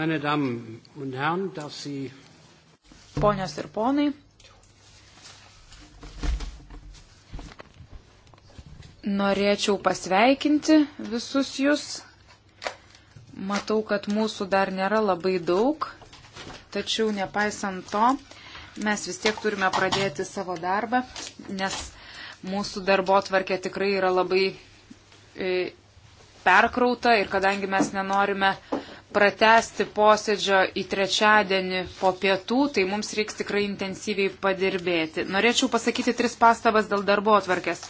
Meine Damen und Herren, darf Sie. Ponios ir ponai. Norėčiau pasveikinti visus jūs. Matau, kad mūsų dar nėra labai daug, tačiau nepaisant to, mes vis tiek turime pradėti savo darbą, nes mūsų darbo tvarkė tikrai yra labai e, perkrauta ir kadangi mes nenorime e, pratesti posėdžio į trečiadienį po pietų, tai mums reiks tikrai intensyviai padirbėti. Norėčiau pasakyti tris pastabas dėl darbo atvarkės.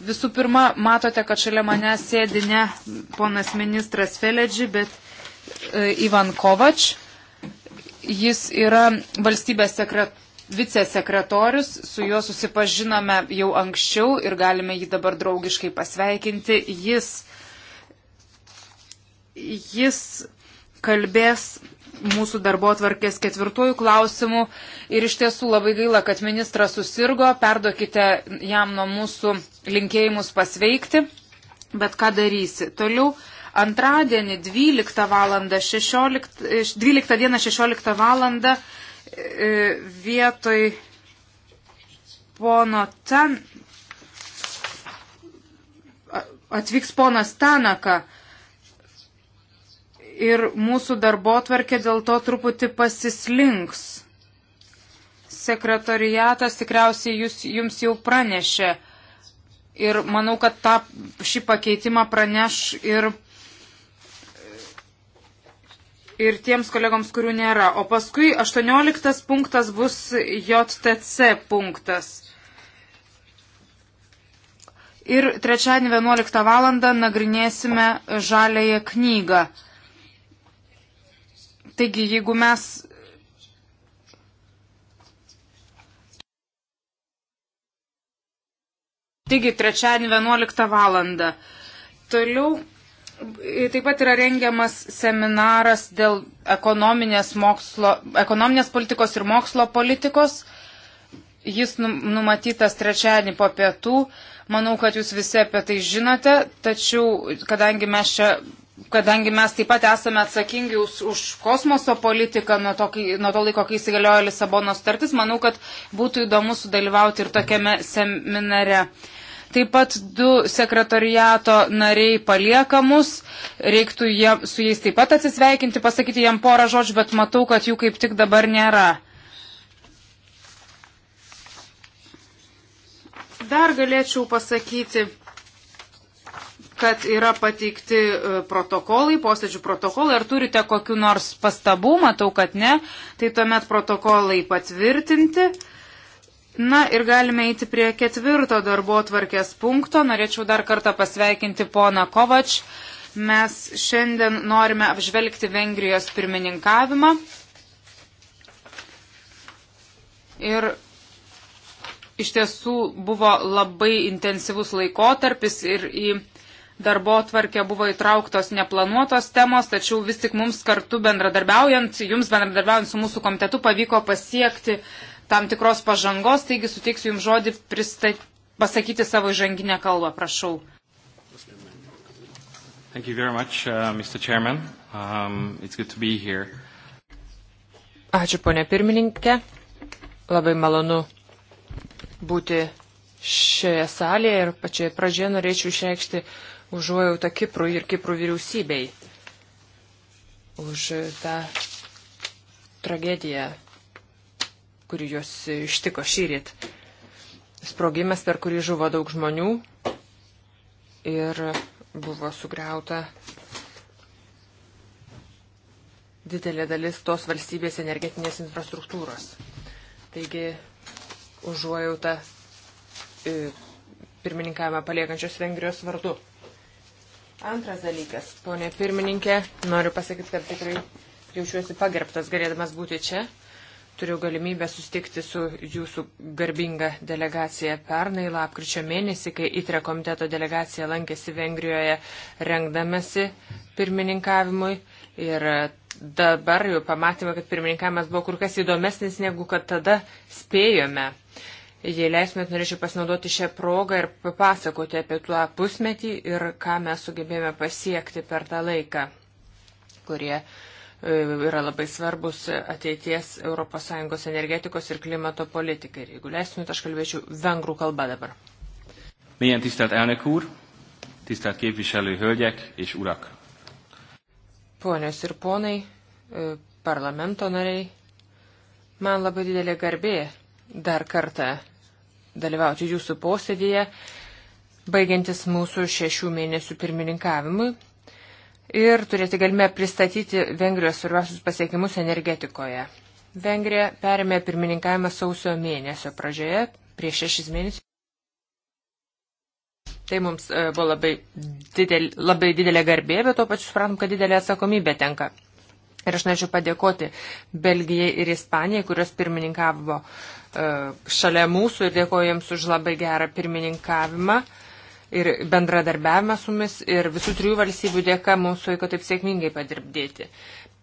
Visų pirma, matote, kad šalia mane sėdi ne ponas ministras Feledži, bet e, Ivan Kovač. Jis yra valstybės sekretorius vicesekretorius, su juo susipažinome jau anksčiau ir galime jį dabar draugiškai pasveikinti. Jis, jis kalbės mūsų darbo atvarkės ketvirtųjų klausimų ir iš tiesų labai gaila, kad ministras susirgo, perduokite jam nuo mūsų linkėjimus pasveikti, bet ką darysi. Toliau antradienį 12 val. 16, 12 dieną 16 val. E, vietoj pono ten atvyks ponas Tanaka ir mūsų darbo tvarkė dėl to truputį pasislinks. Sekretariatas tikriausiai jūs, jums jau pranešė ir manau, kad tą, šį pakeitimą praneš ir, ir tiems kolegoms, kurių nėra. O paskui 18 punktas bus JTC punktas. Ir trečiadienį 11 val. nagrinėsime žalėje knygą. Taigi, jeigu mes Taigi, trečiadienį 11 val. Toliau taip pat yra rengiamas seminaras dėl ekonominės, mokslo, ekonominės politikos ir mokslo politikos. Jis numatytas trečiadienį po pietų. Manau, kad jūs visi apie tai žinote, tačiau kadangi mes čia kadangi mes taip pat esame atsakingi už, už kosmoso politiką nuo to, kai, nuo to laiko, kai įsigaliojo Lisabono startis, manau, kad būtų įdomu sudalyvauti ir tokiame seminare. Taip pat du sekretariato nariai paliekamus, reiktų jie, su jais taip pat atsisveikinti, pasakyti jam porą žodžių, bet matau, kad jų kaip tik dabar nėra. Dar galėčiau pasakyti kad yra pateikti e, protokolai, posėdžių protokolai. Ar turite kokiu nors pastabų, matau, kad ne, tai tuomet protokolai patvirtinti. Na ir galime eiti prie ketvirto darbo tvarkės punkto. Norėčiau dar kartą pasveikinti poną Kovač. Mes šiandien norime apžvelgti Vengrijos pirmininkavimą. Ir iš tiesų buvo labai intensyvus laikotarpis ir į darbo tvarkė buvo įtrauktos neplanuotos temos, tačiau vis tik mums kartu bendradarbiaujant, jums bendradarbiaujant su mūsų komitetu pavyko pasiekti tam tikros pažangos, taigi suteiksiu jums žodį pristat... pasakyti savo žanginę kalbą, prašau. Thank you very much, uh, Mr. Chairman. Um, it's good to be here. Ačiū, ponė pirmininkė. Labai malonu būti šioje salėje ir pačioje pradžioje norėčiau išreikšti užuojautą Kiprui ir Kiprų vyriausybei už tą tragediją, kuri juos ištiko šyrit. Sprogimas, per kurį žuvo daug žmonių ir buvo sugriauta didelė dalis tos valstybės energetinės infrastruktūros. Taigi užuojautą e, pirmininkavimą paliekančios Vengrijos vardu. Antras dalykas, ponė pirmininkė, noriu pasakyti, kad tikrai jaučiuosi pagerbtas galėdamas būti čia. Turiu galimybę sustikti su jūsų garbinga delegacija pernai lapkričio mėnesį, kai ITRE komiteto delegacija lankėsi Vengrijoje rengdamasi pirmininkavimui. Ir dabar jau pamatėme, kad pirmininkavimas buvo kur kas įdomesnis, negu kad tada spėjome. Jei leismėt, norėčiau pasinaudoti šią progą ir papasakoti apie tuo pusmetį ir ką mes sugebėjome pasiekti per tą laiką, kurie e, yra labai svarbus ateities ES energetikos ir klimato politikai. Ir jeigu leismėt, aš kalbėčiau vengrų kalba dabar. Milyen tisztelt elnök úr, tisztelt képviselő hölgyek és urak! Ponios ir ponai, e, parlamento nariai, man labai didelė garbė dar kartą dalyvauti jūsų posėdėje, baigiantis mūsų šešių mėnesių pirmininkavimui ir turėti galime pristatyti Vengrijos svarbiausius pasiekimus energetikoje. Vengrija perėmė pirmininkavimą sausio mėnesio pradžioje, prieš šešis mėnesius. Tai mums e, buvo labai, didel, labai didelė garbė, bet to pačiu suprantam, kad didelė atsakomybė tenka. Ir aš norėčiau padėkoti Belgijai ir Ispanijai, kurios pirmininkavo uh, E, šalia mūsų ir dėkoju jiems už labai gerą pirmininkavimą ir bendradarbiavimą su mumis ir visų trijų valstybių dėka mums suiko taip sėkmingai padirbdėti.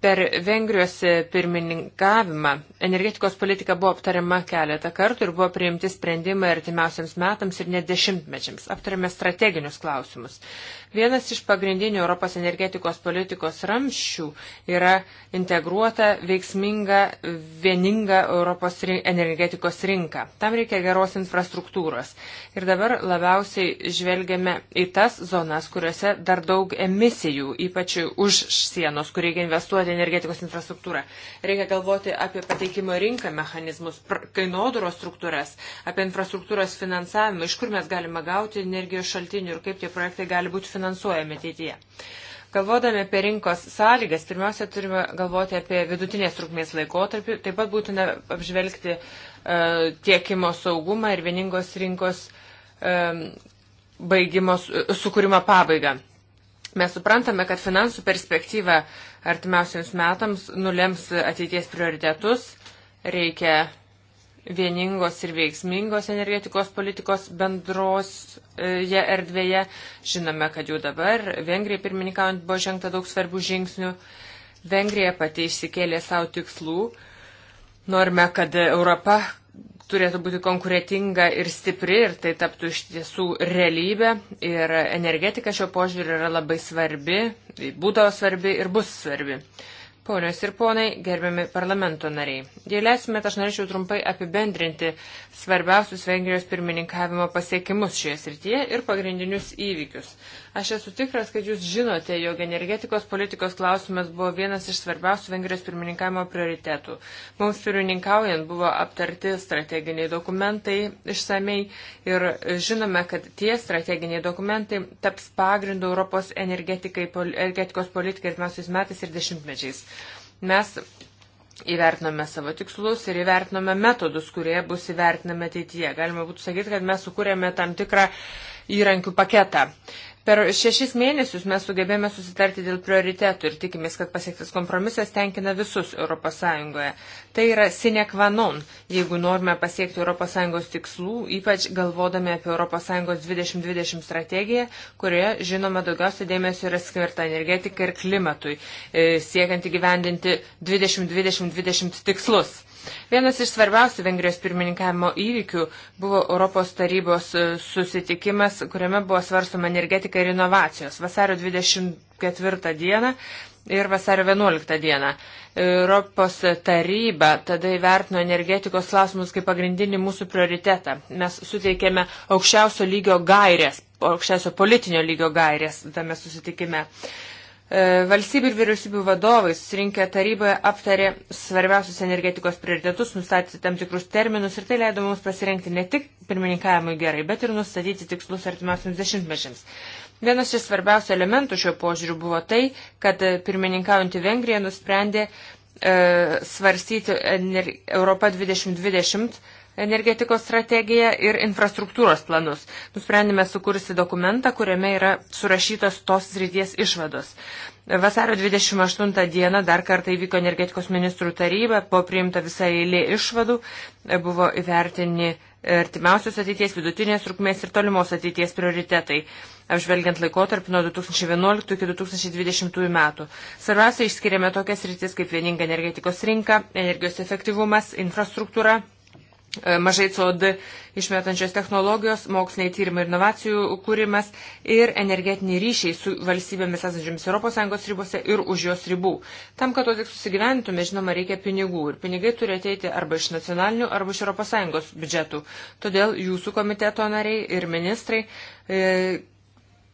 Per Vengrijos pirmininkavimą energetikos politika buvo aptariama keletą kartų ir buvo priimti sprendimai artimiausiams metams ir net dešimtmečiams. Aptarėme strateginius klausimus. Vienas iš pagrindinių Europos energetikos politikos ramščių yra integruota, veiksminga, vieninga Europos energetikos rinka. Tam reikia geros infrastruktūros. Ir dabar labiausiai žvelgiame į tas zonas, kuriuose dar daug emisijų, ypač už sienos, kur reikia investuoti energetikos infrastruktūrą. Reikia galvoti apie pateikimo rinką mechanizmus, kainodaros struktūras, apie infrastruktūros finansavimą, iš kur mes galime gauti energijos šaltinių ir kaip tie projektai gali būti finansuojami finansuojami ateityje. Galvodami apie rinkos sąlygas, pirmiausia, turime galvoti apie vidutinės trukmės laikotarpį, taip pat būtina apžvelgti e, tiekimo saugumą ir vieningos rinkos e, baigimo, sukūrimo pabaigą. Mes suprantame, kad finansų perspektyva artimiausiams metams nulems ateities prioritetus, reikia vieningos ir veiksmingos energetikos politikos bendroje erdvėje. Žinome, kad jau dabar Vengrijai pirmininkaujant buvo žengta daug svarbių žingsnių. Vengrija pati išsikėlė savo tikslų. Norime, kad Europa turėtų būti konkuretinga ir stipri ir tai taptų iš tiesų realybė. Ir energetika šio požiūrį yra labai svarbi, būdavo svarbi ir bus svarbi. Ponios ir ponai, gerbiami parlamento nariai, jei leisime, aš norėčiau trumpai apibendrinti svarbiausius Vengrijos pirmininkavimo pasiekimus šioje srityje ir pagrindinius įvykius. Aš esu tikras, kad jūs žinote, jog energetikos politikos klausimas buvo vienas iš svarbiausių Vengrijos pirmininkavimo prioritetų. Mums pirmininkaujant buvo aptarti strateginiai dokumentai išsamei ir žinome, kad tie strateginiai dokumentai taps pagrindu Europos energetikos politikai artimiausiais metais ir dešimtmečiais. Mes įvertinome savo tikslus ir įvertinome metodus, kurie bus įvertinami ateityje. Galima būtų sakyti, kad mes sukūrėme tam tikrą įrankių paketą. Per šešis mėnesius mes sugebėjome susitarti dėl prioritetų ir tikimės, kad pasiektas kompromisas tenkina visus ES. Tai yra sine qua non, jeigu norime pasiekti ES tikslų, ypač galvodami apie ES 2020 strategiją, kurioje, žinoma, daugiausia dėmesio yra skirta energetikai ir klimatui, e, siekiant įgyvendinti 2020-2020 tikslus. Vienas iš svarbiausių Vengrijos pirmininkavimo įvykių buvo Europos tarybos e, susitikimas, kuriame buvo svarstoma energetika ir inovacijos. Vasario 24 dieną ir vasario 11 dieną. Europos taryba tada įvertino energetikos klausimus kaip pagrindinį mūsų prioritetą. Mes suteikėme aukščiausio lygio gairės, aukščiausio politinio lygio gairės tame susitikime. Uh, E, valstybių ir vyriausybių vadovai susirinkę taryboje aptarė svarbiausius energetikos prioritetus, nustatė tam tikrus terminus ir tai leido mums pasirengti ne tik pirmininkavimui gerai, bet ir nustatyti tikslus artimiausiams dešimtmečiams. Vienas iš svarbiausių elementų šio požiūrių buvo tai, kad pirmininkaujantį Vengriją nusprendė e, svarstyti Europa 2020 energetikos strategiją ir infrastruktūros planus. Nusprendėme sukursi dokumentą, kuriame yra surašytos tos srities išvados. Vasario 28 dieną dar kartą įvyko energetikos ministrų taryba, po priimta visa eilė išvadų, buvo įvertini artimiausios ateities, vidutinės trukmės ir tolimos ateities prioritetai, apžvelgiant laikotarpį nuo 2011 iki 2020 metų. Svarbiausia išskiriame tokias rytis kaip vieninga energetikos rinka, energijos efektyvumas, infrastruktūra, E, mažai CO2 išmetančios technologijos, moksliniai tyrimai ir inovacijų kūrimas ir energetiniai ryšiai su valstybėmis esančiamis ES ribose ir už jos ribų. Tam, kad to tik susigyventume, žinoma, reikia pinigų ir pinigai turi ateiti arba iš nacionalinių, arba iš ES biudžetų. Todėl jūsų komiteto nariai ir ministrai. E,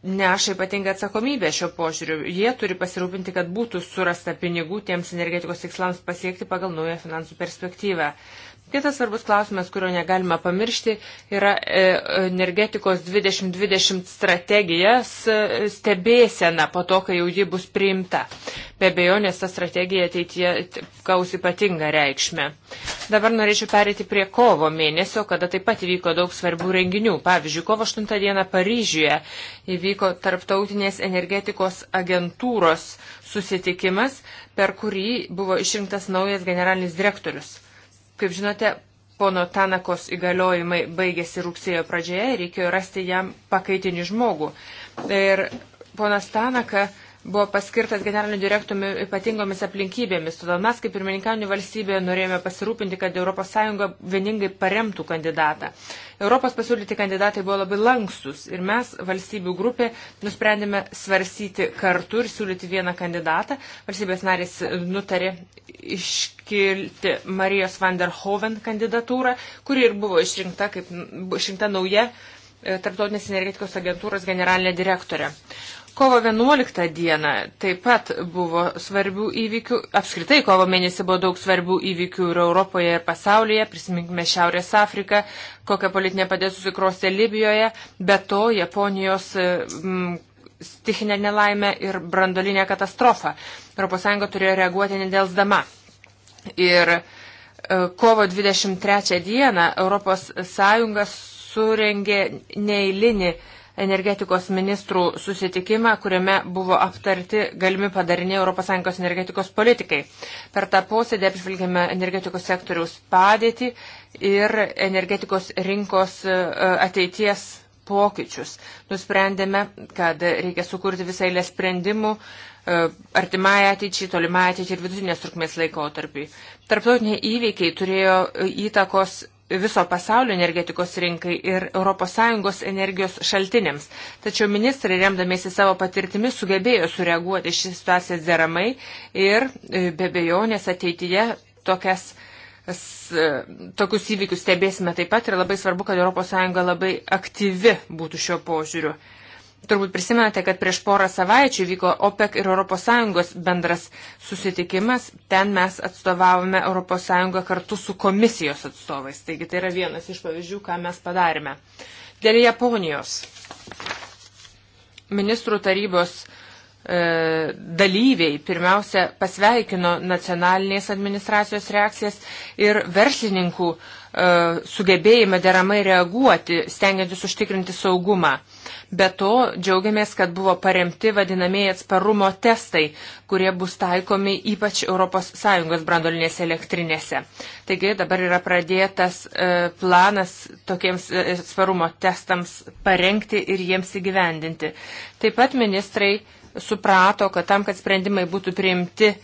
neša ypatingą atsakomybę šio požiūriu. Jie turi pasirūpinti, kad būtų surasta pinigų tiems energetikos tikslams pasiekti pagal naują finansų perspektyvą. Kitas svarbus klausimas, kurio negalime pamiršti, yra e, energetikos 2020 strategijas e, stebėsena po to, kai jau ji bus priimta. Be abejo, nes ta strategija ateityje gaus ypatingą reikšmę. Dabar norėčiau perėti prie kovo mėnesio, kada taip pat įvyko daug svarbių renginių. Pavyzdžiui, kovo 8 dieną Paryžiuje įvyko Tarptautinės energetikos agentūros susitikimas, per kurį buvo išrinktas naujas generalinis direktorius. Kaip žinote, pono Tanakos įgaliojimai baigėsi rugsėjo pradžioje ir reikėjo rasti jam pakaitinį žmogų. Ir ponas Tanaka uh, buvo paskirtas generaliniu direktoriumi ypatingomis aplinkybėmis. Todėl mes, kaip pirmininkavinė valstybė, norėjome pasirūpinti, kad ES vieningai paremtų kandidatą. Europos pasiūlyti kandidatai buvo labai lankstus ir mes, valstybių grupė, nusprendėme svarsyti kartu ir siūlyti vieną kandidatą. Valstybės narys nutarė iškilti Marijos van der Hoven kandidatūrą, kuri ir buvo išrinkta, kaip, išrinkta nauja e, Tarptautinės energetikos agentūros generalinė direktorė. Kovo 11 dieną taip pat buvo svarbių įvykių. Apskritai, kovo mėnesį buvo daug svarbių įvykių ir Europoje, ir pasaulyje. Prisiminkime Šiaurės Afriką, kokią politinę padėtį susikrostė Libijoje. Be to, Japonijos mm, stichinė nelaimė ir brandolinė katastrofa. ES turėjo reaguoti nedelsdama. Ir e, kovo 23 dieną ES surengė neįlinį energetikos ministrų susitikimą, kuriame buvo aptarti galimi padariniai ES energetikos politikai. Per tą posėdį apžvelgėme energetikos sektoriaus padėtį ir energetikos rinkos e, ateities pokyčius. Nusprendėme, kad reikia sukurti visą eilę sprendimų e, artimai ateičiai, tolimai ateičiai ir vidutinės trukmės laikotarpiai. Tarptautiniai įveikiai turėjo įtakos viso pasaulio energetikos rinkai ir ES energijos šaltiniams. Tačiau ministrai, remdamiesi savo patirtimi, sugebėjo sureaguoti šį situaciją deramai ir e, be bejonės ateityje tokias, e, tokius įvykius stebėsime taip pat ir labai svarbu, kad ES labai aktyvi būtų šio požiūriu. Turbūt prisimenate, kad prieš porą savaičių vyko OPEC ir ES bendras susitikimas. Ten mes atstovavome ES kartu su komisijos atstovais. Taigi tai yra vienas iš pavyzdžių, ką mes padarėme. Dėl Japonijos ministrų tarybos e, dalyviai pirmiausia pasveikino nacionalinės administracijos reakcijas ir verslininkų e, sugebėjimą deramai reaguoti, stengiantis užtikrinti saugumą. Be to, džiaugiamės, kad buvo paremti vadinamieji atsparumo testai, kurie bus taikomi ypač ES brandolinėse elektrinėse. Taigi dabar yra pradėtas e, planas tokiems e, atsparumo testams parengti ir jiems įgyvendinti. Taip pat ministrai suprato, kad tam, kad sprendimai būtų priimti,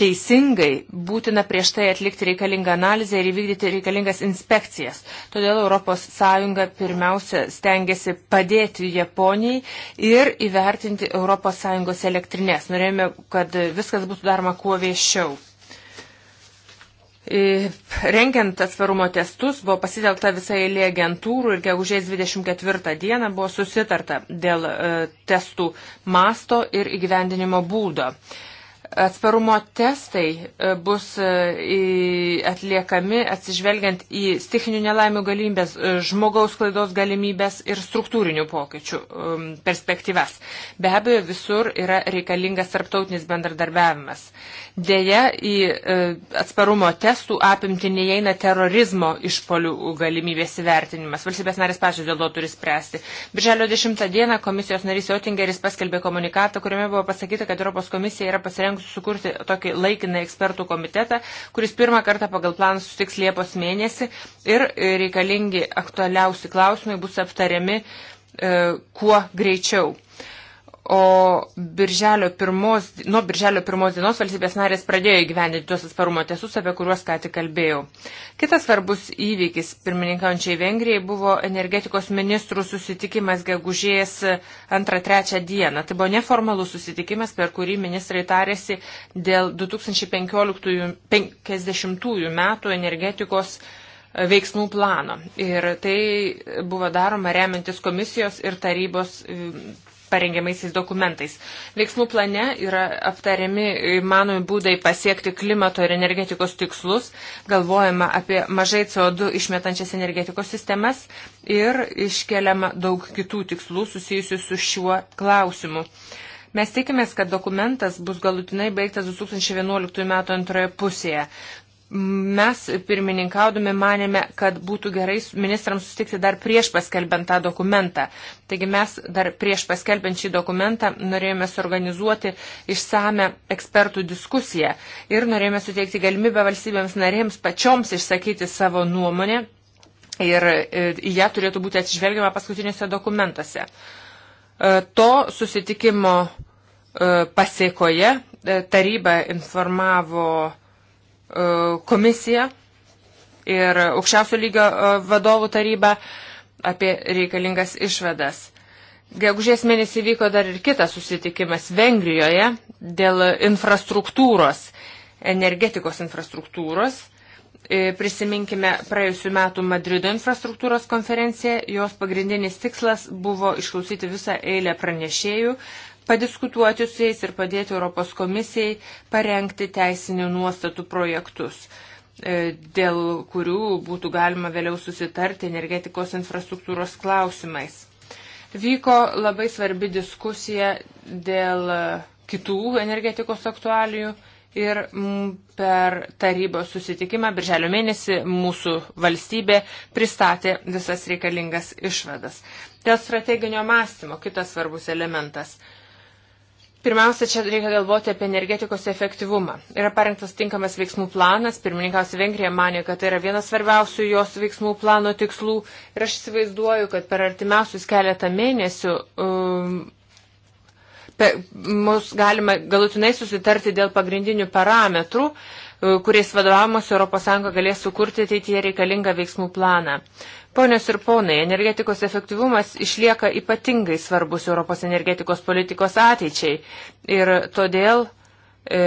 teisingai, būtina prieš tai atlikti reikalingą analizę ir įvykdyti reikalingas inspekcijas. Todėl ES pirmiausia stengiasi padėti Japonijai ir įvertinti ES elektrinės. Norėjome, kad viskas būtų daroma kuo viešiau. Rengiant atsvarumo testus buvo pasitelkta visa eilė agentūrų ir gegužės 24 dieną buvo susitarta dėl e, testų masto ir įgyvendinimo būdo. E, Atsparumo testai e, bus e, atliekami atsižvelgiant į stichinių nelaimių galimybės, e, žmogaus klaidos galimybės ir struktūrinių pokyčių um, perspektyvas. Be abejo, visur yra reikalingas tarptautinis bendradarbiavimas. Deja, į atsparumo testų apimti neįeina terorizmo išpolių galimybės įvertinimas. Valstybės narės pačios dėl to turi spręsti. Birželio 10 dieną komisijos narys Jotingeris paskelbė komunikatą, kuriame buvo pasakyta, kad Europos komisija yra pasirengusi sukurti tokį laikiną ekspertų komitetą, kuris pirmą kartą pagal planą sustiks Liepos mėnesį ir reikalingi aktualiausi klausimai bus aptariami e, kuo greičiau. O birželio pirmos, nuo birželio pirmos dienos valstybės narės pradėjo įgyvendinti tuos atsparumo tiesus, apie kuriuos ką tik kalbėjau. Kitas svarbus įvykis pirmininkaujančiai Vengrijai buvo energetikos ministrų susitikimas gegužės 2-3 dieną. Tai buvo neformalus susitikimas, per kurį ministrai tarėsi dėl 2050 metų energetikos e, veiksmų plano. Ir tai buvo daroma remiantis komisijos ir tarybos parengiamaisiais dokumentais. Veiksmų plane yra aptariami manomi būdai pasiekti klimato ir energetikos tikslus, galvojama apie mažai CO2 išmetančias energetikos sistemas ir iškeliama daug kitų tikslų susijusių su šiuo klausimu. Mes tikimės, kad dokumentas bus galutinai baigtas 2011 m. antroje pusėje mes pirmininkaudami manėme, kad būtų gerai ministrams sustikti dar prieš paskelbiant tą dokumentą. Taigi mes dar prieš paskelbiant šį dokumentą norėjome suorganizuoti išsame ekspertų diskusiją ir norėjome suteikti galimybę valstybėms narėms pačioms išsakyti savo nuomonę ir e, į ją turėtų būti atsižvelgiama paskutiniuose dokumentuose. E, to susitikimo e, pasiekoje taryba informavo E, komisija ir aukščiausio lygio e, vadovų taryba apie reikalingas išvedas. Gegužės mėnesį vyko dar ir kitas susitikimas Vengrijoje dėl infrastruktūros, energetikos infrastruktūros. E, prisiminkime praėjusiu metu Madrido infrastruktūros konferenciją. Jos pagrindinis tikslas buvo išklausyti visą eilę pranešėjų, padiskutuoti su jais ir padėti Europos komisijai parengti teisinių nuostatų projektus e, dėl kurių būtų galima vėliau susitarti energetikos infrastruktūros klausimais. Vyko labai svarbi diskusija dėl kitų energetikos aktualijų ir per tarybos susitikimą birželio mėnesį mūsų valstybė pristatė visas reikalingas išvadas. Dėl strateginio mąstymo kitas svarbus elementas. Pirmiausia, čia reikia galvoti apie energetikos efektyvumą. Yra parengtas tinkamas veiksmų planas, pirmininkiausia Vengrija manė, kad tai yra vienas svarbiausių jos veiksmų plano tikslų ir aš įsivaizduoju, kad per artimiausius keletą mėnesių um, pe, mus galima galutinai susitarti dėl pagrindinių parametrų, uh, kuriais vadovamos ES galės sukurti ateityje reikalingą veiksmų planą. Uh, Ponios ir ponai, energetikos efektyvumas išlieka ypatingai svarbus Europos energetikos politikos ateičiai ir todėl e,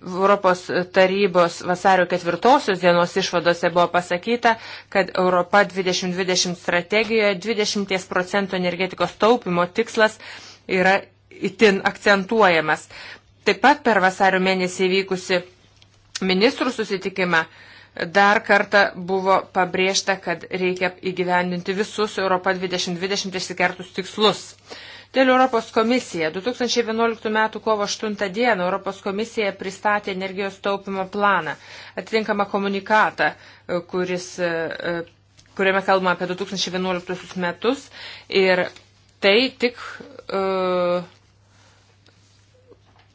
Europos tarybos vasario ketvirtosios dienos išvadose buvo pasakyta, kad Europa 2020 strategijoje 20 procentų energetikos taupimo tikslas yra itin akcentuojamas. Taip pat per vasario mėnesį vykusi ministrų susitikimą Dar kartą buvo pabrėžta, kad reikia įgyvendinti visus Europą 2020 išsikertus tikslus. Dėl Europos komisija. 2011 m. kovo 8 d. Europos komisija pristatė energijos taupimo planą, atitinkamą komunikatą, kuris, e, e, kuriame kalbama apie 2011 metus. Ir tai tik uh,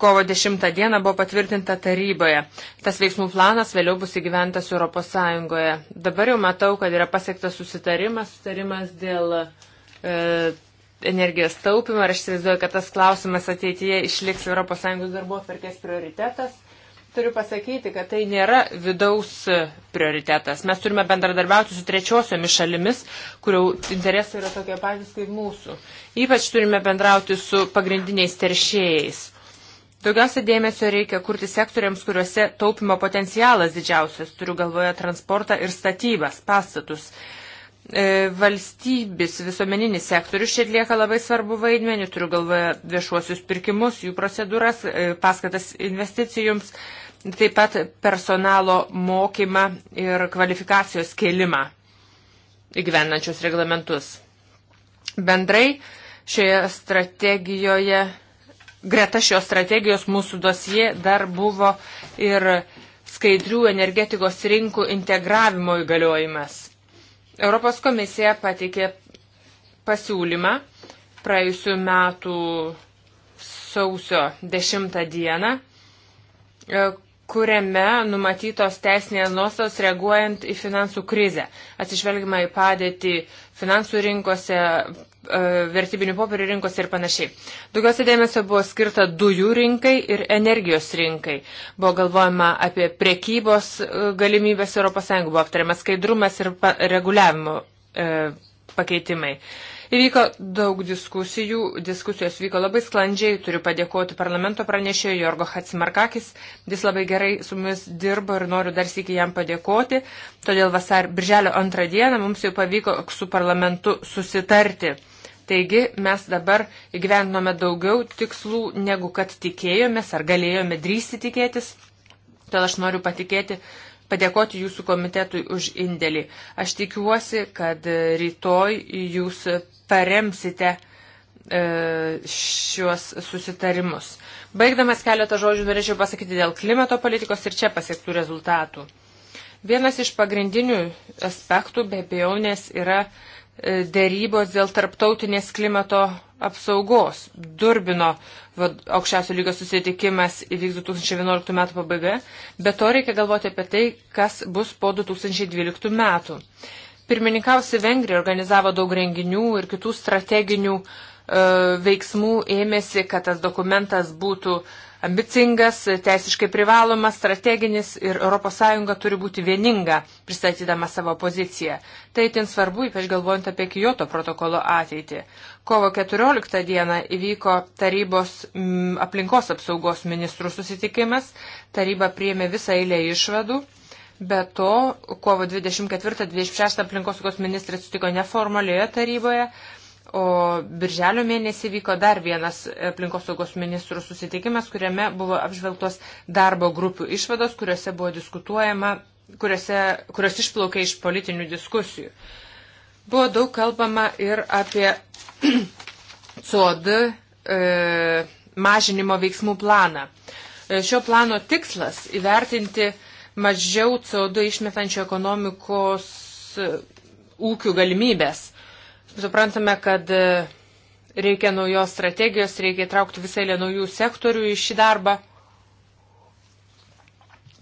kovo 10 dieną buvo patvirtinta taryboje. Tas veiksmų planas vėliau bus įgyventas Europos Sąjungoje. Dabar jau matau, kad yra pasiektas susitarimas, susitarimas dėl e, energijos taupimo ir aš įsivaizduoju, kad tas klausimas ateityje išliks Europos Sąjungos darbo atverkės prioritetas. Turiu pasakyti, kad tai nėra vidaus prioritetas. Mes turime bendradarbiauti su trečiosiomis šalimis, kurių interesai yra tokie patys kaip mūsų. Ypač turime bendrauti su pagrindiniais teršėjais Daugiausia dėmesio reikia kurti sektoriams, kuriuose taupimo potencialas didžiausias, turiu galvoje transportą ir statybas, pastatus. E, valstybės visuomeninis sektorius čia atlieka labai svarbu vaidmenį, turiu galvoje viešuosius pirkimus, jų procedūras, e, paskatas investicijoms, taip pat personalo mokymą ir kvalifikacijos kėlimą įgyvenančius reglamentus. Bendrai šioje strategijoje greta šios strategijos mūsų dosie dar buvo ir skaidrių energetikos rinkų integravimo įgaliojimas. Europos komisija pateikė pasiūlymą praėjusiu metu sausio 10 dieną, e, kuriame numatytos teisinės nuostos reaguojant į finansų krizę. Atsižvelgima į padėtį finansų rinkose, E, vertybinių popierių rinkos ir panašiai. Daugiausia dėmesio buvo skirta dujų rinkai ir energijos rinkai. Buvo galvojama apie priekybos e, galimybės ES, buvo aptariamas skaidrumas ir reguliavimo e, pakeitimai. Įvyko daug diskusijų, diskusijos vyko labai sklandžiai, turiu padėkoti parlamento pranešėjui Jorgo Hatsimarkakis, jis labai gerai su mumis dirbo ir noriu dar sėki jam padėkoti, todėl vasar, birželio antrą dieną mums jau pavyko su parlamentu susitarti Taigi mes dabar įgyvendinome daugiau tikslų, negu kad tikėjomės ar galėjome drįsti tikėtis. Todėl aš noriu patikėti, padėkoti jūsų komitetui už indėlį. Aš tikiuosi, kad rytoj jūs paremsite e, šiuos susitarimus. Baigdamas keletą žodžių norėčiau pasakyti dėl klimato politikos ir čia pasiektų rezultatų. Vienas iš pagrindinių aspektų be abejonės yra uh, dėrybos dėl tarptautinės klimato apsaugos. Durbino aukščiausio lygio susitikimas įvyks 2011 metų pabaiga, bet to reikia galvoti apie tai, kas bus po 2012 metų. Pirmininkausi Vengrija organizavo daug renginių ir kitų strateginių e, veiksmų ėmėsi, kad tas dokumentas būtų e, ambicingas, teisiškai privalomas, strateginis ir ES turi būti vieninga, pristatydama savo poziciją. Tai itin svarbu, ypač galvojant apie Kyoto protokolo ateitį. Kovo 14 dieną įvyko tarybos m, mm, aplinkos apsaugos ministrų susitikimas, taryba priėmė visą eilę išvadų. Be to, kovo 24-26 aplinkosaugos ministrai sutiko neformalioje taryboje O birželio mėnesį vyko dar vienas aplinkosaugos ministrų susitikimas, kuriame buvo apžvelgtos darbo grupių išvados, kuriuose buvo diskutuojama, kuriuose, kurios išplaukė iš politinių diskusijų. Buvo daug kalbama ir apie COD e, mažinimo veiksmų planą. E, šio plano tikslas - įvertinti mažiau CO2 išmetančių ekonomikos e, ūkių galimybės Suprantame, kad e, reikia naujos strategijos, reikia įtraukti visą eilę naujų sektorių į šį darbą.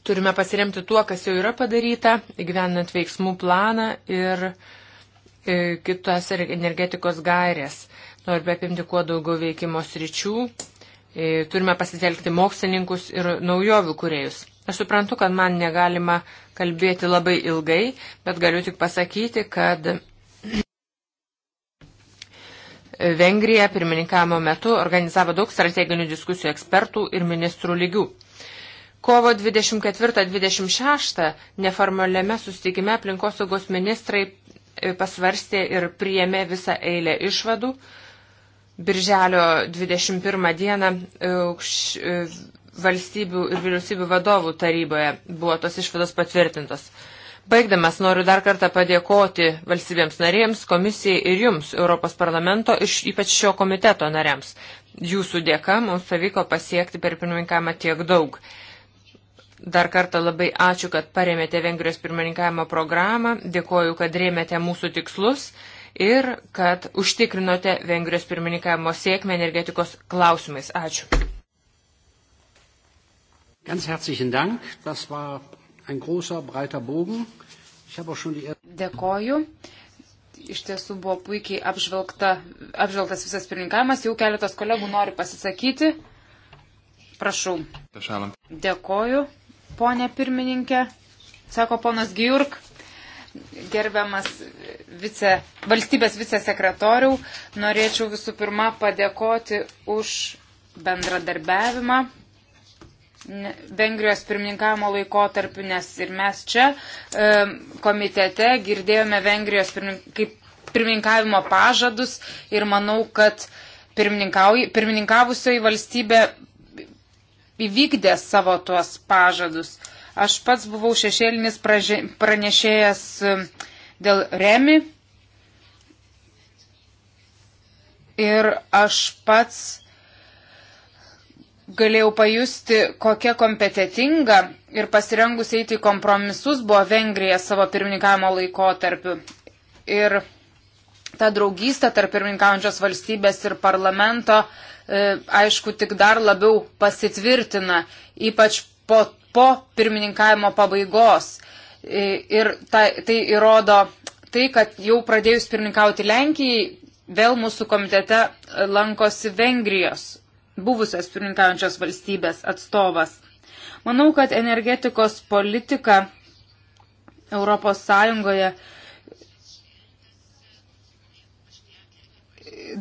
Turime pasiremti tuo, kas jau yra padaryta, įgyvenant veiksmų planą ir e, kitas er-, energetikos gairės. Norime apimti kuo daugiau veikimo sričių. E, turime pasitelkti mokslininkus ir naujovių kuriejus. Aš suprantu, kad man negalima kalbėti labai ilgai, bet galiu tik pasakyti, kad Vengrija pirmininkavimo metu organizavo daug strateginių diskusijų ekspertų ir ministrų lygių. Kovo 24-26 neformaliame sustikime aplinkosaugos ministrai e, pasvarstė ir priėmė visą eilę išvadų. Birželio 21 dieną e, e, valstybių ir vyriausybių vadovų taryboje buvo tos išvados patvirtintos. Baigdamas noriu dar kartą padėkoti valstybėms narėms, komisijai ir jums, Europos parlamento, iš, ypač šio komiteto nariams. Jūsų dėka mums pavyko pasiekti per pirmininkamą tiek daug. Dar kartą labai ačiū, kad paremėte Vengrijos pirmininkavimo programą, dėkoju, kad rėmėte mūsų tikslus ir kad užtikrinote Vengrijos pirmininkavimo sėkmę energetikos klausimais. Ačiū. Ganz herzlichen Dank. Das war Dėkoju. Iš tiesų buvo puikiai apžvelgta, apžvelgtas visas pirmininkavimas. Jau keletas kolegų nori pasisakyti. Prašau. Pašalam. Dėkoju, ponė pirmininkė. Sako ponas Giurk, gerbiamas vice, valstybės vicesekretoriau. Norėčiau visų pirma padėkoti už bendradarbiavimą Vengrijos pirmininkavimo laikotarpiu, nes ir mes čia e, komitete girdėjome Vengrijos pirmininkavimo pažadus ir manau, kad pirmininkavusioji valstybė įvykdė savo tuos pažadus. Aš pats buvau šešėlinis pranešėjas e, dėl remi ir aš pats galėjau pajusti, kokia kompetitinga ir pasirengus eiti į kompromisus buvo Vengrija savo pirmininkavimo laikotarpiu. Ir ta draugystė tarp pirmininkaujančios valstybės ir parlamento, e, aišku, tik dar labiau pasitvirtina, ypač po, po pirmininkavimo pabaigos. E, ir ta, tai įrodo tai, kad jau pradėjus pirmininkauti Lenkijai, vėl mūsų komitete lankosi Vengrijos buvusios pirmininkaujančios valstybės atstovas. Manau, kad energetikos politika Europos Sąjungoje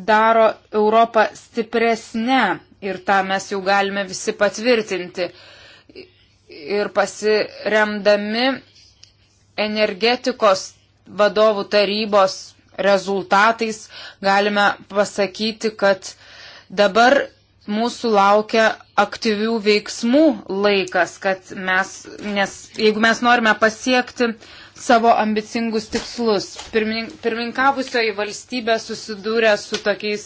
daro Europą stipresnę ir tą mes jau galime visi patvirtinti. Ir pasiremdami energetikos vadovų tarybos rezultatais galime pasakyti, kad dabar mūsų laukia aktyvių veiksmų laikas, kad mes, nes jeigu mes norime pasiekti savo ambicingus tikslus, pirmininkavusioji valstybė susidūrė su tokiais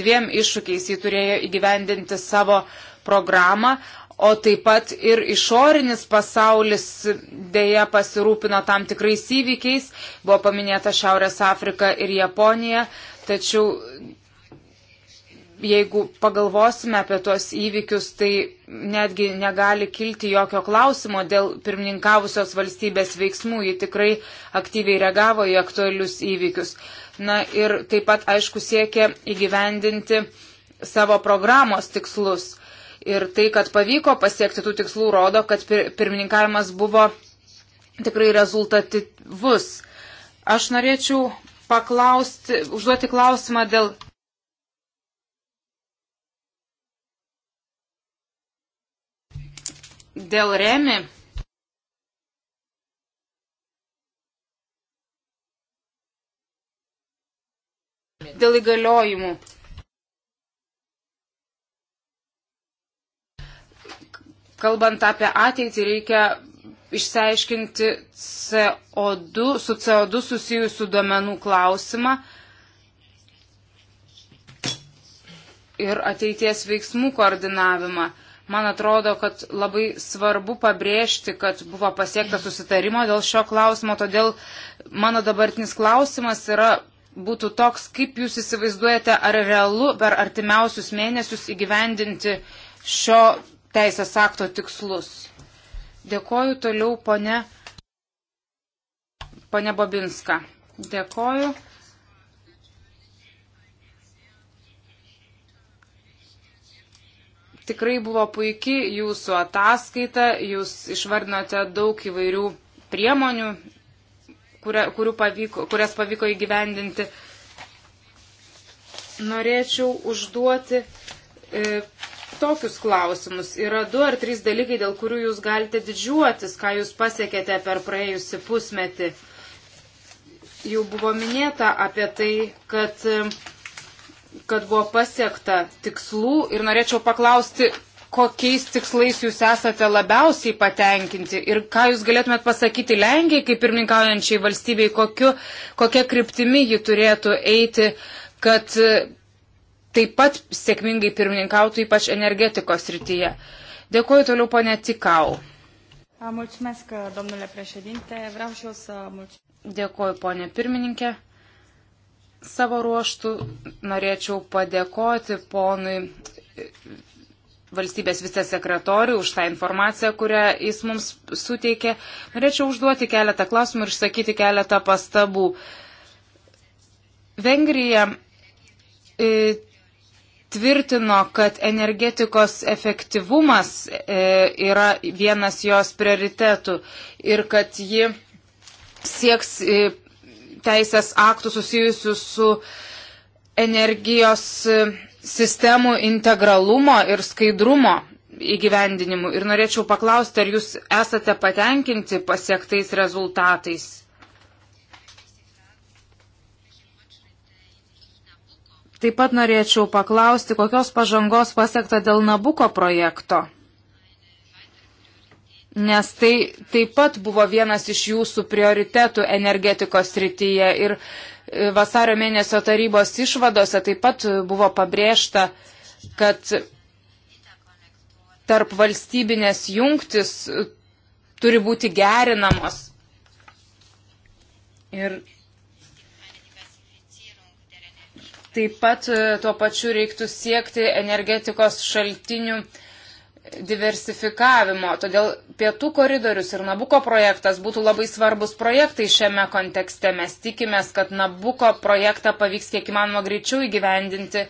dviem iššūkiais, jį turėjo įgyvendinti savo programą, o taip pat ir išorinis pasaulis dėja pasirūpino tam tikrais įvykiais, buvo paminėta Šiaurės Afrika ir Japonija, tačiau jeigu pagalvosime apie tuos įvykius, tai netgi negali kilti jokio klausimo dėl pirmininkavusios valstybės veiksmų. Ji tikrai aktyviai reagavo į aktualius įvykius. Na ir taip pat, aišku, siekia įgyvendinti savo programos tikslus. Ir tai, kad pavyko pasiekti tų tikslų, rodo, kad pirmininkavimas buvo tikrai rezultatyvus. Aš norėčiau paklausti, užduoti klausimą dėl dėl remi. Dėl įgaliojimų. Kalbant apie ateitį, reikia išsiaiškinti CO2, su CO2 susijusių duomenų klausimą ir ateities veiksmų koordinavimą. Man atrodo, kad labai svarbu pabrėžti, kad buvo pasiektas susitarimo dėl šio klausimo, todėl mano dabartinis klausimas yra, būtų toks, kaip jūs įsivaizduojate, ar realu per artimiausius mėnesius įgyvendinti šio teisės akto tikslus. Dėkoju toliau, ponė, ponė Bobinska. Dėkoju. Tikrai buvo puikiai jūsų ataskaita, jūs išvardinote daug įvairių priemonių, kuria, pavyko, kurias pavyko įgyvendinti. Norėčiau užduoti e, tokius klausimus. Yra du ar trys dalykai, dėl kurių jūs galite didžiuotis, ką jūs pasiekėte per praėjusi pusmetį. Jau buvo minėta apie tai, kad e, kad buvo pasiekta tikslų ir norėčiau paklausti, kokiais tikslais jūs esate labiausiai patenkinti ir ką jūs galėtumėt pasakyti Lenkijai kaip pirmininkaujančiai valstybei, kokiu, kokia kryptimi ji turėtų eiti, kad e, taip pat sėkmingai pirmininkautų, ypač energetikos rytyje. Dėkuoju toliau, ponė Tikau. Mulțumesc, domnule președinte. Vreau și eu să mulțumesc. Dėkuoju, ponė pirmininkė. Savo ruoštų norėčiau padėkoti ponui valstybės vicesekretoriui už tą informaciją, kurią jis mums suteikė. Norėčiau užduoti keletą klausimų ir išsakyti keletą pastabų. Vengrija e, tvirtino, kad energetikos efektyvumas e, yra vienas jos prioritetų ir kad ji sieks e, teisės aktų susijusių su energijos e, sistemų integralumo ir skaidrumo įgyvendinimu. Ir norėčiau paklausti, ar jūs esate patenkinti pasiektais rezultatais? Taip pat norėčiau paklausti, kokios pažangos pasiekta dėl Nabuko projekto. Nes tai taip pat buvo vienas iš jūsų prioritetų energetikos srityje ir e, vasario mėnesio tarybos išvadose taip pat buvo pabrėžta, kad tarp valstybinės jungtis e, turi būti gerinamos. Ir taip pat e, tuo pačiu reiktų siekti energetikos šaltinių diversifikavimo. Todėl pietų koridorius ir Nabuko projektas būtų labai svarbus projektai šiame kontekste. Mes tikimės, kad Nabuko projektą pavyks kiek įmanoma greičiau įgyvendinti.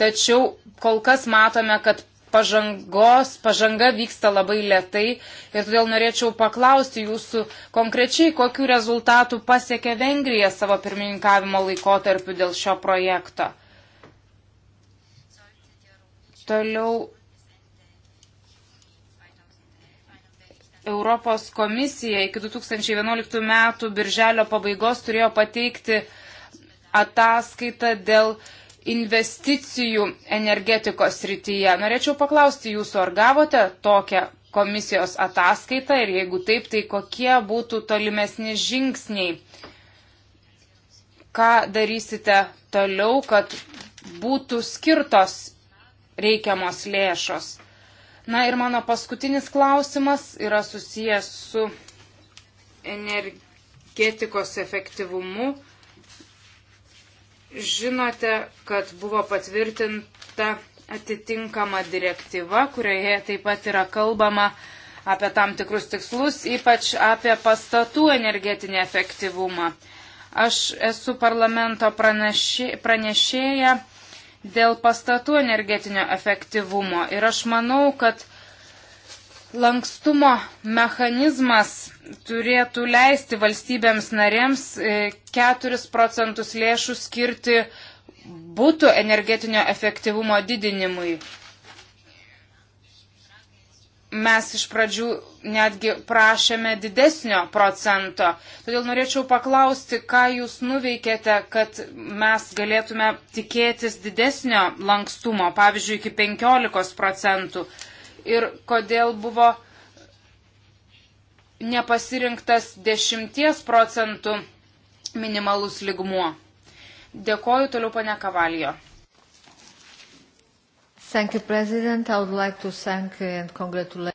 Tačiau kol kas matome, kad pažangos, pažanga vyksta labai lietai ir todėl norėčiau paklausti jūsų konkrečiai, kokiu rezultatu pasiekė Vengrija savo pirmininkavimo laikotarpiu dėl šio projekto. Toliau Europos komisija iki 2011 metų birželio pabaigos turėjo pateikti ataskaitą dėl investicijų energetikos srityje. Norėčiau paklausti jūsų, ar gavote tokią komisijos ataskaitą ir jeigu taip, tai kokie būtų tolimesni žingsniai? Ką darysite toliau, kad būtų skirtos reikiamos lėšos? Na ir mano paskutinis klausimas yra susijęs su energetikos efektyvumu. Žinote, kad buvo patvirtinta atitinkama direktyva, kurioje taip pat yra kalbama apie tam tikrus tikslus, ypač apie pastatų energetinį efektyvumą. Aš esu parlamento pranešė, pranešėja dėl pastatų energetinio efektyvumo. Ir aš manau, kad lankstumo mechanizmas turėtų leisti valstybėms narėms 4 e, procentus lėšų skirti būtų energetinio efektyvumo didinimui mes iš pradžių netgi prašėme didesnio procento. Todėl norėčiau paklausti, ką jūs nuveikėte, kad mes galėtume tikėtis didesnio lankstumo, pavyzdžiui, iki 15 procentų. Ir kodėl buvo nepasirinktas 10 procentų minimalus ligmuo. Dėkoju toliau, pane Kavalijo. Thank you, President. I would like to thank and congratulate.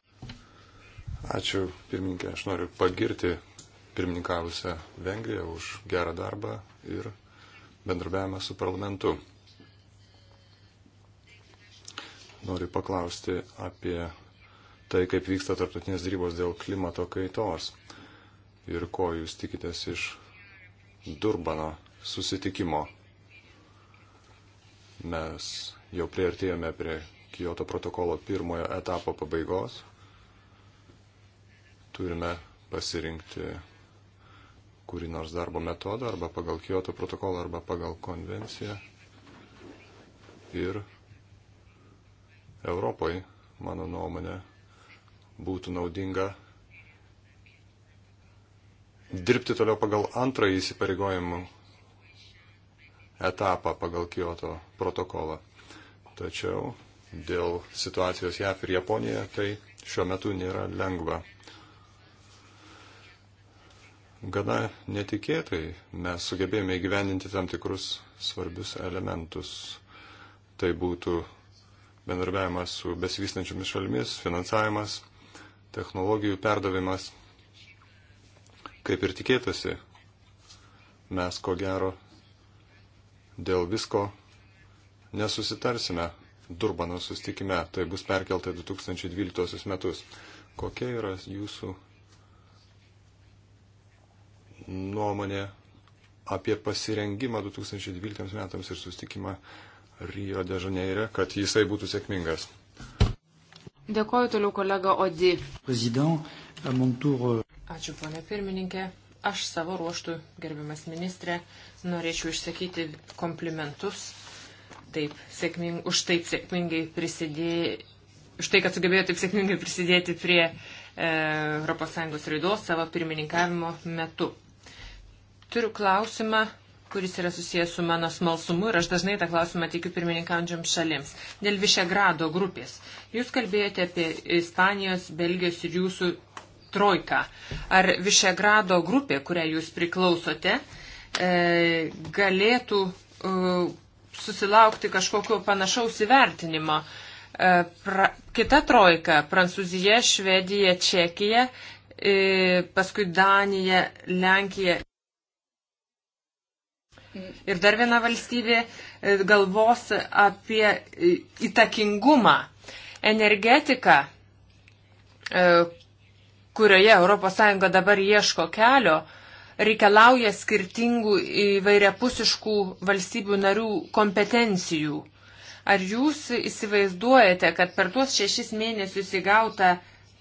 Ačiū, pirmininkė. Aš noriu pagirti pirmininkavusią Vengriją už gerą darbą ir bendrabiavimą su parlamentu. Noriu paklausti apie tai, kaip vyksta tarptautinės dėrybos dėl klimato kaitos ir ko jūs tikitės iš Durbano susitikimo. Mes jau prieartėjome prie Kyoto protokolo pirmojo etapo pabaigos. Turime pasirinkti kurį nors darbo metodą arba pagal Kyoto protokolą arba pagal konvenciją. Ir Europai, mano nuomonė, būtų naudinga dirbti toliau pagal antrąjį įsipareigojimų etapą pagal Kyoto protokolą. Tačiau dėl situacijos JAF ir Japonijoje tai šiuo metu nėra lengva. Gana netikėtai mes sugebėjome įgyvendinti tam tikrus svarbius elementus. Tai būtų bendarbiavimas su besivystančiomis šalimis, finansavimas, technologijų perdavimas. Kaip ir tikėtasi, mes ko gero dėl visko nesusitarsime Durbano sustikime, tai bus perkelta 2012 metus. Kokia yra jūsų nuomonė apie pasirengimą 2012 metams ir sustikimą Rio de Žaneire, kad jisai būtų sėkmingas? Dėkoju toliau kolega Odi. Euh, Ačiū, ponė pirmininkė. Aš savo ruoštų, gerbiamas ministrė, norėčiau išsakyti komplimentus taip sėkming, už taip sėkmingai prisidėjo, už tai, kad sugebėjo taip sėkmingai prisidėti prie e, ES raidos savo pirmininkavimo metu. Turiu klausimą, kuris yra susijęs su mano smalsumu ir aš dažnai tą klausimą teikiu pirmininkaujančiam šalims. Dėl Višegrado grupės. Jūs kalbėjote apie Ispanijos, Belgijos ir jūsų trojką. Ar Višegrado grupė, kurią jūs priklausote, e, galėtų e, susilaukti kažkokio panašaus įvertinimo. E, pra, kita trojka - Prancūzija, Švedija, Čekija, e, paskui Danija, Lenkija. Ir dar viena valstybė e, galvos apie įtakingumą. Energetika, kurioje ES dabar ieško kelio, reikalauja skirtingų įvairiapusiškų valstybių narių kompetencijų. Ar jūs įsivaizduojate, kad per tuos šešis mėnesius įgautą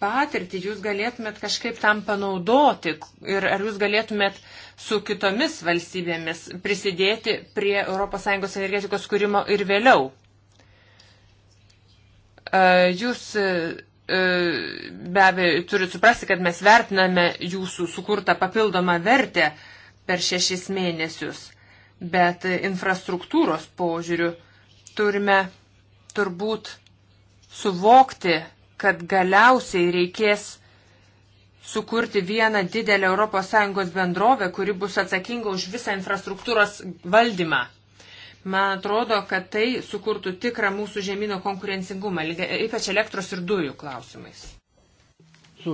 patirtį jūs galėtumėt kažkaip tam panaudoti ir ar jūs galėtumėt su kitomis valstybėmis prisidėti prie ES energetikos skūrimo ir vėliau? Jūs E, be abejo turit suprasti, kad mes vertiname jūsų sukurtą papildomą vertę per šešis mėnesius, bet infrastruktūros požiūrių turime turbūt suvokti, kad galiausiai reikės sukurti vieną didelę ES bendrovę, kuri bus atsakinga už visą infrastruktūros valdymą. Man atrodo, kad tai sukurtų tikrą mūsų žemynų konkurencingumą, ypač elektros ir dujų klausimais. So,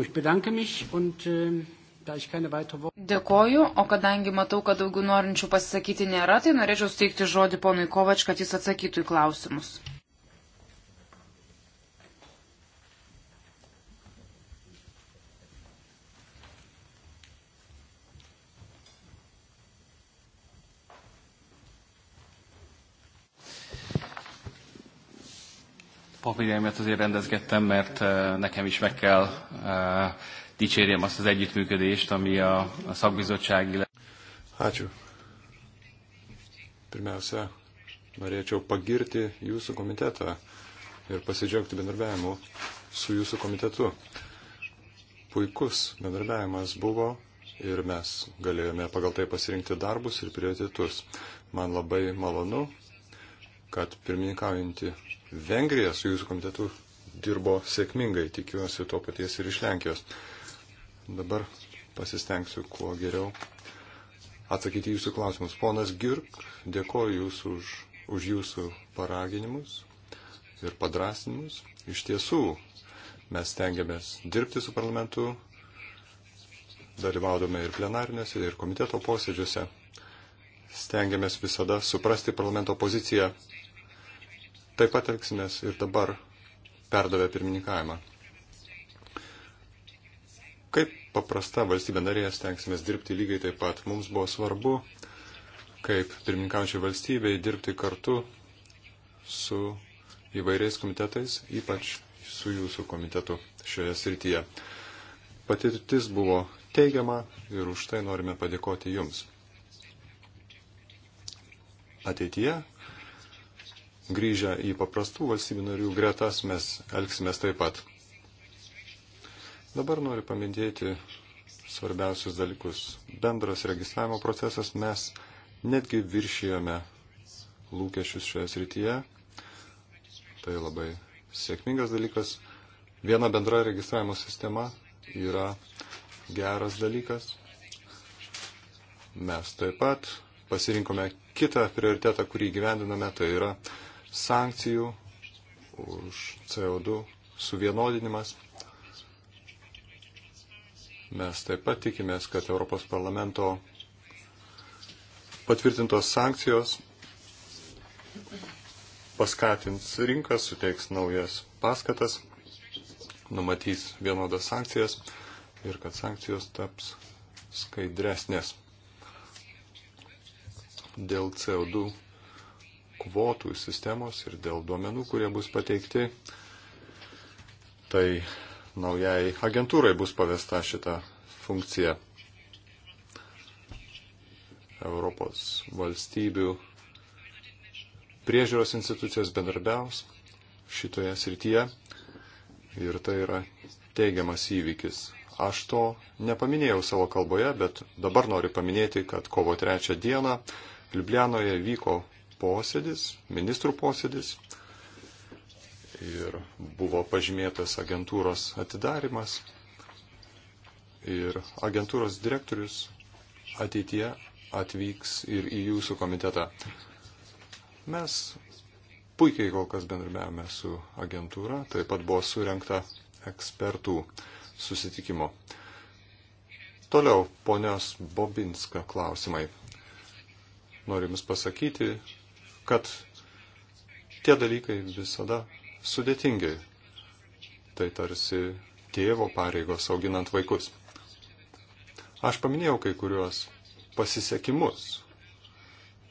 und, äh, weitere... Dėkoju, o kadangi matau, kad daugiau norinčių pasisakyti nėra, tai norėčiau steigti žodį ponui Kovač, kad jis atsakytų į klausimus. papírjaimat azért rendezgettem, mert eh, nekem is meg kell eh, dicsérjem azt az együttműködést, ami a, a szakbizottság, illetve... Ačiū. Pirmiausia, norėčiau pagirti jūsų komitetą ir pasidžiaugti bendarbiavimu su jūsų komitetu. Puikus bendarbiavimas buvo ir mes galėjome pagal tai pasirinkti darbus ir prioritetus. Man labai malonu, kad pirmininkaujanti Vengrija su jūsų komitetu dirbo sėkmingai, tikiuosi to paties ir iš Lenkijos. Dabar pasistengsiu kuo geriau atsakyti jūsų klausimus. Ponas Girk, dėkoju jūsų už, už jūsų paraginimus ir padrasinimus. Iš tiesų, mes tengiamės dirbti su parlamentu, dalyvaudome ir plenarinėse, ir komiteto posėdžiuose. Stengiamės visada suprasti parlamento poziciją Taip pat elgsimės ir dabar perdavę pirmininkavimą. Kaip paprasta valstybė narėje stengsimės dirbti lygiai taip pat. Mums buvo svarbu, kaip pirmininkaujančiai valstybei, dirbti kartu su įvairiais komitetais, ypač su jūsų komitetu šioje srityje. Patirtis buvo teigiama ir už tai norime padėkoti jums. Ateityje grįžę į paprastų valstybių narių gretas mes elgsime taip pat. Dabar noriu paminėti svarbiausius dalykus. Bendras registravimo procesas mes netgi viršijome lūkesčius šioje srityje. Tai labai sėkmingas dalykas. Viena bendra registravimo sistema yra geras dalykas. Mes taip pat pasirinkome kitą prioritetą, kurį gyvendiname, tai yra sankcijų už CO2 suvienodinimas. Mes taip pat tikimės, kad Europos parlamento patvirtintos sankcijos paskatins rinkas, suteiks naujas paskatas, numatys vienodas sankcijas ir kad sankcijos taps skaidresnės dėl CO2 kvotų sistemos ir dėl duomenų, kurie bus pateikti, tai naujai agentūrai bus pavesta šita funkcija. Europos valstybių priežiūros institucijos bendarbiaus šitoje srityje ir tai yra teigiamas įvykis. Aš to nepaminėjau savo kalboje, bet dabar noriu paminėti, kad kovo trečią dieną Liublianoje vyko posėdis, ministrų posėdis ir buvo pažymėtas agentūros atidarimas ir agentūros direktorius ateitie atvyks ir į jūsų komitetą. Mes puikiai kol kas bendrabiavome su agentūra, taip pat buvo surinkta ekspertų susitikimo. Toliau, ponios Bobinska klausimai. Noriu Jums pasakyti, kad tie dalykai visada sudėtingi. Tai tarsi tėvo pareigos auginant vaikus. Aš paminėjau kai kuriuos pasisekimus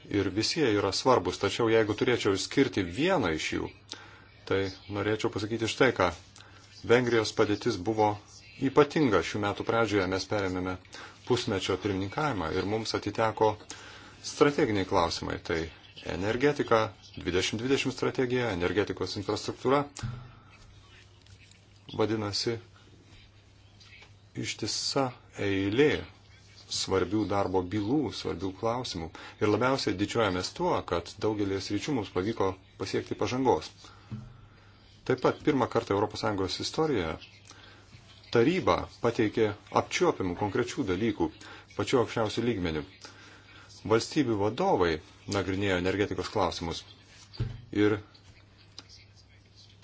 ir visi jie yra svarbus, tačiau jeigu turėčiau išskirti vieną iš jų, tai norėčiau pasakyti štai ką. Vengrijos padėtis buvo ypatinga. Šių metų pradžioje mes perėmėme pusmečio pirmininkavimą ir mums atiteko strateginiai klausimai. Tai energetika, 2020 strategija, energetikos infrastruktūra. Vadinasi, ištisa eilė svarbių darbo bylų, svarbių klausimų. Ir labiausiai didžiuojamės tuo, kad daugelės ryčių mums pavyko pasiekti pažangos. Taip pat pirmą kartą ES istorijoje taryba pateikė apčiuopimų konkrečių dalykų pačiu aukščiausiu lygmeniu. Valstybių vadovai nagrinėjo energetikos klausimus. Ir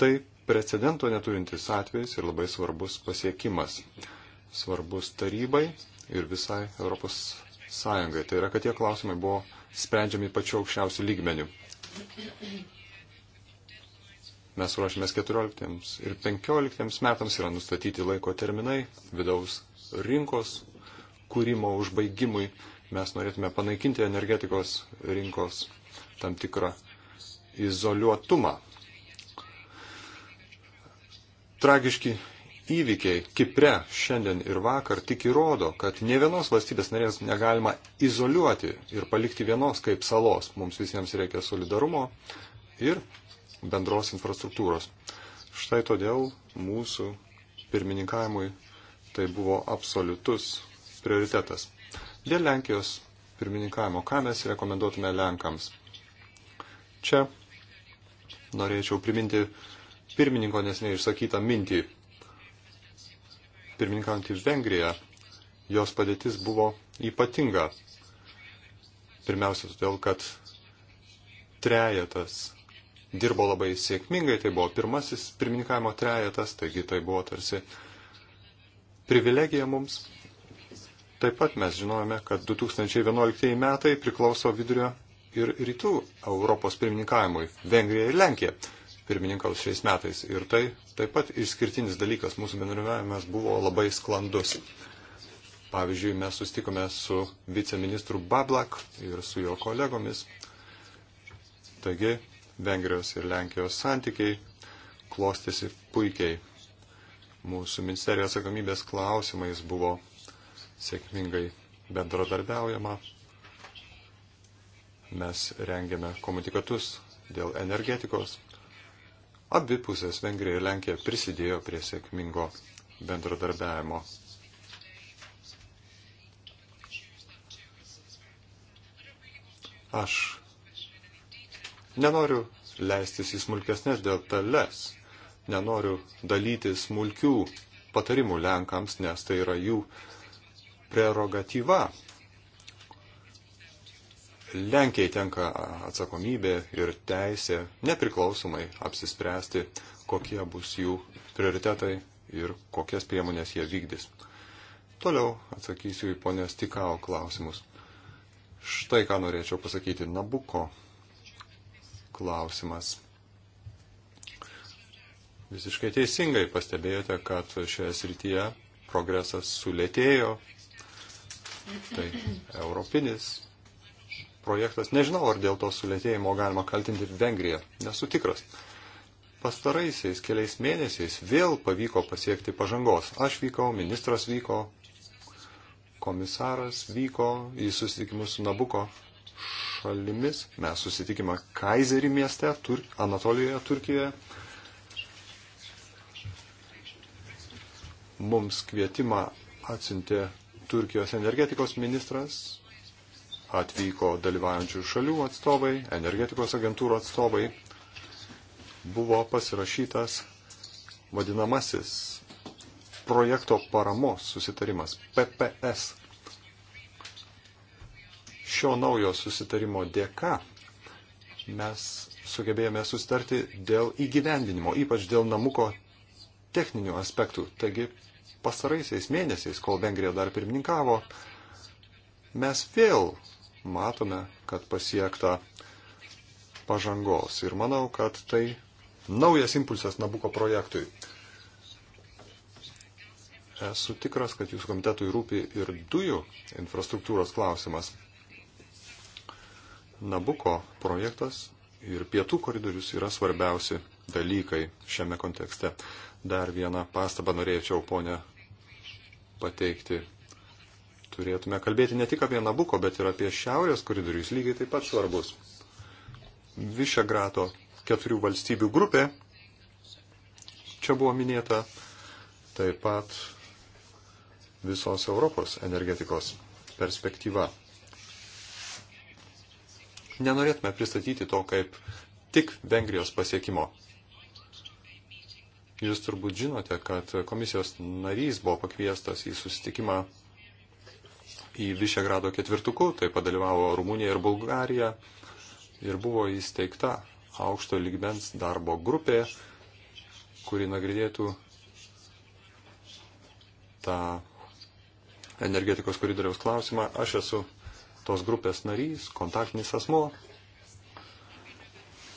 tai precedento neturintis atvejis ir labai svarbus pasiekimas. Svarbus tarybai ir visai Europos Sąjungai. Tai yra, kad tie klausimai buvo sprendžiami pačiu aukščiausiu lygmeniu. Mes ruošiamės 14 ir 15 metams yra nustatyti laiko terminai vidaus rinkos kūrimo užbaigimui Mes norėtume panaikinti energetikos rinkos tam tikrą izoliuotumą. Tragiški įvykiai Kipre šiandien ir vakar tik įrodo, kad ne vienos valstybės narės negalima izoliuoti ir palikti vienos kaip salos. Mums visiems reikia solidarumo ir bendros infrastruktūros. Štai todėl mūsų pirmininkavimui tai buvo absoliutus prioritetas. Dėl Lenkijos pirmininkavimo, ką mes rekomenduotume Lenkams? Čia norėčiau priminti pirmininko nesnei išsakytą mintį. Pirmininkant į Vengriją, jos padėtis buvo ypatinga. Pirmiausia, todėl, kad trejetas dirbo labai sėkmingai, tai buvo pirmasis pirmininkavimo trejetas, taigi tai buvo tarsi privilegija mums Taip pat mes žinojame, kad 2011 metai priklauso vidurio ir rytų Europos pirmininkavimui. Vengrija ir Lenkija pirmininkaus šiais metais. Ir tai taip pat išskirtinis dalykas. Mūsų bendravimas buvo labai sklandus. Pavyzdžiui, mes sustikome su viceministru Bablak ir su jo kolegomis. Taigi, Vengrijos ir Lenkijos santykiai klostėsi puikiai. Mūsų ministerijos atsakomybės klausimais buvo sėkmingai bendradarbiaujama. Mes rengiame komunikatus dėl energetikos. Abi pusės Vengrija ir Lenkija prisidėjo prie sėkmingo bendradarbiavimo. Aš nenoriu leistis į smulkesnės detalės, nenoriu dalyti smulkių patarimų Lenkams, nes tai yra jų uh, prerogatyva. Lenkijai tenka atsakomybė ir teisė nepriklausomai apsispręsti, kokie bus jų prioritetai ir kokias priemonės jie vykdys. Toliau atsakysiu į ponios Tikao klausimus. Štai ką norėčiau pasakyti. Nabuko klausimas. Visiškai teisingai pastebėjote, kad šioje srityje progresas sulėtėjo Tai europinis projektas. Nežinau, ar dėl to sulėtėjimo galima kaltinti Vengriją. Nesu tikras. Pastaraisiais keliais mėnesiais vėl pavyko pasiekti pažangos. Aš vykau, ministras vyko, komisaras vyko į susitikimus su Nabuko šalimis. Mes susitikime Kaiserį mieste, Tur Anatolijoje, Turkijoje. Mums kvietimą atsintė Turkijos energetikos ministras, atvyko dalyvaujančių šalių atstovai, energetikos agentūrų atstovai, buvo pasirašytas vadinamasis projekto paramos susitarimas PPS. Šio naujo susitarimo dėka mes sugebėjome sustarti dėl įgyvendinimo, ypač dėl namuko techninių aspektų. Taigi pasaraisiais mėnesiais, kol Vengrija dar pirmininkavo, mes vėl matome, kad pasiekta pažangos. Ir manau, kad tai naujas impulsas Nabuko projektui. Esu tikras, kad jūsų komitetui rūpi ir dujų infrastruktūros klausimas. Nabuko projektas ir pietų koridorius yra svarbiausi dalykai šiame kontekste. Dar vieną pastabą norėčiau, ponė pateikti. Turėtume kalbėti ne tik apie Nabuko, bet ir apie Šiaurės koridorių. Jis lygiai taip pat svarbus. Višegrato keturių valstybių grupė, čia buvo minėta, taip pat visos Europos energetikos perspektyva. Nenorėtume pristatyti to kaip tik Vengrijos pasiekimo. Jūs turbūt žinote, kad komisijos narys buvo pakviestas į susitikimą į Višegrado ketvirtuku, tai padalyvavo Rumunija ir Bulgarija ir buvo įsteigta aukšto lygmens darbo grupė, kuri nagrinėtų tą energetikos koridoriaus klausimą. Aš esu tos grupės narys, kontaktinis asmo.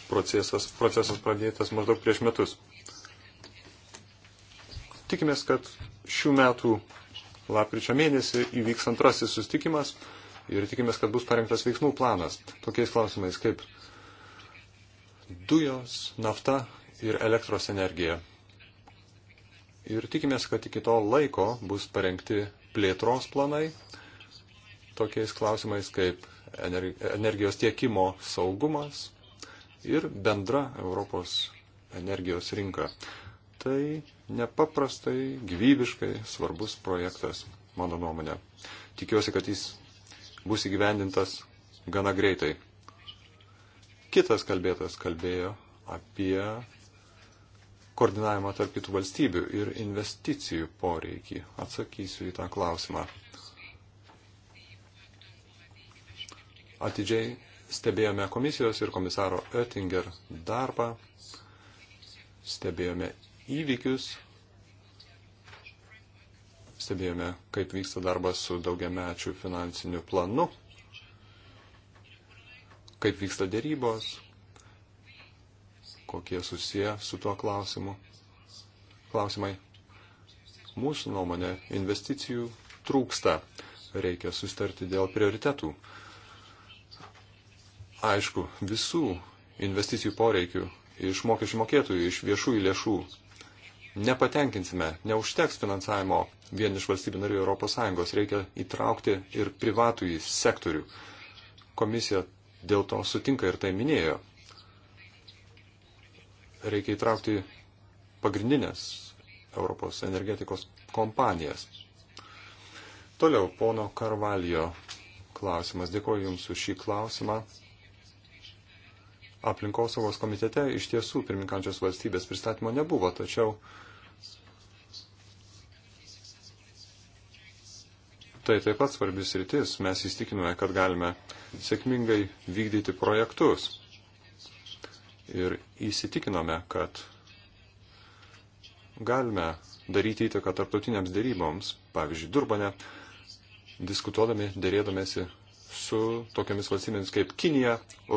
Procesas, procesas pradėtas maždaug prieš metus. Tikimės, kad šių metų lapkričio mėnesį įvyks antrasis sustikimas ir tikimės, kad bus parengtas veiksmų planas tokiais klausimais kaip dujos, nafta ir elektros energija. Ir tikimės, kad iki to laiko bus parengti plėtros planai tokiais klausimais kaip energijos tiekimo saugumas ir bendra Europos energijos rinka. Tai nepaprastai gyvybiškai svarbus projektas, mano nuomonė. Tikiuosi, kad jis bus įgyvendintas gana greitai. Kitas kalbėtas kalbėjo apie koordinavimą tarp kitų valstybių ir investicijų poreikį. Atsakysiu į tą klausimą. Atidžiai stebėjome komisijos ir komisaro Oettinger darbą, stebėjome įvykius, stebėjome, kaip vyksta darbas su daugiamečių finansiniu planu, kaip vyksta dėrybos, kokie susiję su tuo klausimu. Klausimai. Mūsų nuomonė, investicijų trūksta. Reikia sustarti dėl prioritetų. Aišku, visų investicijų poreikių iš mokesčių mokėtojų, iš viešųjų lėšų nepatenkinsime, neužteks finansavimo vien iš valstybių narių ES, reikia įtraukti ir privatų į sektorių. Komisija dėl to sutinka ir tai minėjo. Reikia įtraukti pagrindinės Europos energetikos kompanijas. Toliau, pono Karvalijo klausimas. Dėkuoju Jums už šį klausimą. Aplinkosaugos komitete iš tiesų pirmininkančios valstybės pristatymo nebuvo, tačiau Tai taip pat svarbis rytis. Mes įstikinome, kad galime sėkmingai vykdyti projektus. Ir įsitikinome, kad galime daryti įtaką tarptautiniams dėryboms, pavyzdžiui, Durbane, diskutuodami, dėrėdamėsi su tokiamis valstybėmis kaip Kinija,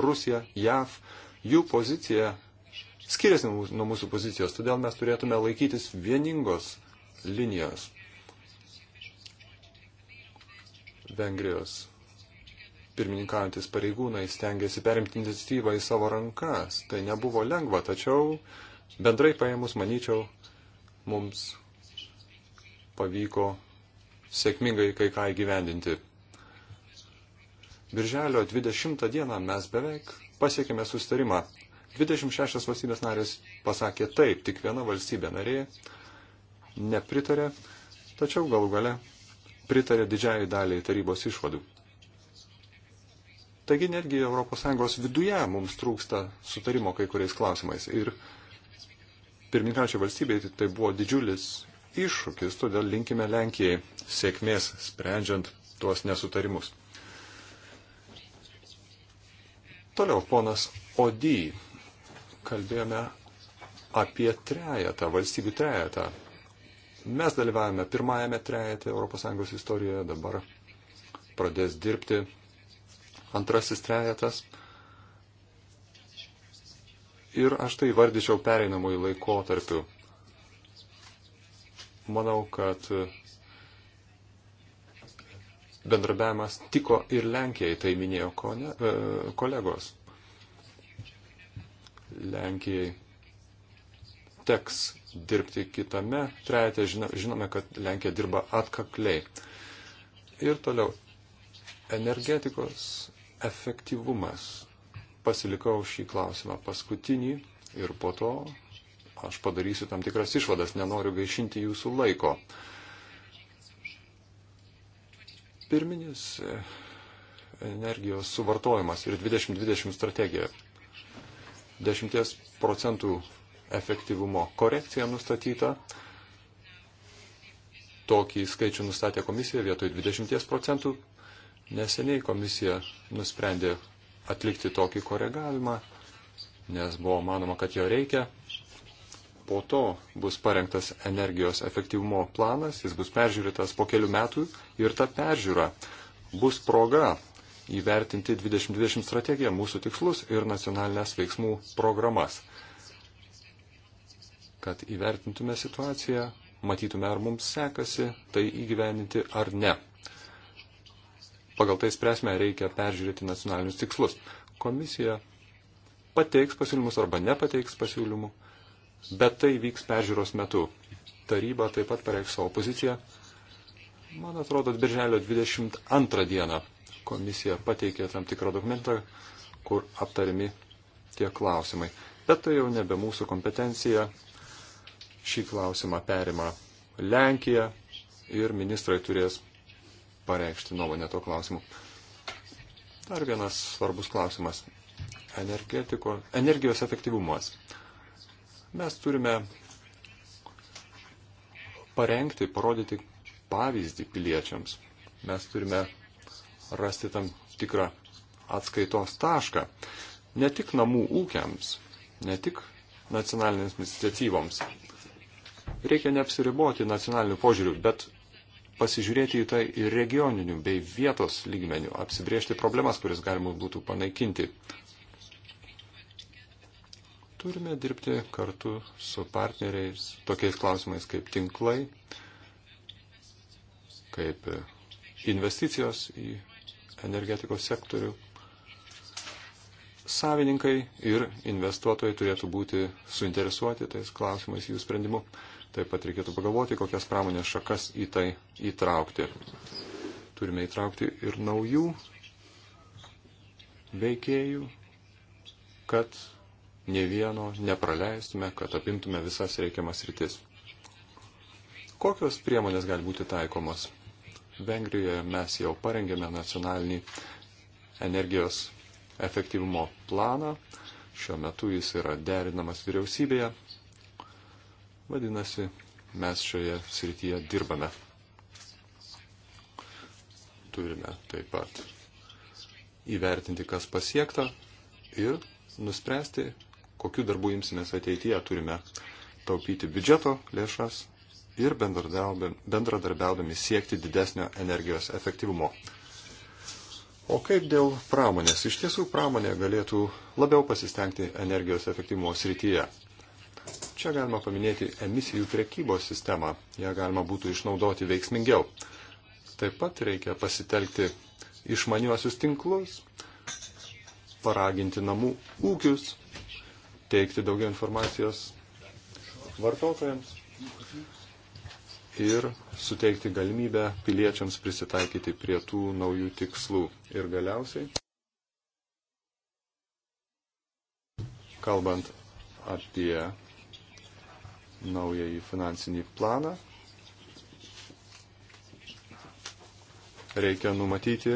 Rusija, JAV. Jų pozicija skiriasi nuo mūsų pozicijos, todėl mes turėtume laikytis vieningos linijos. Vengrijos pirmininkaujantis pareigūnai stengiasi perimti iniciatyvą į savo rankas. Tai nebuvo lengva, tačiau bendrai paėmus, manyčiau, mums pavyko sėkmingai kai ką įgyvendinti. Birželio 20 dieną mes beveik pasiekėme sustarimą. 26 valstybės narės pasakė taip, tik viena valstybė narė nepritarė, tačiau galų gale pritarė didžiai daliai tarybos išvadų. Taigi netgi ES viduje mums trūksta sutarimo kai kuriais klausimais. Ir pirmininkančiai valstybei tai, tai buvo didžiulis iššūkis, todėl linkime Lenkijai sėkmės sprendžiant tuos nesutarimus. Toliau ponas Odį kalbėjome apie trejetą, valstybių trejetą Mes dalyvavome pirmajame trejete ES istorijoje, dabar pradės dirbti antrasis trejetas. Ir aš tai vardyčiau pereinamųjų laikotarpių. Manau, kad bendrabiavimas tiko ir Lenkijai, tai minėjo kone, e, kolegos. Lenkijai teks dirbti kitame trejate. Žinome, kad Lenkija dirba atkakliai. Ir toliau. Energetikos efektyvumas. Pasilikau šį klausimą paskutinį ir po to aš padarysiu tam tikras išvadas, nenoriu gaišinti jūsų laiko. Pirminis e, energijos suvartojimas ir 2020 strategija. 10 procentų efektyvumo korekcija nustatyta. Tokį skaičių nustatė komisija vietoj 20 procentų. Neseniai komisija nusprendė atlikti tokį koregavimą, nes buvo manoma, kad jo reikia. Po to bus parengtas energijos efektyvumo planas, jis bus peržiūrėtas po kelių metų ir ta peržiūra bus proga įvertinti 2020 strategiją, mūsų tikslus ir nacionalinės veiksmų programas kad įvertintume situaciją, matytume, ar mums sekasi tai įgyveninti ar ne. Pagal tai spręsime, reikia peržiūrėti nacionalinius tikslus. Komisija pateiks pasiūlymus arba nepateiks pasiūlymų, bet tai vyks peržiūros metu. Taryba taip pat pareiks savo poziciją. Man atrodo, birželio 22 dieną komisija pateikė tam tikrą dokumentą, kur aptarimi tie klausimai. Bet tai jau nebe mūsų kompetencija, šį klausimą perima Lenkija ir ministrai turės pareikšti nuomonę to klausimu. Dar vienas svarbus klausimas - energijos efektyvumas. Mes turime parengti, parodyti pavyzdį piliečiams. Mes turime rasti tam tikrą atskaitos tašką. Ne tik namų ūkiams, ne tik nacionalinėms iniciatyvoms, reikia neapsiriboti nacionaliniu požiūriu, bet pasižiūrėti į tai ir regioniniu bei vietos lygmeniu, apsibriežti problemas, kuris galima būtų panaikinti. Turime dirbti kartu su partneriais tokiais klausimais kaip tinklai, kaip investicijos į energetikos sektorių. Savininkai ir investuotojai turėtų būti suinteresuoti tais klausimais jų sprendimu. Taip pat reikėtų pagalvoti, kokias pramonės šakas į tai įtraukti. Turime įtraukti ir naujų veikėjų, kad ne vieno nepraleistume, kad apimtume visas reikiamas rytis. Kokios priemonės gali būti taikomos? Vengrijoje mes jau parengėme nacionalinį energijos efektyvumo planą. Šiuo metu jis yra derinamas vyriausybėje. Vadinasi, mes šioje srityje dirbame. Turime taip pat įvertinti, kas pasiekta ir nuspręsti, kokiu darbu imsimės ateityje. Turime taupyti biudžeto lėšas ir bendradarbiaudami siekti didesnio energijos efektyvumo. O kaip dėl pramonės? Iš tiesų pramonė galėtų labiau pasistengti energijos efektyvumo srityje. Čia galima paminėti emisijų priekybos sistemą. Ja galima būtų išnaudoti veiksmingiau. Taip pat reikia pasitelkti išmaniuosius tinklus, paraginti namų ūkius, teikti daugiau informacijos vartotojams ir suteikti galimybę piliečiams prisitaikyti prie tų naujų tikslų. Ir galiausiai, kalbant apie naująjį finansinį planą. Reikia numatyti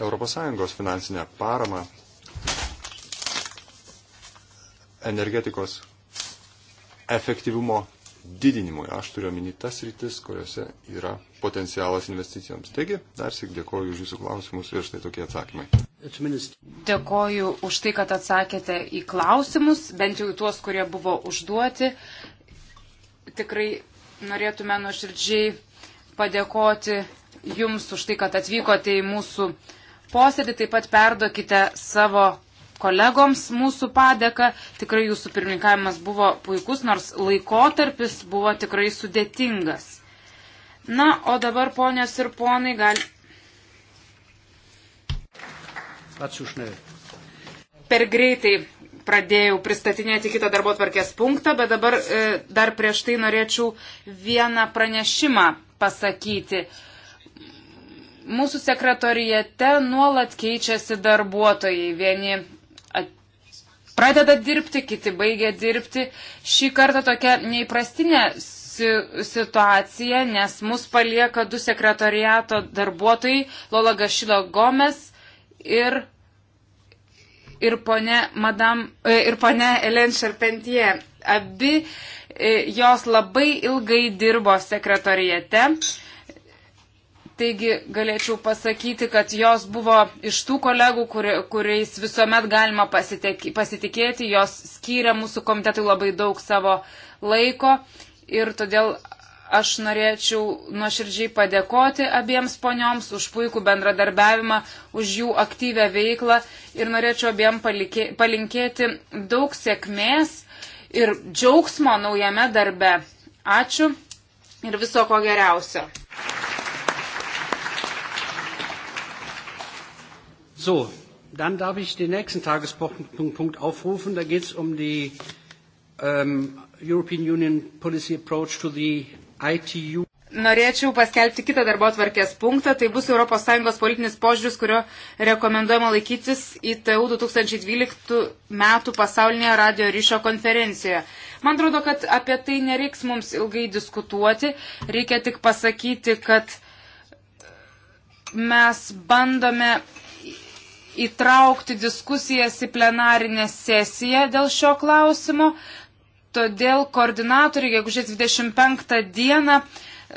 ES finansinę paramą energetikos efektyvumo didinimui. Aš turiu omeny tas rytis, kuriuose yra potencialas investicijoms. Taigi, dar sėk dėkoju už Jūsų klausimus ir štai tokie atsakymai. Dėkoju už tai, kad atsakėte į klausimus, bent jau tuos, kurie buvo užduoti. Tikrai norėtume nuoširdžiai padėkoti Jums už tai, kad atvykote į mūsų posėdį. Taip pat perduokite savo kolegoms mūsų padėką. Tikrai Jūsų pirmininkavimas buvo puikus, nors laikotarpis buvo tikrai sudėtingas. Na, o dabar, ponios ir ponai, galite Per greitai pradėjau pristatinėti kitą darbo tvarkės punktą, bet dabar e, dar prieš tai norėčiau vieną pranešimą pasakyti. Mūsų sekretorijete nuolat keičiasi darbuotojai. Vieni at... pradeda dirbti, kiti baigia dirbti. Šį kartą tokia neįprastinė situacija, nes mus palieka du sekretoriato darbuotojai, Lola Gašilo Gomes ir, ir ponė, madam, e, ir ponė Elen Šarpentie. Abi e, jos labai ilgai dirbo sekretorijete. Taigi galėčiau pasakyti, kad jos buvo iš tų kolegų, kuri, kuriais visuomet galima pasitikėti, jos skyrė mūsų komitetui labai daug savo laiko ir todėl Aš norėčiau nuoširdžiai padėkoti abiems ponioms už puikų bendradarbiavimą, už jų aktyvę veiklą ir norėčiau abiem palikė, palinkėti daug sėkmės ir džiaugsmo naujame darbe. Ačiū ir viso ko geriausio. So, dann darf ich den nächsten Tagespunkt aufrufen. Da geht es um die ähm, um, European Union Policy Approach to the ITU. Norėčiau paskelbti kitą darbo atvarkės punktą, tai bus ES politinis požiūris, kurio rekomenduojama laikytis į TU 2012 metų pasaulinėje radio ryšio konferencijoje. Man atrodo, kad apie tai nereiks mums ilgai diskutuoti, reikia tik pasakyti, kad mes bandome įtraukti diskusijas į plenarinę sesiją dėl šio klausimo. Todėl koordinatoriai, jeigu žiūrės 25 dieną,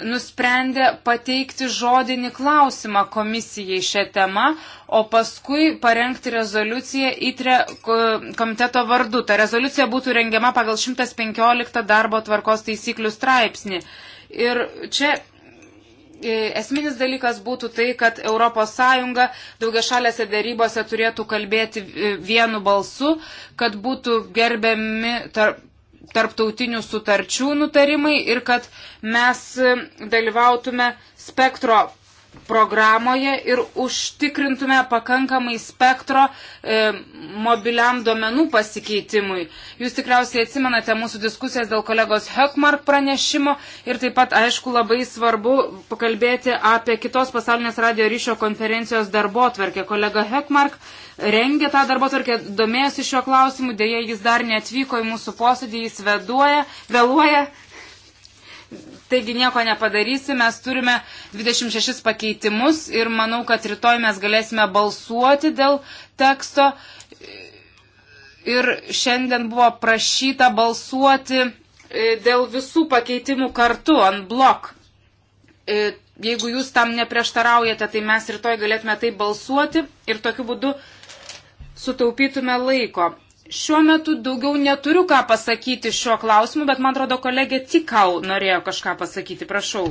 nusprendė pateikti žodinį klausimą komisijai šią temą, o paskui parengti rezoliuciją įtre komiteto vardu. Ta rezoliucija būtų rengiama pagal 115 darbo tvarkos taisyklių straipsnį. Ir čia e, esminis dalykas būtų tai, kad ES daugia šalėse dėrybose turėtų kalbėti e, vienu balsu, kad būtų gerbiami tarp tarptautinių sutarčių nutarimai ir kad mes e, dalyvautume spektro programoje ir užtikrintume pakankamai spektro e, mobiliam duomenų pasikeitimui. Jūs tikriausiai atsimenate mūsų diskusijas dėl kolegos Hökmark pranešimo ir taip pat, aišku, labai svarbu pakalbėti apie kitos pasaulinės radio ryšio konferencijos darbo tvarkę. Kolega Hökmark rengia tą darbo tvarkę, domėjosi šiuo klausimu, dėja jis dar neatvyko į mūsų posėdį, jis veduoja, vėluoja. Taigi nieko nepadarysi, mes turime 26 pakeitimus ir manau, kad rytoj mes galėsime balsuoti dėl teksto. Ir šiandien buvo prašyta balsuoti e, dėl visų pakeitimų kartu, ant blok. E, jeigu jūs tam neprieštaraujate, tai mes rytoj galėtume tai balsuoti ir tokiu būdu sutaupytume laiko. Šiuo metu daugiau neturiu ką pasakyti šiuo klausimu, bet man atrodo kolegė Tikau norėjo kažką pasakyti. Prašau.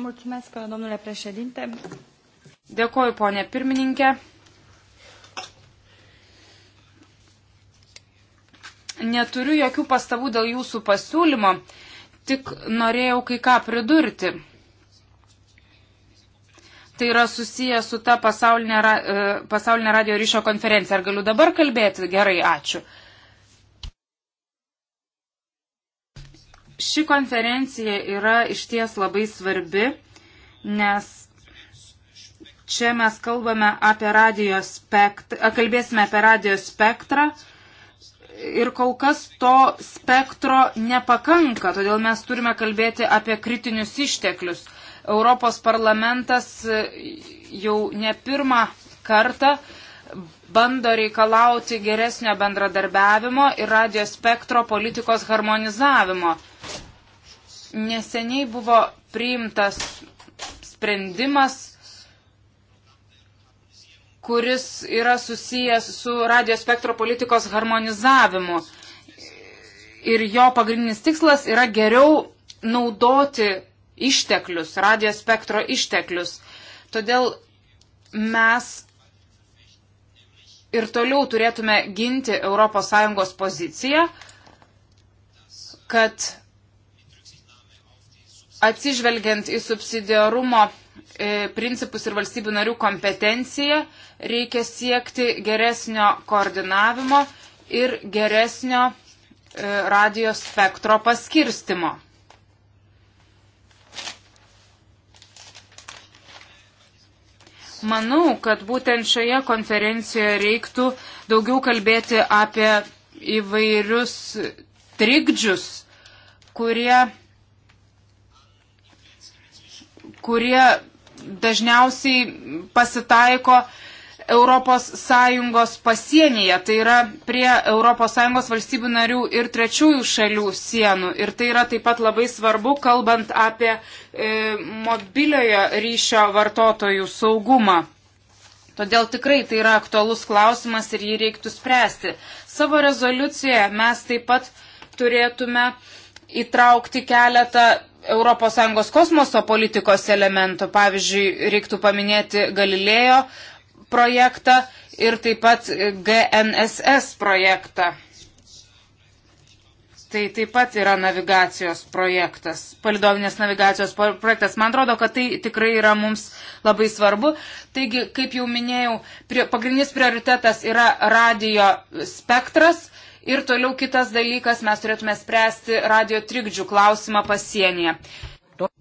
Mulțumesc, domnule președinte. Dėkoju, ponė pirmininkė. Neturiu jokių pastabų dėl jūsų pasiūlymo, tik norėjau kai ką pridurti tai yra susiję su ta pasaulinė, e, pasaulinė radio ryšio konferencija. Ar galiu dabar kalbėti? Gerai, ačiū. Ši konferencija yra iš ties labai svarbi, nes čia mes kalbame apie radio spektrą, kalbėsime apie radio spektrą ir kol kas to spektro nepakanka, todėl mes turime kalbėti apie kritinius išteklius. Europos parlamentas e, jau ne pirmą kartą bando reikalauti geresnio bendradarbiavimo ir radio spektro politikos harmonizavimo. Neseniai buvo priimtas sprendimas, kuris yra susijęs su radio spektro politikos harmonizavimu. Ir jo pagrindinis tikslas yra geriau naudoti išteklius, radijos spektro išteklius. Todėl mes ir toliau turėtume ginti ES poziciją, kad atsižvelgiant į subsidiarumo e, principus ir valstybių narių kompetenciją, reikia siekti geresnio koordinavimo ir geresnio e, radijos spektro paskirstimo. Manau, kad būtent šioje konferencijoje reiktų daugiau kalbėti apie įvairius trikdžius, kurie, kurie dažniausiai pasitaiko ES pasienyje, tai yra prie ES valstybių narių ir trečiųjų šalių sienų. Ir tai yra taip pat labai svarbu, kalbant apie e, mobiliojo ryšio vartotojų saugumą. Todėl tikrai tai yra aktualus klausimas ir jį reiktų spręsti. Savo rezoliucijoje mes taip pat turėtume įtraukti keletą ES kosmoso politikos elementų. Pavyzdžiui, reiktų paminėti Galilėjo projektą ir taip pat GNSS projektą. Tai taip pat yra navigacijos projektas, palidovinės navigacijos projektas. Man atrodo, kad tai tikrai yra mums labai svarbu. Taigi, kaip jau minėjau, prie, pagrindinis prioritetas yra radio spektras ir toliau kitas dalykas, mes turėtume spręsti radio trikdžių klausimą pasienyje.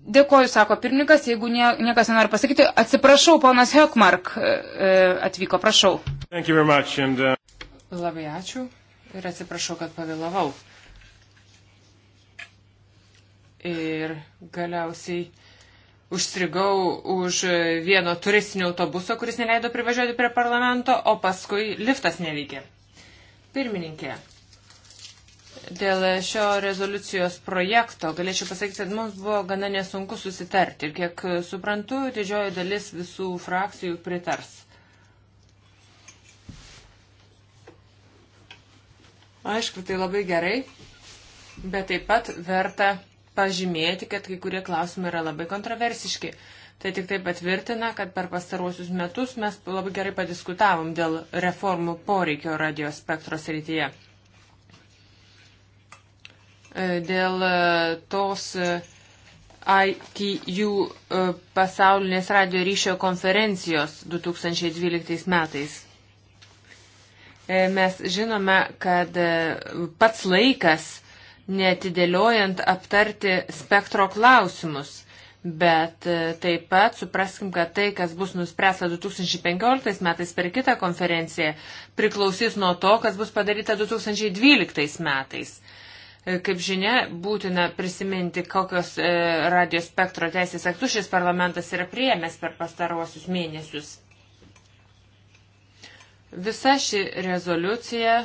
Dėkoju, sako pirmininkas, jeigu nie, niekas nenori pasakyti, atsiprašau, ponas Hekmark e, e, atvyko, prašau. Much, and, uh... Labai ačiū ir atsiprašau, kad pavėlavau. Ir galiausiai užstrigau už vieno turistinio autobuso, kuris neleido privažiuoti prie parlamento, o paskui liftas neveikė. Pirmininkė, Dėl šio rezoliucijos projekto galėčiau pasakyti, kad mums buvo gana nesunku susitarti ir kiek suprantu, didžioji dalis visų frakcijų pritars. Aišku, tai labai gerai, bet taip pat verta pažymėti, kad kai kurie klausimai yra labai kontroversiški. Tai tik tai patvirtina, kad per pastaruosius metus mes labai gerai padiskutavom dėl reformų poreikio radiospektros rytyje. E, dėl e, tos e, ITU pasaulinės radio ryšio konferencijos 2012 metais. Mes žinome, kad pats laikas netidėliojant aptarti spektro klausimus. Bet taip pat supraskim, kad tai, kas bus nuspręsta 2015 metais per kitą konferenciją, priklausys nuo to, kas bus padaryta 2012 metais. E, kaip žinia, būtina prisiminti, kokios e, radio spektro teisės aktus šis parlamentas yra priėmęs per pastaruosius mėnesius. Visa ši rezoliucija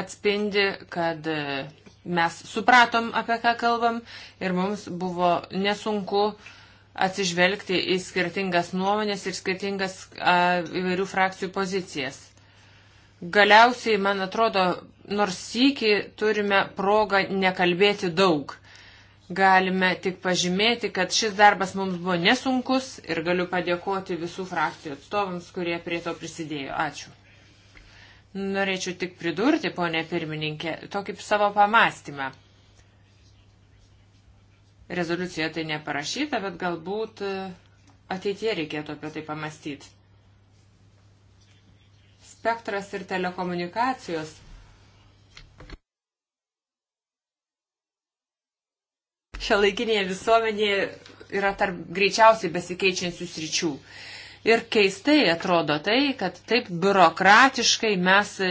atspindi, kad e, mes supratom, apie ką kalbam ir mums buvo nesunku atsižvelgti į skirtingas nuomonės ir skirtingas a, įvairių frakcijų pozicijas. Galiausiai, man atrodo, nors sįki turime progą nekalbėti daug. Galime tik pažymėti, kad šis darbas mums buvo nesunkus ir galiu padėkoti visų frakcijų atstovams, kurie prie to prisidėjo. Ačiū. Norėčiau tik pridurti, ponė pirmininkė, tokį savo pamastymą. Rezoliucijoje tai neparašyta, bet galbūt e, ateitie reikėtų apie tai pamastyti. Spektras ir telekomunikacijos šia laikinėje visuomenėje yra tarp greičiausiai besikeičiančių sričių. Ir keistai atrodo tai, kad taip biurokratiškai mes e,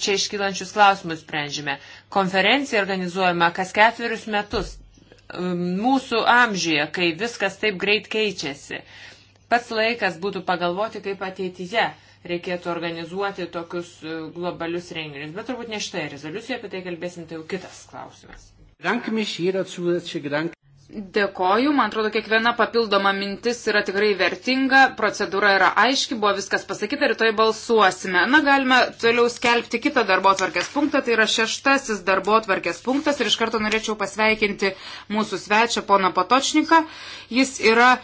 čia iškylančius klausimus sprendžiame. Konferencija organizuojama kas ketverius metus e, mūsų amžiuje, kai viskas taip greit keičiasi. Pats laikas būtų pagalvoti, kaip ateityje reikėtų organizuoti tokius e, globalius renginius. Bet turbūt ne šitą rezoliuciją, apie tai kalbėsim, tai jau kitas klausimas. Dėkoju, man atrodo, kiekviena papildoma mintis yra tikrai vertinga, procedūra yra aiški, buvo viskas pasakyta, rytoj balsuosime. Na, galime toliau skelbti kitą darbo atvarkės punktą, tai yra šeštasis darbo atvarkės punktas ir iš karto norėčiau pasveikinti mūsų svečią, poną Patočniką. Jis yra e,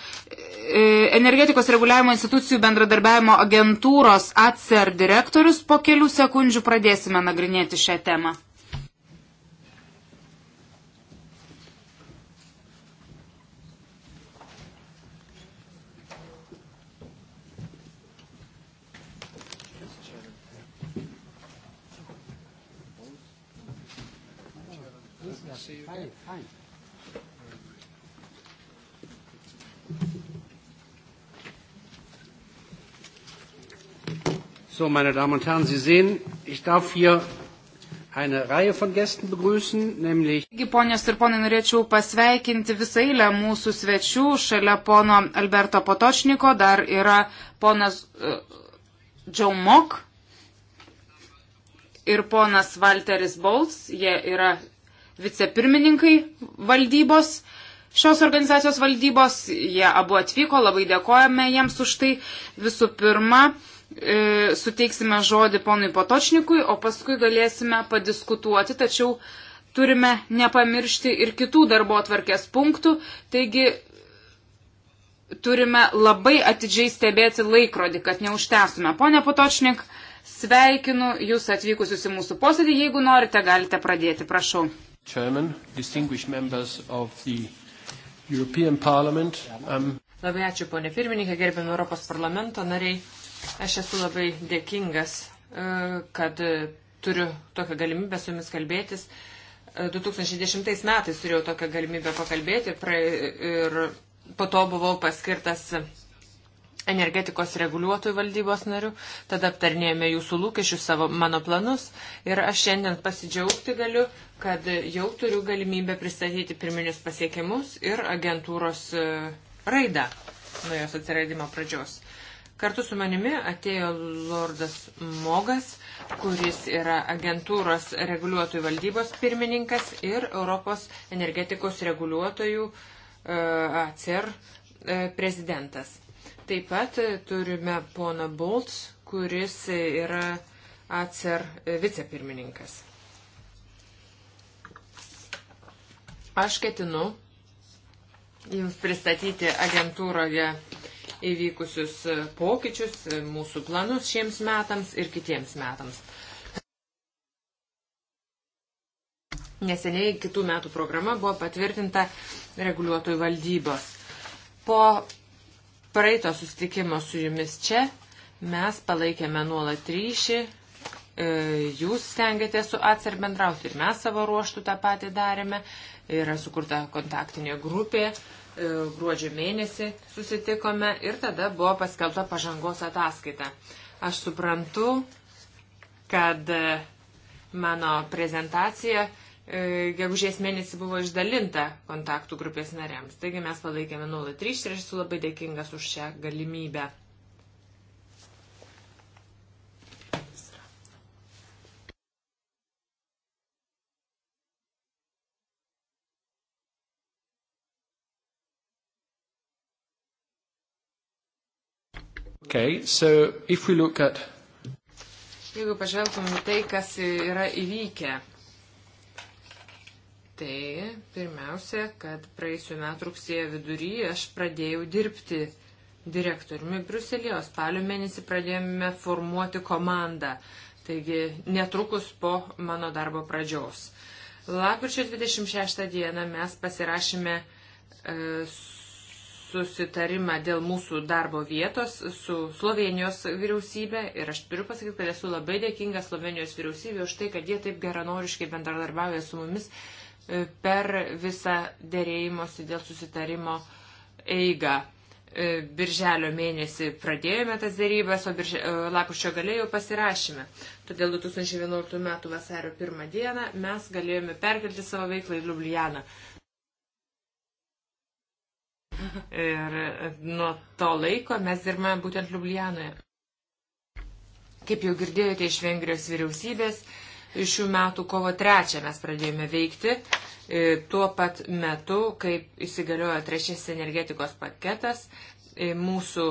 energetikos reguliavimo institucijų bendradarbiavimo agentūros ACER direktorius. Po kelių sekundžių pradėsime nagrinėti šią temą. So, meine Damen und Herren, Sie sehen, ich darf hier eine Reihe von Gästen begrüßen, nämlich. Taigi, ponios ir ponai, norėčiau pasveikinti visą eilę mūsų svečių. Šalia pono Alberto Potočniko dar yra ponas uh, e, Džaumok ir ponas Walteris Bols. Jie yra vicepirmininkai valdybos. Šios organizacijos valdybos, jie abu atvyko, labai dėkojame jiems už tai. Visų pirma, uh, e, suteiksime žodį ponui Potočnikui, o paskui galėsime padiskutuoti, tačiau turime nepamiršti ir kitų darbo atvarkės punktų, taigi turime labai atidžiai stebėti laikrodį, kad neužtęstume. Pone Potočnik, sveikinu Jūs atvykusius į mūsų posėdį, jeigu norite, galite pradėti, prašau. Chairman, um, Labai ačiū, ponė pirmininkė, gerbiami Europos parlamento nariai. Aš esu labai dėkingas, e, kad turiu tokią galimybę su jumis kalbėtis. 2010 e, metais turėjau tokią galimybę pakalbėti ir po to buvau paskirtas energetikos reguliuotojų valdybos narių, tada aptarnėjome jūsų lūkesčius, savo mano planus ir aš šiandien pasidžiaugti galiu, kad jau turiu galimybę pristatyti pirminius pasiekimus ir agentūros e, raidą nuo jos atsiradimo pradžios. Kartu su manimi atėjo Lordas Mogas, kuris yra agentūros reguliuotojų valdybos pirmininkas ir Europos energetikos reguliuotojų e, ACER e, prezidentas. Taip pat e, turime poną Bolts, kuris yra ACER vicepirmininkas. Aš ketinu Jums pristatyti agentūroje įvykusius pokyčius, mūsų planus šiems metams ir kitiems metams. Neseniai kitų metų programa buvo patvirtinta reguliuotojų valdybos. Po praeito susitikimo su jumis čia mes palaikėme nuolat ryšį, e, jūs stengiate su ACER bendrauti ir mes savo ruoštų tą patį darėme, yra sukurta kontaktinė grupė, E, gruodžio mėnesį susitikome ir tada buvo paskelbta pažangos ataskaita. Aš suprantu, kad e, mano prezentacija e, gegužės mėnesį buvo išdalinta kontaktų grupės nariams. Taigi mes palaikėme nuolat ryšį ir aš esu labai dėkingas už šią galimybę. Okay, so if we look at... Jeigu pažvelgtume į tai, kas yra įvykę, tai pirmiausia, kad praėjusiu metu rugsėjo viduryje aš pradėjau dirbti direktoriumi Bruselėje, o spalio mėnesį pradėjome formuoti komandą, taigi netrukus po mano darbo pradžios. Lapkričio 26 dieną mes pasirašėme e, susitarimą dėl mūsų darbo vietos su Slovenijos vyriausybė ir aš turiu pasakyti, kad esu labai dėkinga Slovenijos vyriausybė už tai, kad jie taip geranoriškai bendradarbiauja su mumis e, per visą dėrėjimosi dėl susitarimo eigą. E, Birželio mėnesį pradėjome tas dėrybas, o birže... lapuščio galėjau pasirašyme. Todėl 2011 m. vasario 1 d. mes galėjome perkelti savo veiklą į Liublianą. Ir nuo to laiko mes dirbame būtent Liublianoje. Kaip jau girdėjote iš Vengrijos vyriausybės, šių metų kovo trečią mes pradėjome veikti. E, tuo pat metu, kaip įsigaliojo trečiasis energetikos paketas, e, mūsų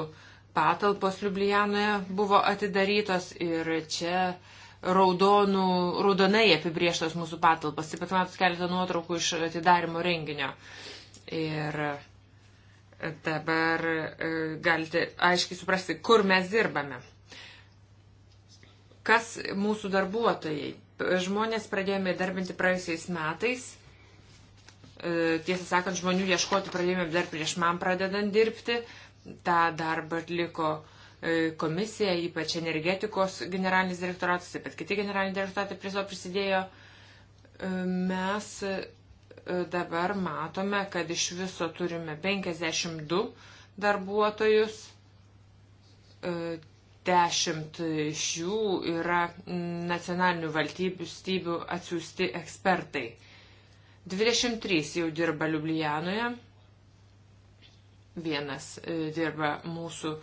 patalpos Liublianoje buvo atidarytos ir čia raudonų, raudonai apibrieštos mūsų patalpos. Taip pat matot keletą nuotraukų iš atidarimo renginio. Ir Dabar e, galite aiškiai suprasti, kur mes dirbame. Kas mūsų darbuotojai? Žmonės pradėjome darbinti praėjusiais metais. E, tiesą sakant, žmonių ieškoti pradėjome dar prieš man pradedant dirbti. Ta darba atliko e, komisija, ypač energetikos generalinis direktoratas, taip pat kiti generaliniai direktoratai prie to prisidėjo. Mes E, dabar matome, kad iš viso turime 52 darbuotojus, 10 e, iš jų yra nacionalinių valstybių atsiųsti ekspertai. 23 jau dirba Liublijanoje, vienas e, dirba mūsų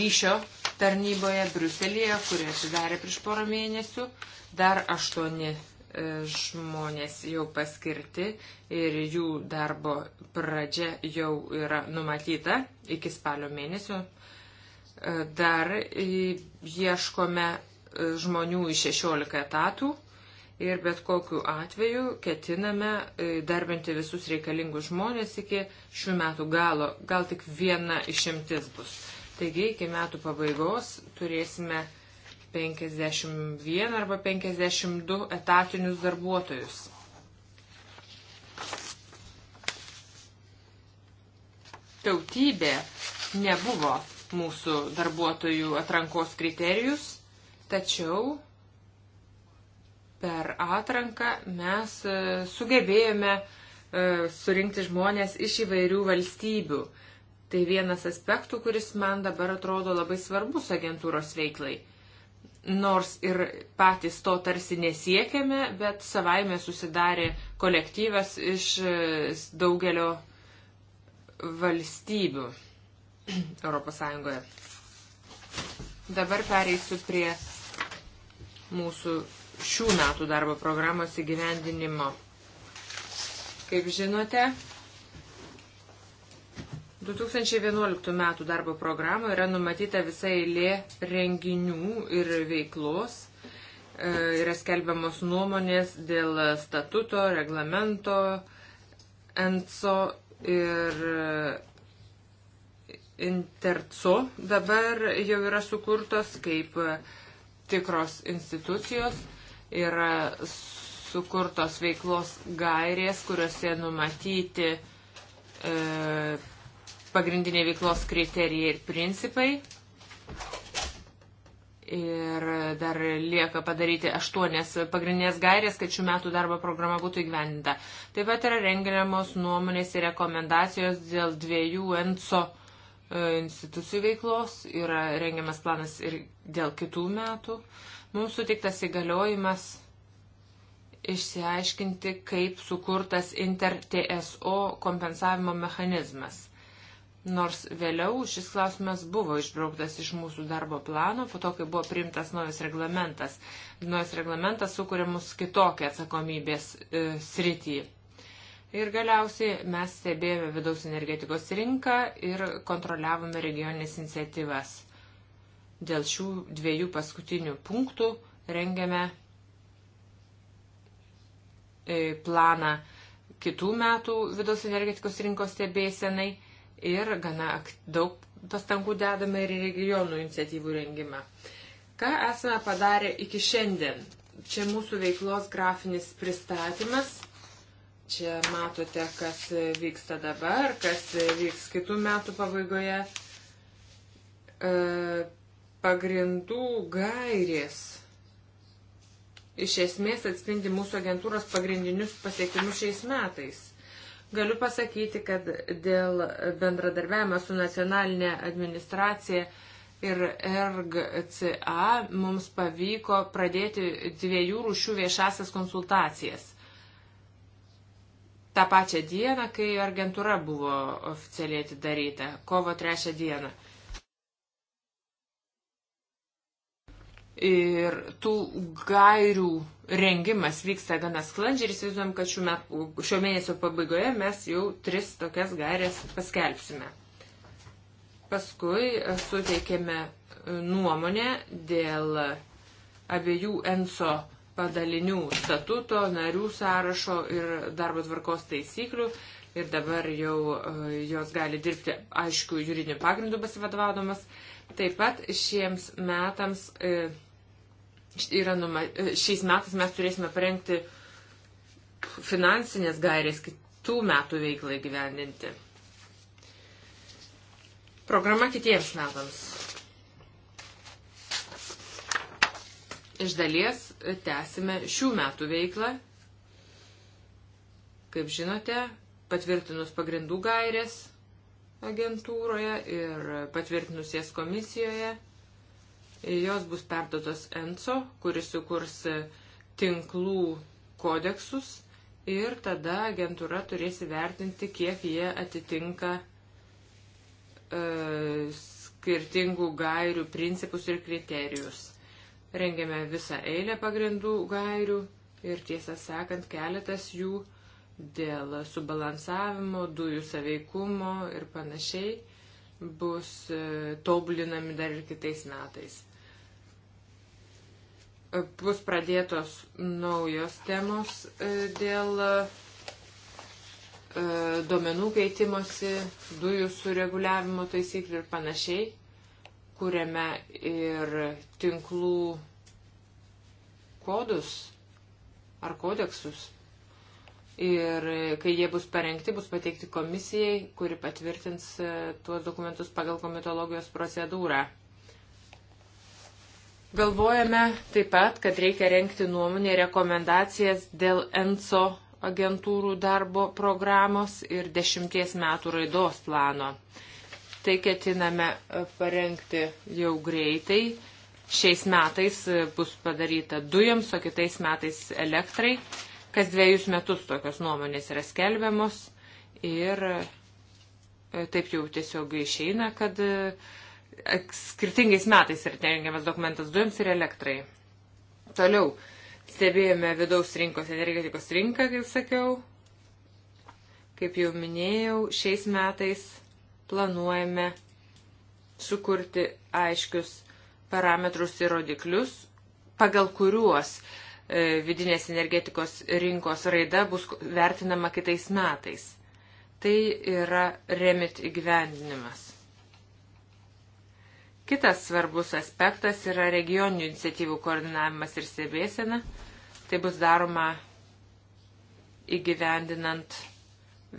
ryšio tarnyboje Bruselėje, kurie atsidarė prieš porą mėnesių, dar aštuoni E, žmonės jau paskirti ir jų darbo pradžia jau yra numatyta iki spalio mėnesio. E, dar ieškome e, žmonių į 16 etatų ir bet kokiu atveju ketiname darbinti visus reikalingus žmonės iki šių metų galo. Gal tik viena išimtis bus. Taigi iki metų pabaigos turėsime 51 arba 52 etatinius darbuotojus. Tautybė nebuvo mūsų darbuotojų atrankos kriterijus, tačiau per atranką mes e, sugebėjome e, surinkti žmonės iš įvairių valstybių. Tai vienas aspektų, kuris man dabar atrodo labai svarbus agentūros veiklai nors ir patys to tarsi nesiekėme, bet savaime susidarė kolektyvas iš e, daugelio valstybių ES. Dabar pereisiu prie mūsų šių metų darbo programos įgyvendinimo. Kaip žinote, 2011 metų darbo programoje yra numatyta visa eilė renginių ir veiklos. E, yra skelbiamos nuomonės dėl statuto, reglamento, ENCO ir e, INTERCO dabar jau yra sukurtos kaip tikros institucijos. Yra sukurtos veiklos gairės, kuriuose numatyti e, pagrindiniai veiklos kriterijai ir principai. Ir dar lieka padaryti aštuonias pagrindinės gairės, kad šių metų darbo programa būtų įgyvendinta. Taip pat yra rengiamos nuomonės ir rekomendacijos dėl dviejų ENCO e, institucijų veiklos, yra rengiamas planas ir dėl kitų metų. Mums sutiktas įgaliojimas išsiaiškinti, kaip sukurtas inter-TSO kompensavimo mechanizmas. Nors vėliau šis klausimas buvo išbrauktas iš mūsų darbo plano, po to, kai buvo priimtas naujas reglamentas. Naujas reglamentas sukuria mus kitokią atsakomybės e, sritį. Ir galiausiai mes stebėjome vidaus energetikos rinką ir kontroliavome regioninės iniciatyvas. Dėl šių dviejų paskutinių punktų rengiame e, planą kitų metų vidaus energetikos rinkos stebėsenai ir gana daug pastangų dedame ir regionų iniciatyvų rengimą. Ką esame padarę iki šiandien? Čia mūsų veiklos grafinis pristatymas. Čia matote, kas vyksta dabar, kas vyks kitų metų pabaigoje. E, pagrindų gairės iš esmės atspindi mūsų agentūros pagrindinius pasiekimus šiais metais. Galiu pasakyti, kad dėl bendradarbiavimo su nacionalinė administracija ir RGCA mums pavyko pradėti dviejų rūšių viešasias konsultacijas. Ta pačia diena, kai agentūra buvo oficialiai atidaryta, kovo trečią dieną. Ir tų gairių rengimas vyksta gana sklandžiai ir įsivaizduojam, kad šių metų, šio mėnesio pabaigoje mes jau tris tokias gairės paskelbsime. Paskui e, suteikėme e, nuomonę dėl abiejų ENSO padalinių statuto, narių sąrašo ir darbo tvarkos taisyklių. Ir dabar jau e, jos gali dirbti, aišku, juridiniu pagrindu besivadovaudamas. Taip pat šiems metams. E, yra numa, e, šiais metais mes turėsime parengti finansinės gairės kitų metų veiklai gyvendinti. Programa kitiems metams. Iš dalies e, tęsime šių metų veiklą. Kaip žinote, patvirtinus pagrindų gairės agentūroje ir patvirtinus jas komisijoje Jos bus perdotos ENCO, kuris sukurs tinklų kodeksus ir tada agentūra turės įvertinti, kiek jie atitinka e, skirtingų gairių principus ir kriterijus. Rengiame visą eilę pagrindų gairių ir tiesą sakant, keletas jų dėl subalansavimo, dujų saveikumo ir panašiai bus e, tobulinami dar ir kitais metais. E, bus pradėtos naujos temos e, dėl duomenų keitimosi, dujų sureguliavimo taisyklių ir panašiai, kuriame ir tinklų kodus ar kodeksus ir kai jie bus parengti, bus pateikti komisijai, kuri patvirtins e, tuos dokumentus pagal komitologijos procedūrą. Galvojame taip pat, kad reikia renkti nuomonę ir rekomendacijas dėl ENCO agentūrų darbo programos ir dešimties metų raidos plano. Tai ketiname e, parengti jau greitai. Šiais metais e, bus padaryta dujams, o kitais metais elektrai Kas dviejus metus tokios nuomonės yra skelbiamos ir e, taip jau tiesiog išeina, kad e, skirtingais metais yra rengiamas dokumentas dujams ir elektrai. Toliau stebėjome vidaus rinkos, energetikos rinką, kaip sakiau. Kaip jau minėjau, šiais metais planuojame sukurti aiškius parametrus ir rodiklius, pagal kuriuos uh, E, vidinės energetikos rinkos raida bus vertinama kitais metais. Tai yra remit įgyvendinimas. Kitas svarbus aspektas yra regioninių iniciatyvų koordinavimas ir stebėsena. Tai bus daroma įgyvendinant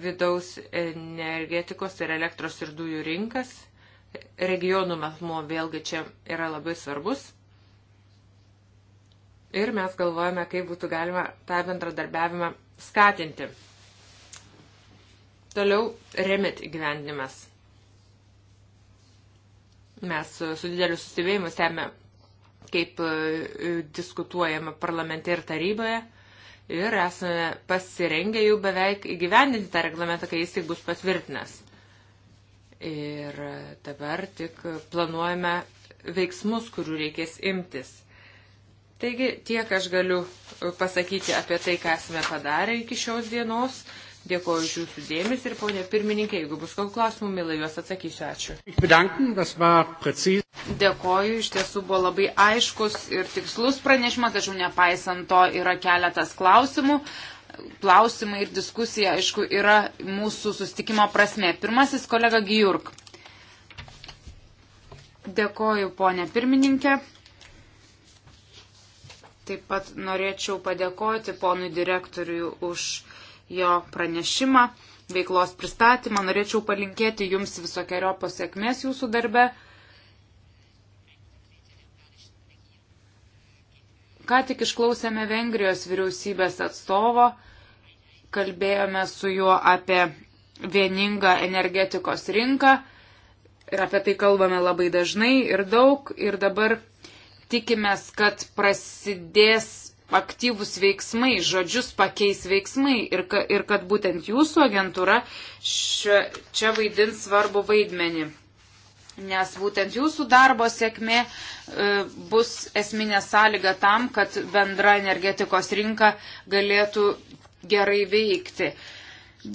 vidaus energetikos ir elektros ir dujų rinkas. Regionų matmuo vėlgi čia yra labai svarbus ir mes galvojame, kaip būtų galima tą bendradarbiavimą skatinti. Toliau remit įgyvendinimas. Mes su dideliu susivėjimu stebime, kaip e, diskutuojama parlamente ir taryboje ir esame pasirengę jau beveik įgyvendinti tą reglamentą, kai jis tik bus patvirtinęs. Ir dabar tik planuojame veiksmus, kurių reikės imtis Taigi tiek aš galiu e, pasakyti apie tai, ką esame padarę iki šios dienos. Dėkuoju iš jūsų dėmesį ir ponė pirmininkė, jeigu bus kokių klausimų, mielai juos atsakysiu. Ačiū. Dėkuoju, iš tiesų buvo labai aiškus ir tikslus pranešimas, tačiau nepaisant to yra keletas klausimų. Klausimai ir diskusija, aišku, yra mūsų sustikimo prasme. Pirmasis kolega Gijurk. Dėkuoju, ponė pirmininkė. Taip pat norėčiau padėkoti ponui direktoriui už jo pranešimą, veiklos pristatymą. Norėčiau palinkėti jums visokiojo pasiekmės jūsų darbe. Ką tik išklausėme Vengrijos vyriausybės atstovo, kalbėjome su juo apie vieningą energetikos rinką ir apie tai kalbame labai dažnai ir daug ir dabar tikimės, kad prasidės aktyvus veiksmai, žodžius pakeis veiksmai ir, ka, ir kad būtent jūsų agentūra šio, čia vaidins svarbu vaidmenį. Nes būtent jūsų darbo sėkmė e, bus esminė sąlyga tam, kad bendra energetikos rinka galėtų gerai veikti.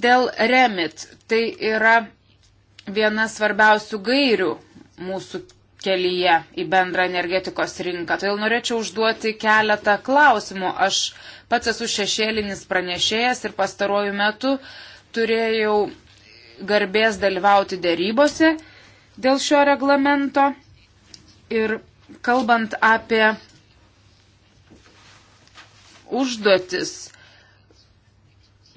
Dėl remit tai yra viena svarbiausių gairių mūsų kelyje į bendrą energetikos rinką. Todėl norėčiau užduoti keletą klausimų. Aš pats esu šešėlinis pranešėjas ir pastaruoju metu turėjau garbės dalyvauti dėrybose dėl šio reglamento. Ir kalbant apie užduotis,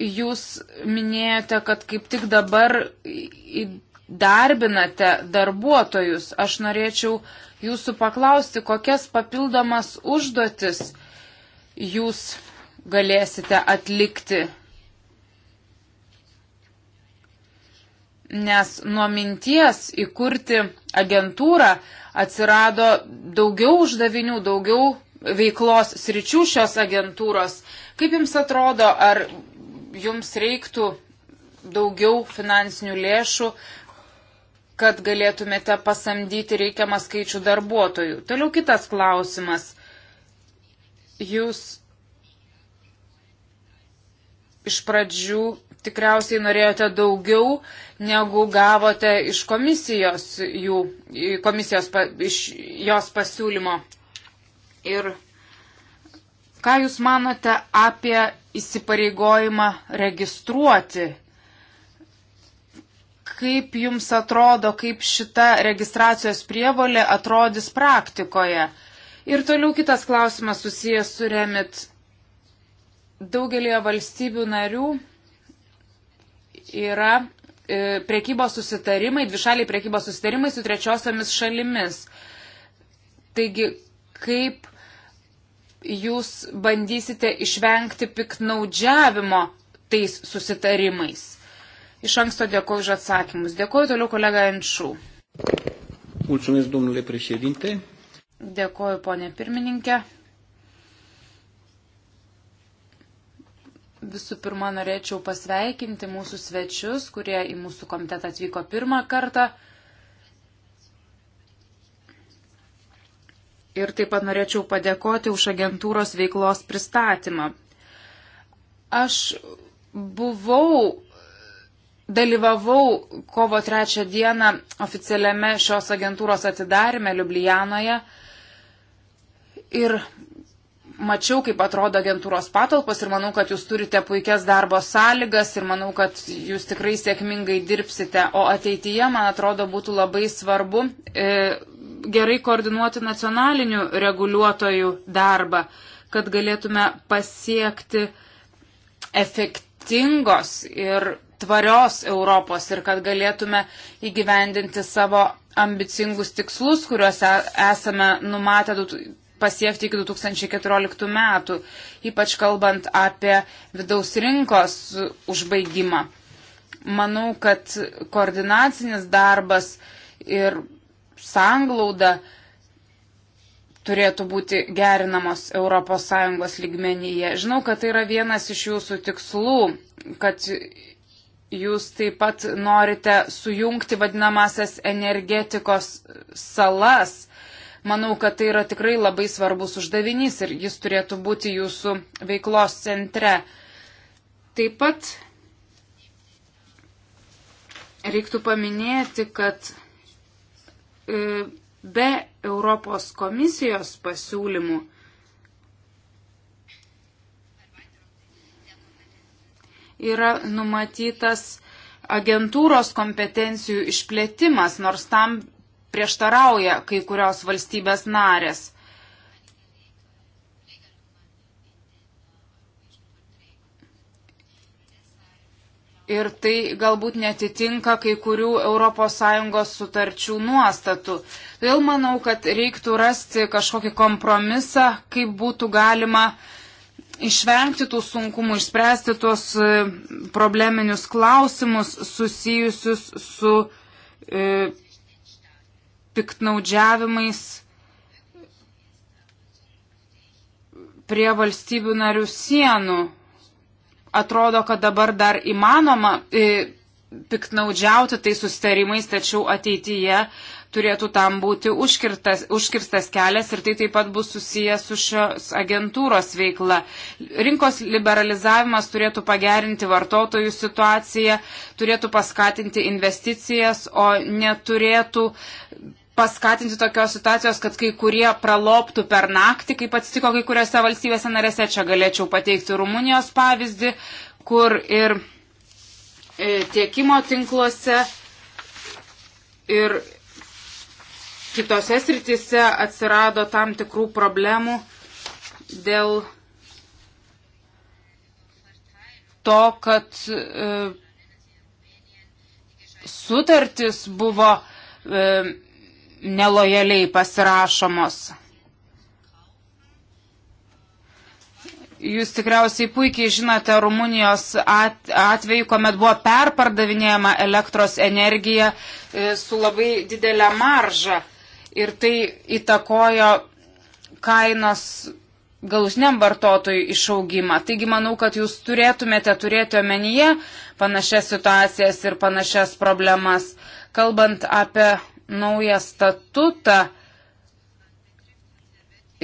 jūs minėjote, kad kaip tik dabar darbinate darbuotojus, aš norėčiau jūsų paklausti, kokias papildomas užduotis jūs galėsite atlikti. Nes nuo minties įkurti agentūrą atsirado daugiau uždavinių, daugiau veiklos sričių šios agentūros. Kaip Jums atrodo, ar Jums reiktų daugiau finansinių lėšų, kad galėtumėte pasamdyti reikiamą skaičių darbuotojų. Toliau kitas klausimas. Jūs iš pradžių tikriausiai norėjote daugiau, negu gavote iš komisijos, jų, komisijos iš jos pasiūlymo. Ir ką Jūs manote apie įsipareigojimą registruoti Kaip jums atrodo, kaip šita registracijos prievolė atrodys praktikoje? Ir toliau kitas klausimas susijęs su remit. Daugelie valstybių narių yra e, priekybos susitarimai, dvišaliai priekybos susitarimai su trečiosiamis šalimis. Taigi, kaip jūs bandysite išvengti piknaudžiavimo tais susitarimais? Iš anksto dėkoju už atsakymus. Dėkoju toliau kolega Enšų. Mulțumesc, domnule președinte. Dėkoju, ponė pirmininkė. Visų pirma, norėčiau pasveikinti mūsų svečius, kurie į mūsų komitetą atvyko pirmą kartą. Ir taip pat norėčiau padėkoti už agentūros veiklos pristatymą. Aš buvau dalyvavau kovo trečią dieną oficialiame šios agentūros atidarime Ljubljanoje ir mačiau, kaip atrodo agentūros patalpos ir manau, kad jūs turite puikias darbo sąlygas ir manau, kad jūs tikrai sėkmingai dirbsite. O ateityje, man atrodo, būtų labai svarbu e, gerai koordinuoti nacionalinių reguliuotojų darbą, kad galėtume pasiekti efektingos ir tvarios Europos ir kad galėtume įgyvendinti savo ambicingus tikslus, kuriuos e, esame numatę pasiekti iki 2014 metų, ypač kalbant apie vidaus rinkos užbaigimą. Manau, kad koordinacinis darbas ir sanglauda turėtų būti gerinamos ES lygmenyje. Žinau, kad tai yra vienas iš jūsų tikslų, kad jūs taip pat norite sujungti vadinamasias energetikos salas. Manau, kad tai yra tikrai labai svarbus uždavinys ir jis turėtų būti jūsų veiklos centre. Taip pat reiktų paminėti, kad e, be Europos komisijos pasiūlymų yra numatytas agentūros kompetencijų išplėtimas, nors tam prieštarauja kai kurios valstybės narės. ir tai galbūt netitinka kai kurių ES sutarčių nuostatų. Todėl manau, kad reiktų rasti kažkokį kompromisą, kaip būtų galima uh, išvengti tų sunkumų, išspręsti tuos e, probleminius klausimus susijusius su e, piktnaudžiavimais prie valstybių narių sienų. Atrodo, kad dabar dar įmanoma e, piknaudžiauti tai sustarimais, tačiau ateityje turėtų tam būti užkirtas, užkirstas kelias ir tai taip pat bus susijęs su šios agentūros veikla. Rinkos liberalizavimas turėtų pagerinti vartotojų situaciją, turėtų paskatinti investicijas, o neturėtų paskatinti tokios situacijos, kad kai kurie praloptų per naktį, kaip atsitiko kai kuriuose valstybėse narėse. Čia galėčiau pateikti Rumunijos pavyzdį, kur ir E, tiekimo tinkluose ir kitose sritise atsirado tam tikrų problemų dėl to, kad e, sutartis buvo e, nelojaliai pasirašomos. Jūs tikriausiai puikiai žinote Rumunijos atveju, kuomet buvo perpardavinėjama elektros energija e, su labai didelė marža ir tai įtakojo kainos galusniam vartotojui išaugimą. Taigi manau, kad jūs turėtumėte turėti omenyje panašias situacijas ir panašias problemas. Kalbant apie naują statutą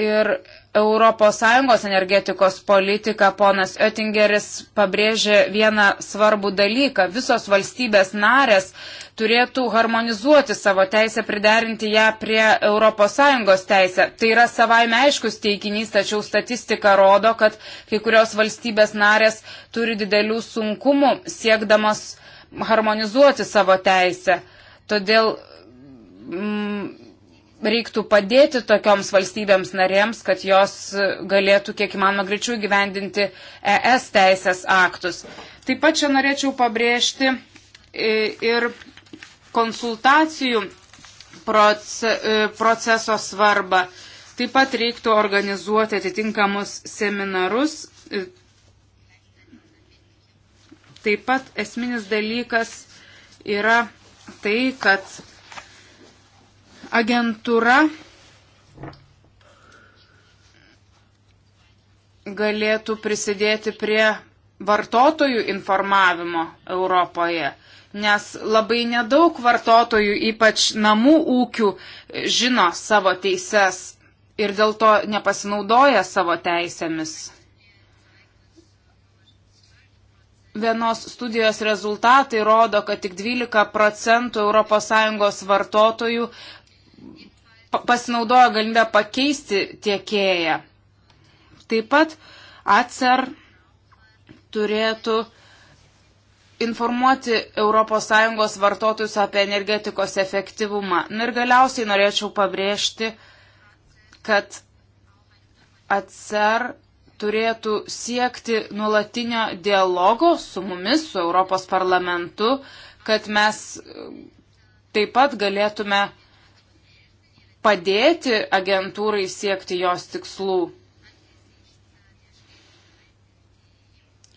ir ES energetikos politiką ponas Oettingeris pabrėžė vieną svarbų dalyką. Visos valstybės narės turėtų harmonizuoti savo teisę, priderinti ją prie ES teisę. Tai yra savaime aiškus teiginys, tačiau statistika rodo, kad kai kurios valstybės narės turi didelių sunkumų siekdamas harmonizuoti savo teisę. Todėl mm, reiktų padėti tokioms valstybėms narėms, kad jos galėtų kiek įmanoma greičiau gyvendinti ES teisės aktus. Taip pat čia norėčiau pabrėžti e, ir konsultacijų e, proceso svarbą. Taip pat reiktų organizuoti atitinkamus seminarus. E, taip pat esminis dalykas yra tai, kad agentūra galėtų prisidėti prie vartotojų informavimo Europoje, nes labai nedaug vartotojų, ypač namų ūkių, žino savo teises ir dėl to nepasinaudoja savo teisėmis. Vienos studijos rezultatai rodo, kad tik 12 procentų ES vartotojų pasinaudojo galimybę pakeisti tiekėją. Taip pat ACER turėtų informuoti ES vartotojus apie energetikos efektyvumą. Na ir galiausiai norėčiau pabrėžti, kad ACER turėtų siekti nulatinio dialogo su mumis, su Europos parlamentu, kad mes taip pat galėtume padėti agentūrai siekti jos tikslų.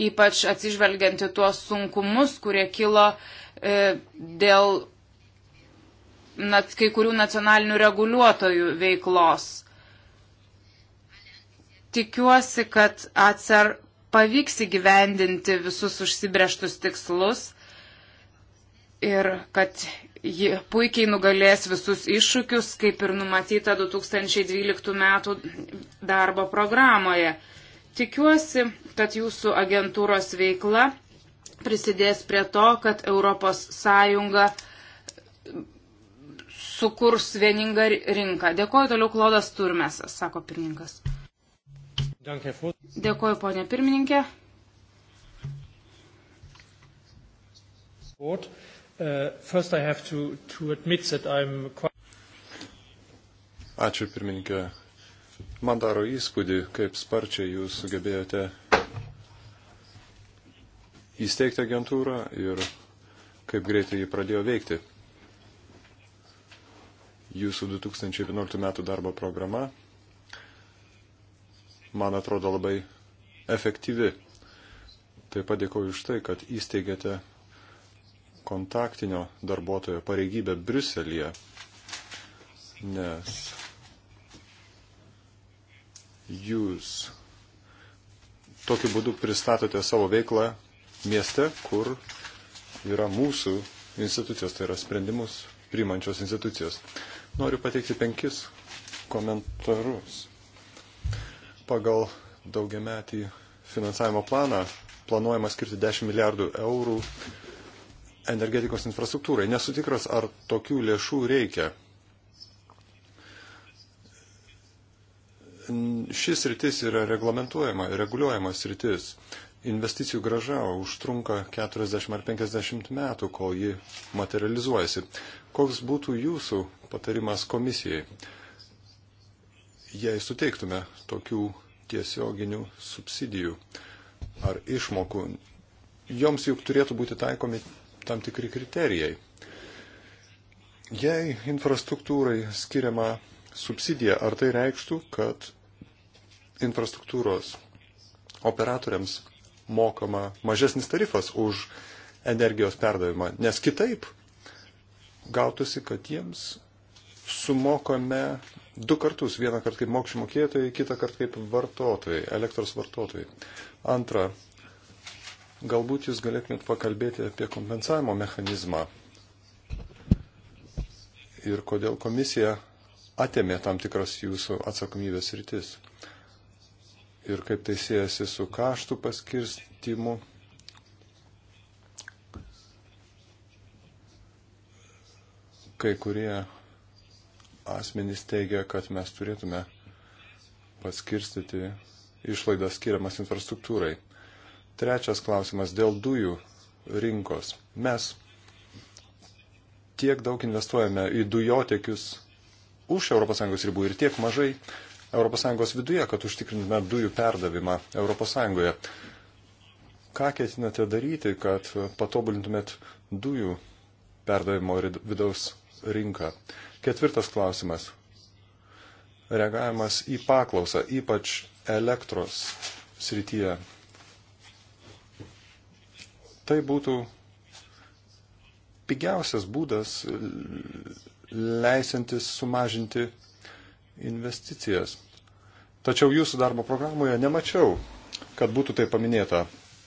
Ypač atsižvelgianti tuos sunkumus, kurie kilo e, dėl nat, kai kurių nacionalinių reguliuotojų veiklos. Tikiuosi, kad atsar e pavyks įgyvendinti visus užsibrieštus tikslus ir kad ji puikiai nugalės visus iššūkius, kaip ir numatyta 2012 metų darbo programoje. Tikiuosi, kad jūsų agentūros veikla prisidės prie to, kad ES sukurs vieningą rinką. Dėkoju toliau Klodas Turmes, sako pirmininkas. Dėkoju, ponė pirmininkė. Sport. Uh, first I have to, to admit that I'm quite... Ačiū pirmininkė. Man daro įspūdį, kaip sparčiai jūs sugebėjote įsteigti agentūrą ir kaip greitai jį pradėjo veikti. Jūsų 2011 metų darbo programa, man atrodo, labai efektyvi. Taip pat dėkoju už tai, kad įsteigėte kontaktinio darbuotojo pareigybę Briuselėje, nes jūs tokiu būdu pristatote savo veiklą mieste, kur yra mūsų institucijos, tai yra sprendimus priimančios institucijos. Noriu pateikti penkis komentarus. Pagal daugiametį finansavimo planą planuojama skirti 10 milijardų eurų energetikos infrastruktūrai. Nesu tikras, ar tokių lėšų reikia. Šis rytis yra reglamentuojama, reguliuojama rytis. Investicijų graža užtrunka 40 ar 50 metų, kol ji materializuojasi. Koks būtų jūsų patarimas komisijai, jei suteiktume tokių tiesioginių subsidijų ar išmokų joms juk turėtų būti taikomi tam tikri kriterijai. Jei infrastruktūrai skiriama subsidija, ar tai reikštų, kad infrastruktūros operatoriams mokama mažesnis tarifas už energijos perdavimą, nes kitaip gautųsi, kad jiems sumokame du kartus, vieną kartą kaip mokesčių mokėtojai, kitą kartą kaip vartotojai, elektros vartotojai. Antra, Galbūt jūs galėtumėt pakalbėti apie kompensavimo mechanizmą ir kodėl komisija atėmė tam tikras jūsų atsakomybės rytis ir kaip tai siejasi su kaštų paskirstimu. Kai kurie asmenys teigia, kad mes turėtume paskirstyti išlaidas skiriamas infrastruktūrai. Trečias klausimas dėl dujų rinkos. Mes tiek daug investuojame į dujotekius už ES ribų ir tiek mažai ES viduje, kad užtikrintume dujų perdavimą ES. Ką ketinate daryti, kad patobulintumėt dujų perdavimo vidaus rinką? Ketvirtas klausimas. Reagavimas į paklausą, ypač elektros srityje Tai būtų pigiausias būdas leisantis sumažinti investicijas. Tačiau jūsų darbo programoje nemačiau, kad būtų tai paminėta.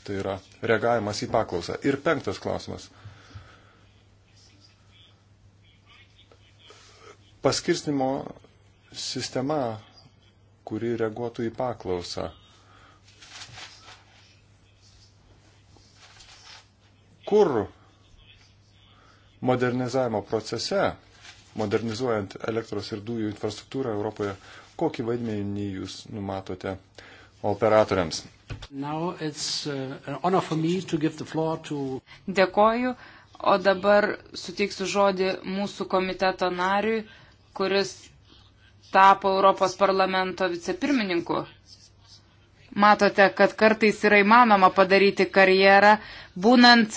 Tai yra reagavimas į paklausą. Ir penktas klausimas. Paskirstimo sistema, kuri reaguotų į paklausą. kur modernizavimo procese, modernizuojant elektros ir dujų infrastruktūrą Europoje, kokį vaidmenį jūs numatote operatoriams? Uh, to... Dėkoju, o dabar suteiksiu žodį mūsų komiteto nariui, kuris tapo Europos parlamento vicepirmininku. Matote, kad kartais yra įmanoma padaryti karjerą, būnant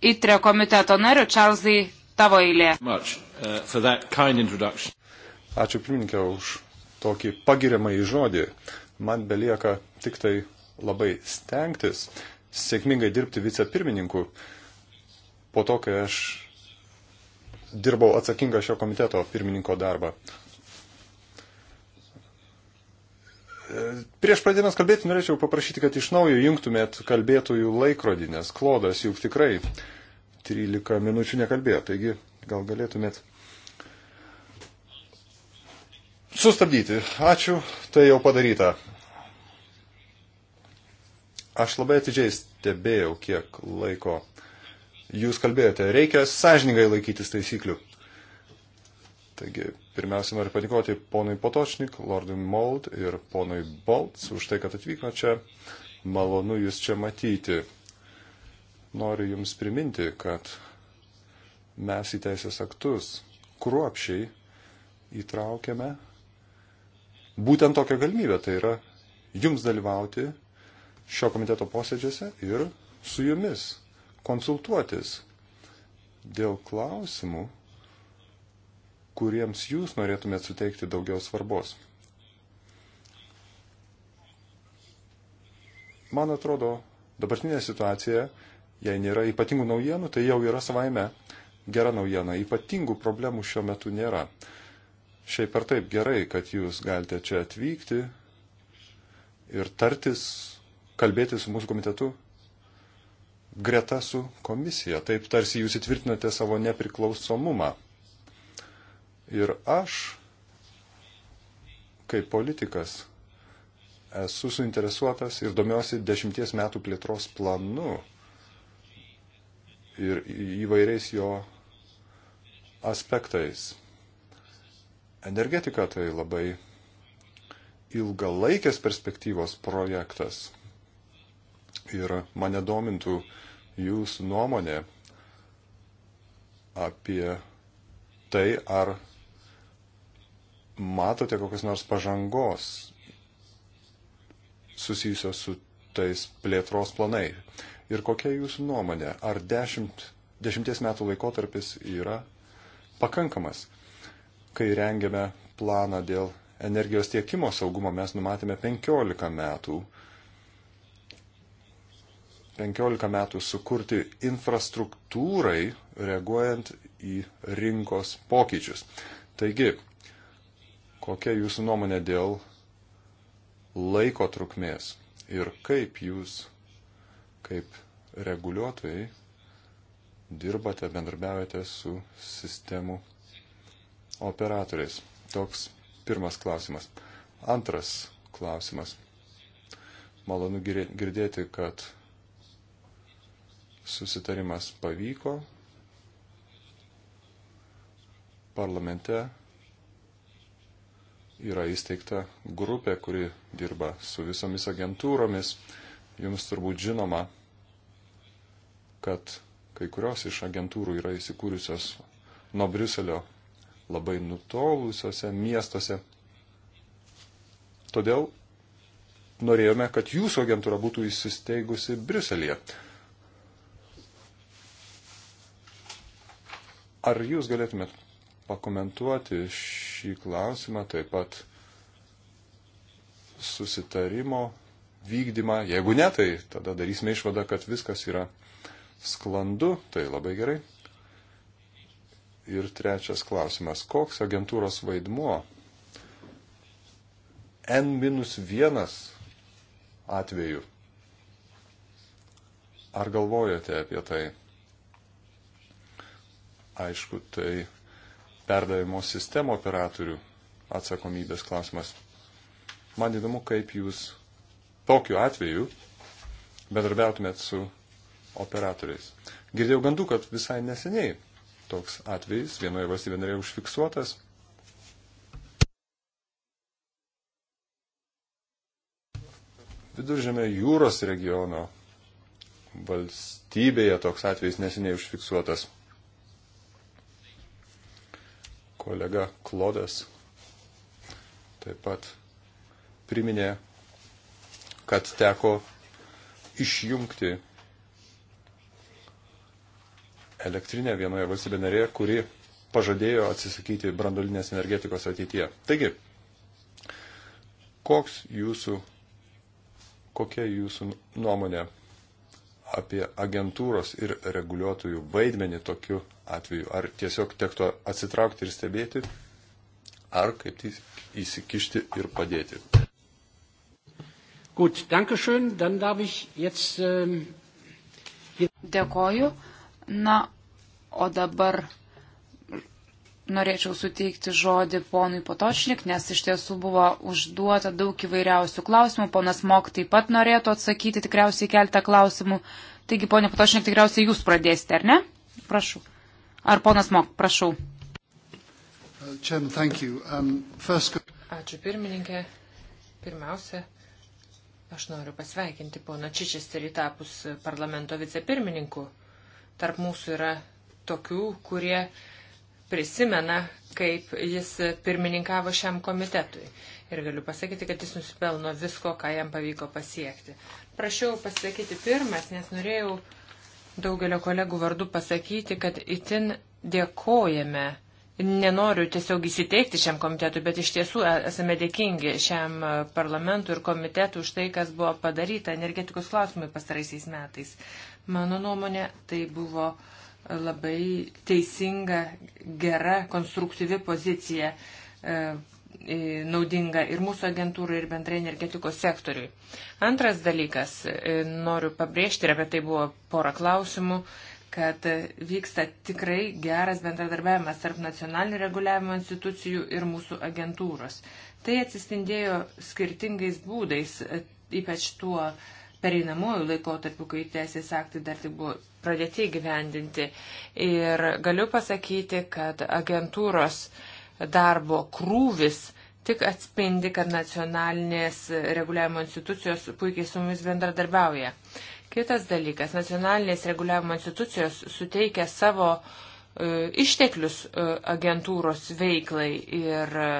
ITRE komiteto nariu. Čarlzai, tavo eilė. Much, uh, kind Ačiū pirmininkė už tokį pagiriamą į žodį. Man belieka tik tai labai stengtis, sėkmingai dirbti vicepirmininku. Po to, kai aš dirbau atsakingą šio komiteto pirmininko darbą. Prieš pradėdamas kalbėti, norėčiau paprašyti, kad iš naujo jungtumėt kalbėtojų laikrodį, nes klodas juk tikrai 13 minučių nekalbėjo, taigi gal galėtumėt sustabdyti. Ačiū, tai jau padaryta. Aš labai atidžiai stebėjau, kiek laiko jūs kalbėjote. Reikia sąžiningai laikytis taisyklių. Taigi, pirmiausia, noriu padėkoti ponui Potočnik, lordui Mold ir ponui Bolts už tai, kad atvyko čia. Malonu jūs čia matyti. Noriu jums priminti, kad mes į teisės aktus kruopšiai įtraukėme būtent tokią galimybę, tai yra jums dalyvauti šio komiteto posėdžiuose ir su jumis konsultuotis dėl klausimų, kuriems jūs norėtumėt suteikti daugiau svarbos. Man atrodo, dabartinė situacija, jei nėra ypatingų naujienų, tai jau yra savaime gera naujiena. Ypatingų problemų šiuo metu nėra. Šiaip ar taip gerai, kad jūs galite čia atvykti ir tartis, kalbėti su mūsų komitetu greta su komisija. Taip tarsi jūs įtvirtinate savo nepriklausomumą. Ir aš, kaip politikas, esu suinteresuotas ir domiuosi dešimties metų plėtros planu ir įvairiais jo aspektais. Energetika tai labai ilgalaikės perspektyvos projektas. Ir mane domintų jūsų nuomonė apie tai, ar matote kokios nors pažangos susijusios su tais plėtros planai? Ir kokia jūsų nuomonė, ar dešimt, dešimties metų laikotarpis yra pakankamas? Kai rengiame planą dėl energijos tiekimo saugumo, mes numatėme 15 metų. 15 metų sukurti infrastruktūrai, reaguojant į rinkos pokyčius. Taigi, Kokia jūsų nuomonė dėl laiko trukmės ir kaip jūs, kaip reguliuotojai, dirbate, bendrabiaujate su sistemų operatoriais? Toks pirmas klausimas. Antras klausimas. Malonu girdėti, kad susitarimas pavyko parlamente yra įsteigta grupė, kuri dirba su visomis agentūromis. Jums turbūt žinoma, kad kai kurios iš agentūrų yra įsikūrusios nuo Briuselio labai nutolusiuose miestuose. Todėl norėjome, kad jūsų agentūra būtų įsisteigusi Briuselėje. Ar jūs galėtumėt pakomentuoti šį klausimą, taip pat susitarimo vykdymą. Jeigu ne, tai tada darysime išvadą, kad viskas yra sklandu, tai labai gerai. Ir trečias klausimas, koks agentūros vaidmuo N-1 atveju? Ar galvojate apie tai? Aišku, tai perdavimo sistemo operatorių atsakomybės klausimas. Man įdomu, kaip jūs tokiu atveju bendrabiautumėt su operatoriais. Girdėjau gandų, kad visai neseniai toks atvejis vienoje valstybėje narėje užfiksuotas. Viduržėme jūros regiono valstybėje toks atvejis neseniai užfiksuotas. kolega Klodas taip pat priminė, kad teko išjungti elektrinę vienoje valstybė narėje, kuri pažadėjo atsisakyti brandolinės energetikos ateityje. Taigi, koks jūsų, kokia jūsų nuomonė apie agentūros ir reguliuotojų vaidmenį tokiu atveju. Ar tiesiog tektų atsitraukti ir stebėti, ar kaip tai įsikišti ir padėti. Gut, danke schön. Dann darf ich jetzt. Ähm, Dėkoju. Na, o dabar norėčiau suteikti žodį ponui Potočnik, nes iš tiesų buvo užduota daug įvairiausių klausimų. Ponas Mok taip pat norėtų atsakyti tikriausiai keltą klausimų. Taigi, ponė Potočnik, tikriausiai jūs pradėsite, ar ne? Prašau. Ar ponas Mok, prašau. Um, Ačiū pirmininkė. Pirmiausia, aš noriu pasveikinti poną Čičesterį tapus parlamento vicepirmininku. Tarp mūsų yra tokių, kurie prisimena, kaip jis pirmininkavo šiam komitetui. Ir galiu pasakyti, kad jis nusipelno visko, ką jam pavyko pasiekti. Prašiau pasakyti pirmas, nes norėjau daugelio kolegų vardu pasakyti, kad itin dėkojame. Nenoriu tiesiog įsiteikti šiam komitetui, bet iš tiesų e, esame dėkingi šiam parlamentui ir komitetui už tai, kas buvo padaryta energetikos klausimai pastaraisiais metais. Mano nuomonė, tai buvo labai teisinga, gera, konstruktyvi pozicija e, E, naudinga ir mūsų agentūrai, ir bendrai energetikos sektoriui. Antras dalykas, e, noriu pabrėžti, ir apie tai buvo pora klausimų, kad vyksta tikrai geras bendradarbiavimas tarp nacionalinių reguliavimo institucijų ir mūsų agentūros. Tai atsispindėjo skirtingais būdais, e, ypač tuo pereinamojų laikotarpių, kai teisės aktai dar tik buvo pradėti gyvendinti. Ir galiu pasakyti, kad agentūros darbo krūvis tik atspindi, kad nacionalinės reguliavimo institucijos puikiai su mumis bendradarbiauja. Kitas dalykas, nacionalinės reguliavimo institucijos suteikia savo e, išteklius e, agentūros veiklai ir e,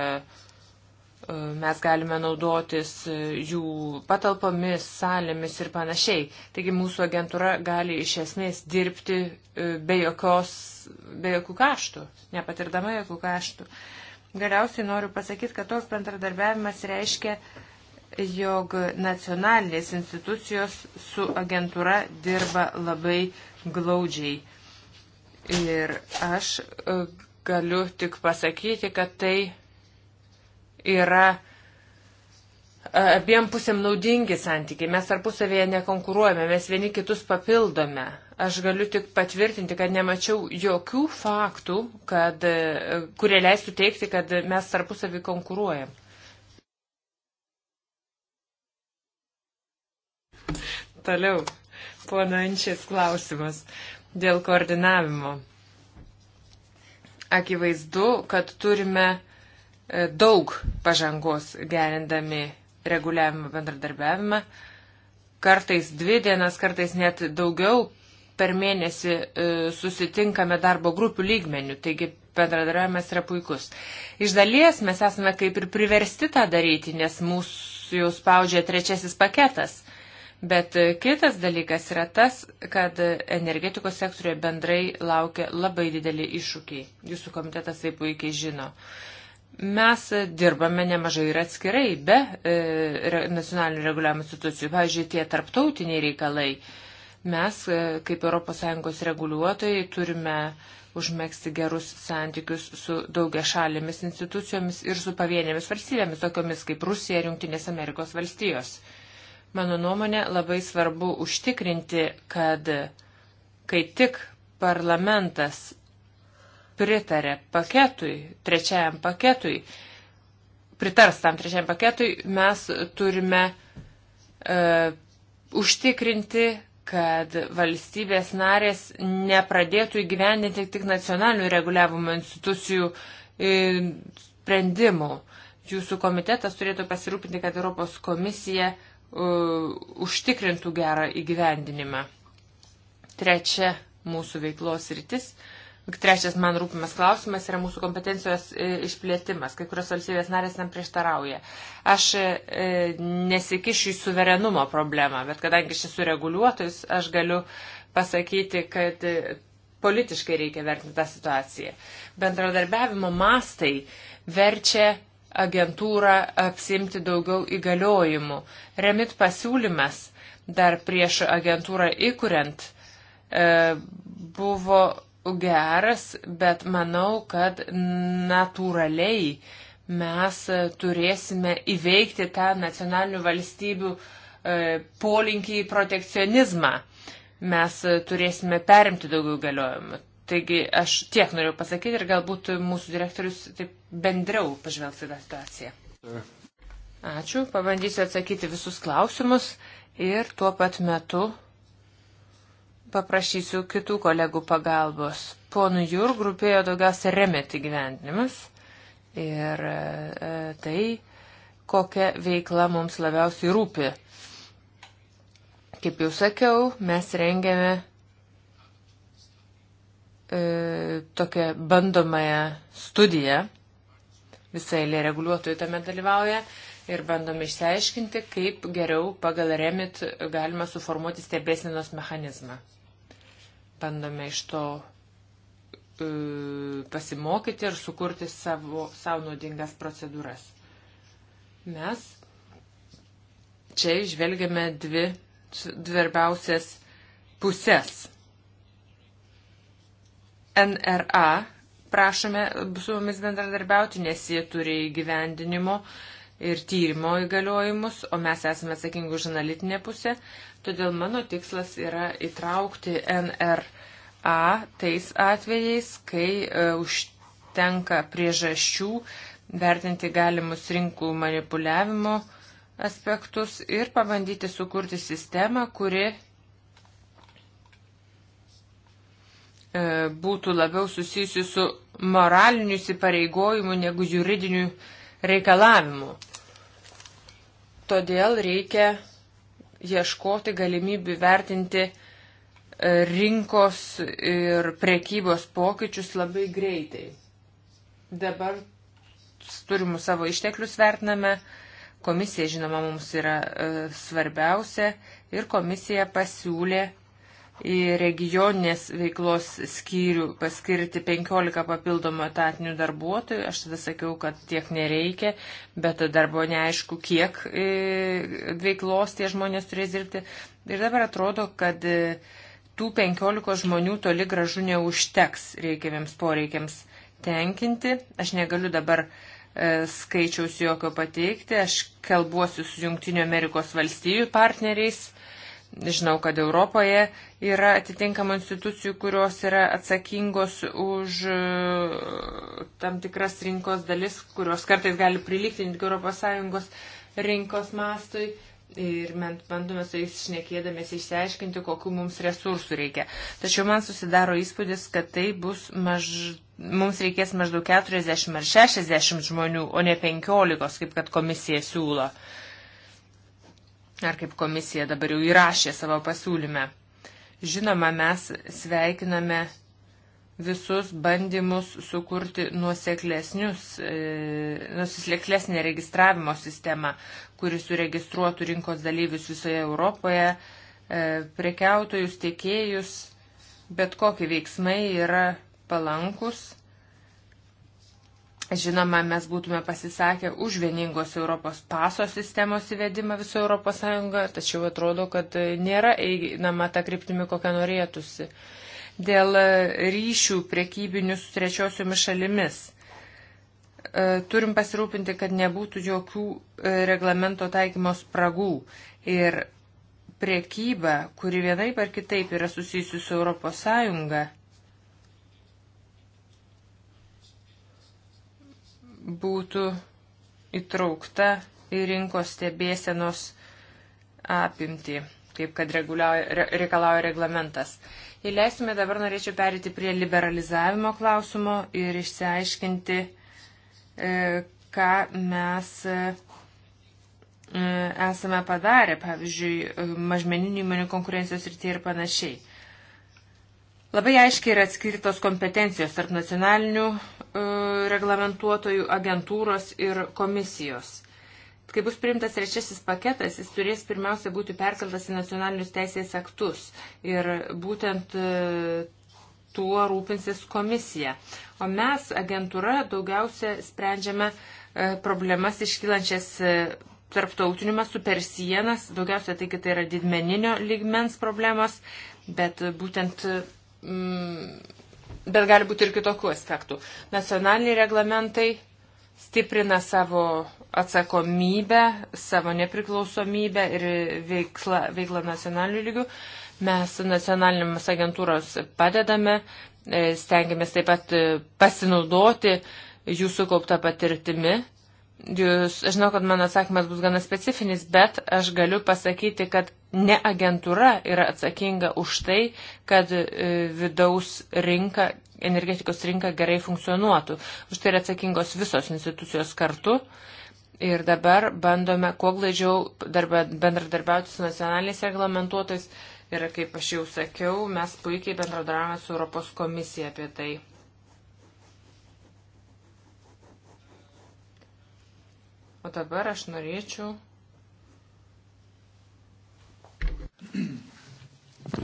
e mes galime naudotis e, jų patalpomis, salėmis ir panašiai. Taigi mūsų agentūra gali iš esmės dirbti e, be, jokios, be jokių kaštų, nepatirdama jokių kaštų. Uh, Galiausiai noriu pasakyti, kad toks bendradarbiavimas reiškia, jog nacionalinės institucijos su agentūra dirba labai glaudžiai. Ir aš e, galiu tik pasakyti, kad tai yra e, abiem pusėm naudingi santykiai. Mes tarpusavėje nekonkuruojame, mes vieni kitus papildome. Aš galiu tik patvirtinti, kad nemačiau jokių faktų, kad, e, kurie leistų teikti, kad mes tarpusavį konkuruojam. Toliau, pono Ančės klausimas dėl koordinavimo. Akivaizdu, kad turime e, daug pažangos gerindami reguliavimo bendradarbiavimą. Kartais dvi dienas, kartais net daugiau per mėnesį e, susitinkame darbo grupių lygmenių, taigi bendradarbiavimas yra puikus. Iš dalies mes esame kaip ir priversti tą daryti, nes mūsų jau spaudžia trečiasis paketas. Bet e, kitas dalykas yra tas, kad energetikos sektoriuje bendrai laukia labai dideli iššūkiai. Jūsų komitetas tai puikiai žino. Mes dirbame nemažai ir atskirai be e, nacionalinių reguliavimo institucijų. Pavyzdžiui, tie tarptautiniai reikalai. E, Mes, e, kaip ES reguliuotojai, turime užmėgsti gerus santykius su daugia šalėmis institucijomis ir su pavienėmis valstybėmis, tokiomis kaip Rusija ir Junktinės Amerikos valstijos. Mano nuomonė, labai svarbu užtikrinti, kad kai tik parlamentas pritarė paketui, trečiajam paketui, pritars tam trečiajam paketui, mes turime e, užtikrinti, kad valstybės narės nepradėtų įgyvendinti tik nacionalinių reguliavimo institucijų e, sprendimų. Jūsų komitetas turėtų pasirūpinti, kad Europos komisija uh, užtikrintų gerą įgyvendinimą. Trečia mūsų veiklos rytis Trečias man rūpimas klausimas yra mūsų kompetencijos e, išplėtimas. Kai kurios valstybės narės tam prieštarauja. Aš e, e, nesikišiu į suverenumo problemą, bet kadangi aš esu reguliuotojas, aš galiu pasakyti, kad politiškai reikia vertinti tą situaciją. Bendradarbiavimo mastai verčia agentūrą apsimti daugiau įgaliojimų. Remit pasiūlymas dar prieš agentūrą įkuriant buvo geras, bet manau, kad natūraliai mes turėsime įveikti tą nacionalinių valstybių e, polinkį į protekcionizmą. Mes turėsime perimti daugiau galiojimų. Taigi aš tiek noriu pasakyti ir galbūt mūsų direktorius taip bendriau pažvelgs į tą situaciją. Ačiū, pabandysiu atsakyti visus klausimus ir tuo pat metu Paprašysiu kitų kolegų pagalbos. Ponų Jūr grupėjo daugiausia remeti gyvendinimas ir e, e, tai, kokia veikla mums labiausiai rūpi. Kaip jau sakiau, mes rengiame e, tokią bandomąją studiją, visai lė reguliuotojų tame dalyvauja ir bandom išsiaiškinti, kaip geriau pagal remit galima suformuoti stebėsinos mechanizmą bandome iš to e, pasimokyti ir sukurti savo, savo naudingas procedūras. Mes čia išvelgiame dvi svarbiausias pusės. NRA prašome su mumis bendradarbiauti, nes jie turi įgyvendinimo uh, ir tyrimo įgaliojimus, o mes esame atsakingi už analitinę pusę. Todėl mano tikslas yra įtraukti NRA tais atvejais, kai e, užtenka priežasčių vertinti galimus rinkų manipuliavimo aspektus ir pabandyti sukurti sistemą, kuri e, būtų labiau susijusi su moraliniu įsipareigojimu negu juridiniu įsipareigojimu reikalavimų. Todėl reikia ieškoti galimybių vertinti e, rinkos ir prekybos pokyčius labai greitai. Dabar turimų savo išteklius vertiname, komisija žinoma mums yra e, svarbiausia ir komisija pasiūlė į regioninės veiklos skyrių paskirti 15 papildomų etatinių darbuotojų. Aš tada sakiau, kad tiek nereikia, bet dar buvo neaišku, kiek e, veiklos tie žmonės turės dirbti. Ir dabar atrodo, kad e, tų 15 žmonių toli gražu neužteks reikiamiems poreikiams tenkinti. Aš negaliu dabar e, skaičiaus jokio pateikti. Aš kalbuosiu su Junktinio Amerikos valstybių partneriais Žinau, kad Europoje yra atitinkamų institucijų, kurios yra atsakingos už e, tam tikras rinkos dalis, kurios kartais gali prilikti ES rinkos mastui. Ir mes bandome su jais šnekėdamės išsiaiškinti, kokiu mums resursų reikia. Tačiau man susidaro įspūdis, kad tai bus maž... mums reikės maždaug 40 ar 60 žmonių, o ne 15, kaip kad komisija siūlo. Uh, ar kaip komisija dabar jau įrašė savo pasiūlyme. Žinoma, mes sveikiname visus bandymus sukurti nuoseklesnius, e, nusislėklesnę registravimo sistemą, kuri suregistruotų rinkos dalyvius visoje Europoje, e, prekiautojus, tiekėjus, bet kokie veiksmai yra palankus Žinoma, mes būtume pasisakę už vieningos Europos paso sistemos įvedimą viso Europos Sąjungą, tačiau atrodo, kad nėra einama tą kryptimį, kokią norėtųsi. Dėl ryšių priekybinių su trečiosiomis šalimis e, turim pasirūpinti, kad nebūtų jokių e, reglamento taikymo spragų. Ir priekyba, kuri vienai par kitaip yra susijusi su Europos Sąjunga, būtų įtraukta į rinkos stebėsenos apimtį, kaip kad reikalauja reglamentas. Jei leisime, dabar norėčiau perėti prie liberalizavimo klausimo ir išsiaiškinti, e, ką mes e, e, esame padarę, pavyzdžiui, mažmeninių įmonių konkurencijos rytyje ir panašiai. Labai aiškiai yra atskirtos kompetencijos tarp nacionalinių e, reglamentuotojų agentūros ir komisijos. Kai bus priimtas trečiasis paketas, jis turės pirmiausia būti perkeltas į nacionalinius teisės aktus. Ir būtent e, tuo rūpinsis komisija. O mes, agentūra, daugiausia sprendžiame e, problemas iškylančias tarptautiniu mastu per sienas. Daugiausia taigi tai yra didmeninio ligmens problemas, bet būtent Mm, bet gali būti ir kitokių aspektų. Nacionaliniai reglamentai stiprina savo atsakomybę, savo nepriklausomybę ir veiklą, veiklą nacionaliniu lygiu. Mes nacionalinėms agentūros padedame, e, stengiamės taip pat e, pasinaudoti jūsų kauptą patirtimi. Jūs, aš žinau, kad mano atsakymas bus gana specifinis, bet aš galiu pasakyti, kad ne agentūra yra atsakinga už tai, kad e, vidaus rinka, energetikos rinka gerai funkcionuotų. Už tai yra atsakingos visos institucijos kartu. Ir dabar bandome kuo glaidžiau bendradarbiauti su nacionaliniais reglamentuotojais. Ir kaip aš jau sakiau, mes puikiai bendradarbiavame su Europos komisija apie tai. O dabar aš norėčiau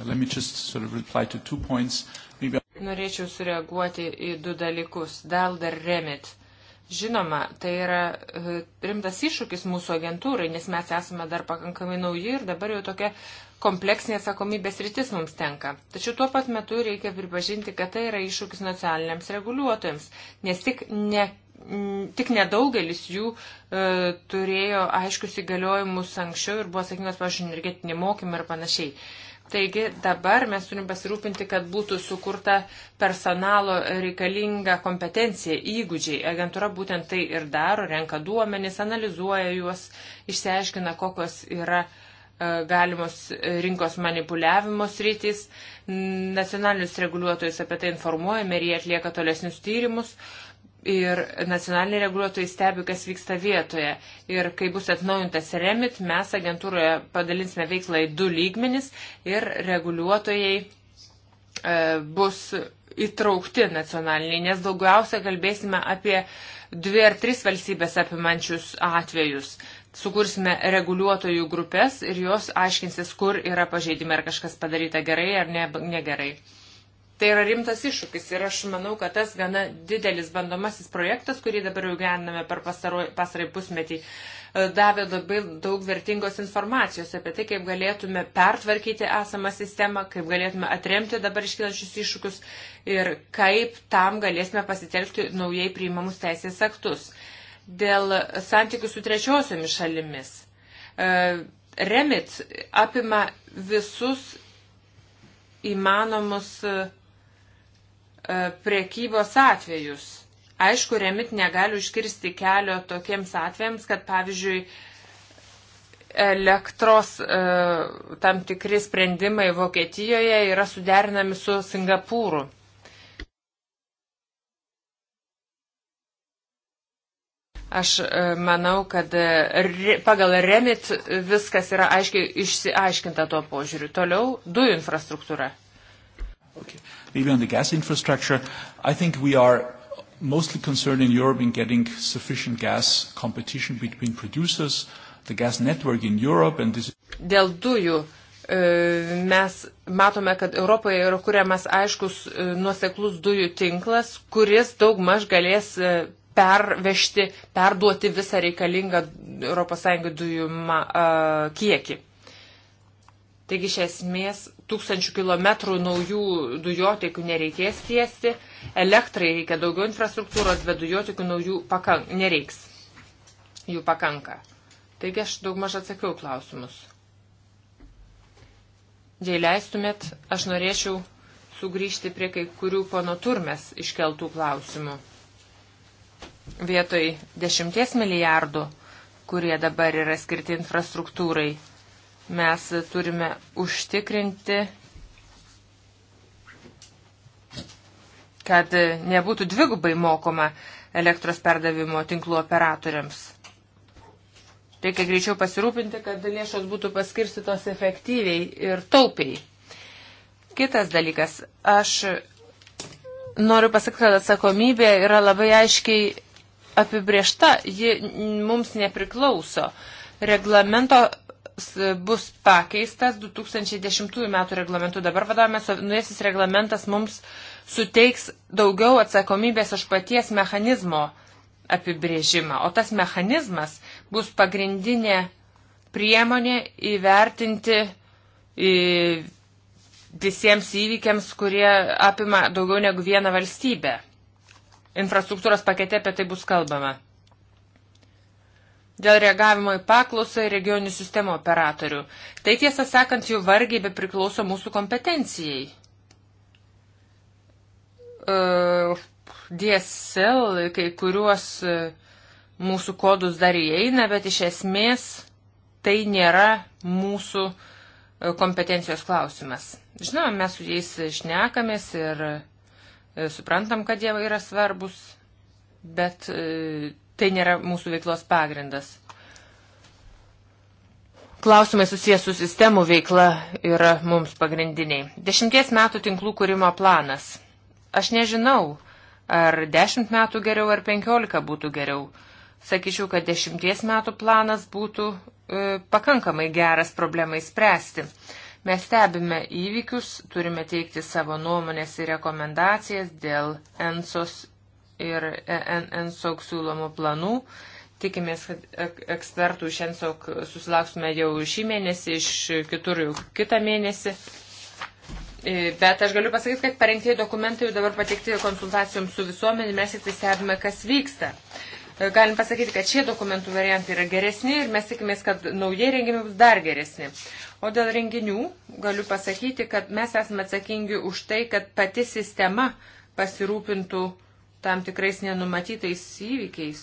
Let me just sort of reply to two points. Maybe... Norėčiau sureaguoti į du dalykus. Dal dar remit. Žinoma, tai yra e, rimtas iššūkis mūsų agentūrai, nes mes esame dar pakankamai nauji ir dabar jau tokia kompleksinė atsakomybės rytis mums tenka. Tačiau tuo pat metu reikia pripažinti, kad tai yra iššūkis nacionaliniams reguliuotojams, nes tik ne tik nedaugelis jų e, turėjo aiškius įgaliojimus anksčiau ir buvo atsakingos, pavyzdžiui, energetinį mokymą ir panašiai. Taigi dabar mes turim pasirūpinti, kad būtų sukurta personalo reikalinga kompetencija, įgūdžiai. Agentūra būtent tai ir daro, renka duomenis, analizuoja juos, išsiaiškina, kokios yra e, galimos rinkos manipuliavimo sritis. Nacionalinius reguliuotojus apie tai informuojame ir jie atlieka tolesnius tyrimus ir nacionaliniai reguliuotojai stebi, kas vyksta vietoje. Ir kai bus atnaujintas remit, mes agentūroje padalinsime veiklą į du lygmenis ir reguliuotojai e, bus įtraukti nacionaliniai, nes daugiausia kalbėsime apie dvi ar tris valstybės apimančius atvejus. Sukursime reguliuotojų grupės ir jos aiškinsis, kur yra pažeidimai, ar kažkas padaryta gerai ar ne, negerai. Ne Tai yra rimtas iššūkis ir aš manau, kad tas gana didelis bandomasis projektas, kurį dabar jau gyvename per pasarai pusmetį, e, davė labai daug vertingos informacijos apie tai, kaip galėtume pertvarkyti esamą sistemą, kaip galėtume atremti dabar iškilančius iššūkius ir kaip tam galėsime pasitelkti naujai priimamus teisės aktus. Dėl santykių su trečiosiomis šalimis. E, Remit apima visus įmanomus e, E, prekybos atvejus. Aišku, remit negali užkirsti kelio tokiems atvejams, kad pavyzdžiui, elektros e, tam tikri sprendimai Vokietijoje yra suderinami su Singapūru. Aš e, manau, kad e, re, pagal remit viskas yra aiškiai išsiaiškinta tuo požiūriu. Toliau dujų infrastruktūra. Okay maybe on the gas infrastructure. I think we are mostly concerned in Europe in getting sufficient gas competition between producers, the gas network in Europe, and this. Dėl dujų e, mes matome, kad Europoje yra kuriamas aiškus e, nuoseklus dujų tinklas, kuris daug maž galės e, pervežti, perduoti visą reikalingą ES dujų kiekį. Taigi iš esmės tūkstančių kilometrų naujų dujotekių nereikės tiesti, elektrai reikia daugiau infrastruktūros, bet dujotekių naujų pakank, nereiks. Jų pakanka. Taigi aš daugmaž atsakiau klausimus. Jei leistumėt, aš norėčiau sugrįžti prie kai kurių pono turmes iškeltų klausimų. Vietoj dešimties milijardų, kurie dabar yra skirti infrastruktūrai, Mes turime užtikrinti, kad nebūtų dvigubai mokoma elektros perdavimo tinklų operatoriams. Reikia greičiau pasirūpinti, kad lėšos būtų paskirstytos efektyviai ir taupiai. Kitas dalykas, aš noriu pasakyti, kad atsakomybė yra labai aiškiai apibriešta, ji mums nepriklauso. Reglamento bus pakeistas 2010 metų reglamentu. Dabar vadovėmės, nuėsis reglamentas mums suteiks daugiau atsakomybės už paties mechanizmo apibrėžimą. O tas mechanizmas bus pagrindinė priemonė įvertinti visiems įvykiams, kurie apima daugiau negu vieną valstybę. Infrastruktūros pakete apie tai bus kalbama dėl reagavimo į paklausą ir regionių sistemų operatorių. Tai tiesą sakant, jų vargiai be priklauso mūsų kompetencijai. E, DSL kai kuriuos e, mūsų kodus dar įeina, bet iš esmės tai nėra mūsų e, kompetencijos klausimas. Žinoma, mes su jais šnekamės ir suprantam, kad jie yra svarbus, bet Tai nėra mūsų veiklos pagrindas. Klausimai susijęs su sistemų veikla yra mums pagrindiniai. Dešimties metų tinklų kūrimo planas. Aš nežinau, ar dešimt metų geriau, ar penkiolika būtų geriau. Sakyčiau, kad dešimties metų planas būtų e, pakankamai geras problemai spręsti. Mes stebime įvykius, turime teikti savo nuomonės ir rekomendacijas dėl ENSOS ir e NSOK siūlomų planų. Tikimės, kad ekspertų iš NSOK susilauksime jau šį mėnesį, iš kitur jau kitą mėnesį. E, bet aš galiu pasakyti, kad parengtieji dokumentai jau dabar patikti konsultacijoms su visuomenė, mes tik tai stebime, kas vyksta e, galim pasakyti, kad šie dokumentų variantai yra geresni ir mes tikimės, kad naujie renginiai bus dar geresni. O dėl renginių galiu pasakyti, kad mes esame atsakingi už tai, kad pati sistema pasirūpintų tam tikrais nenumatytais įvykiais.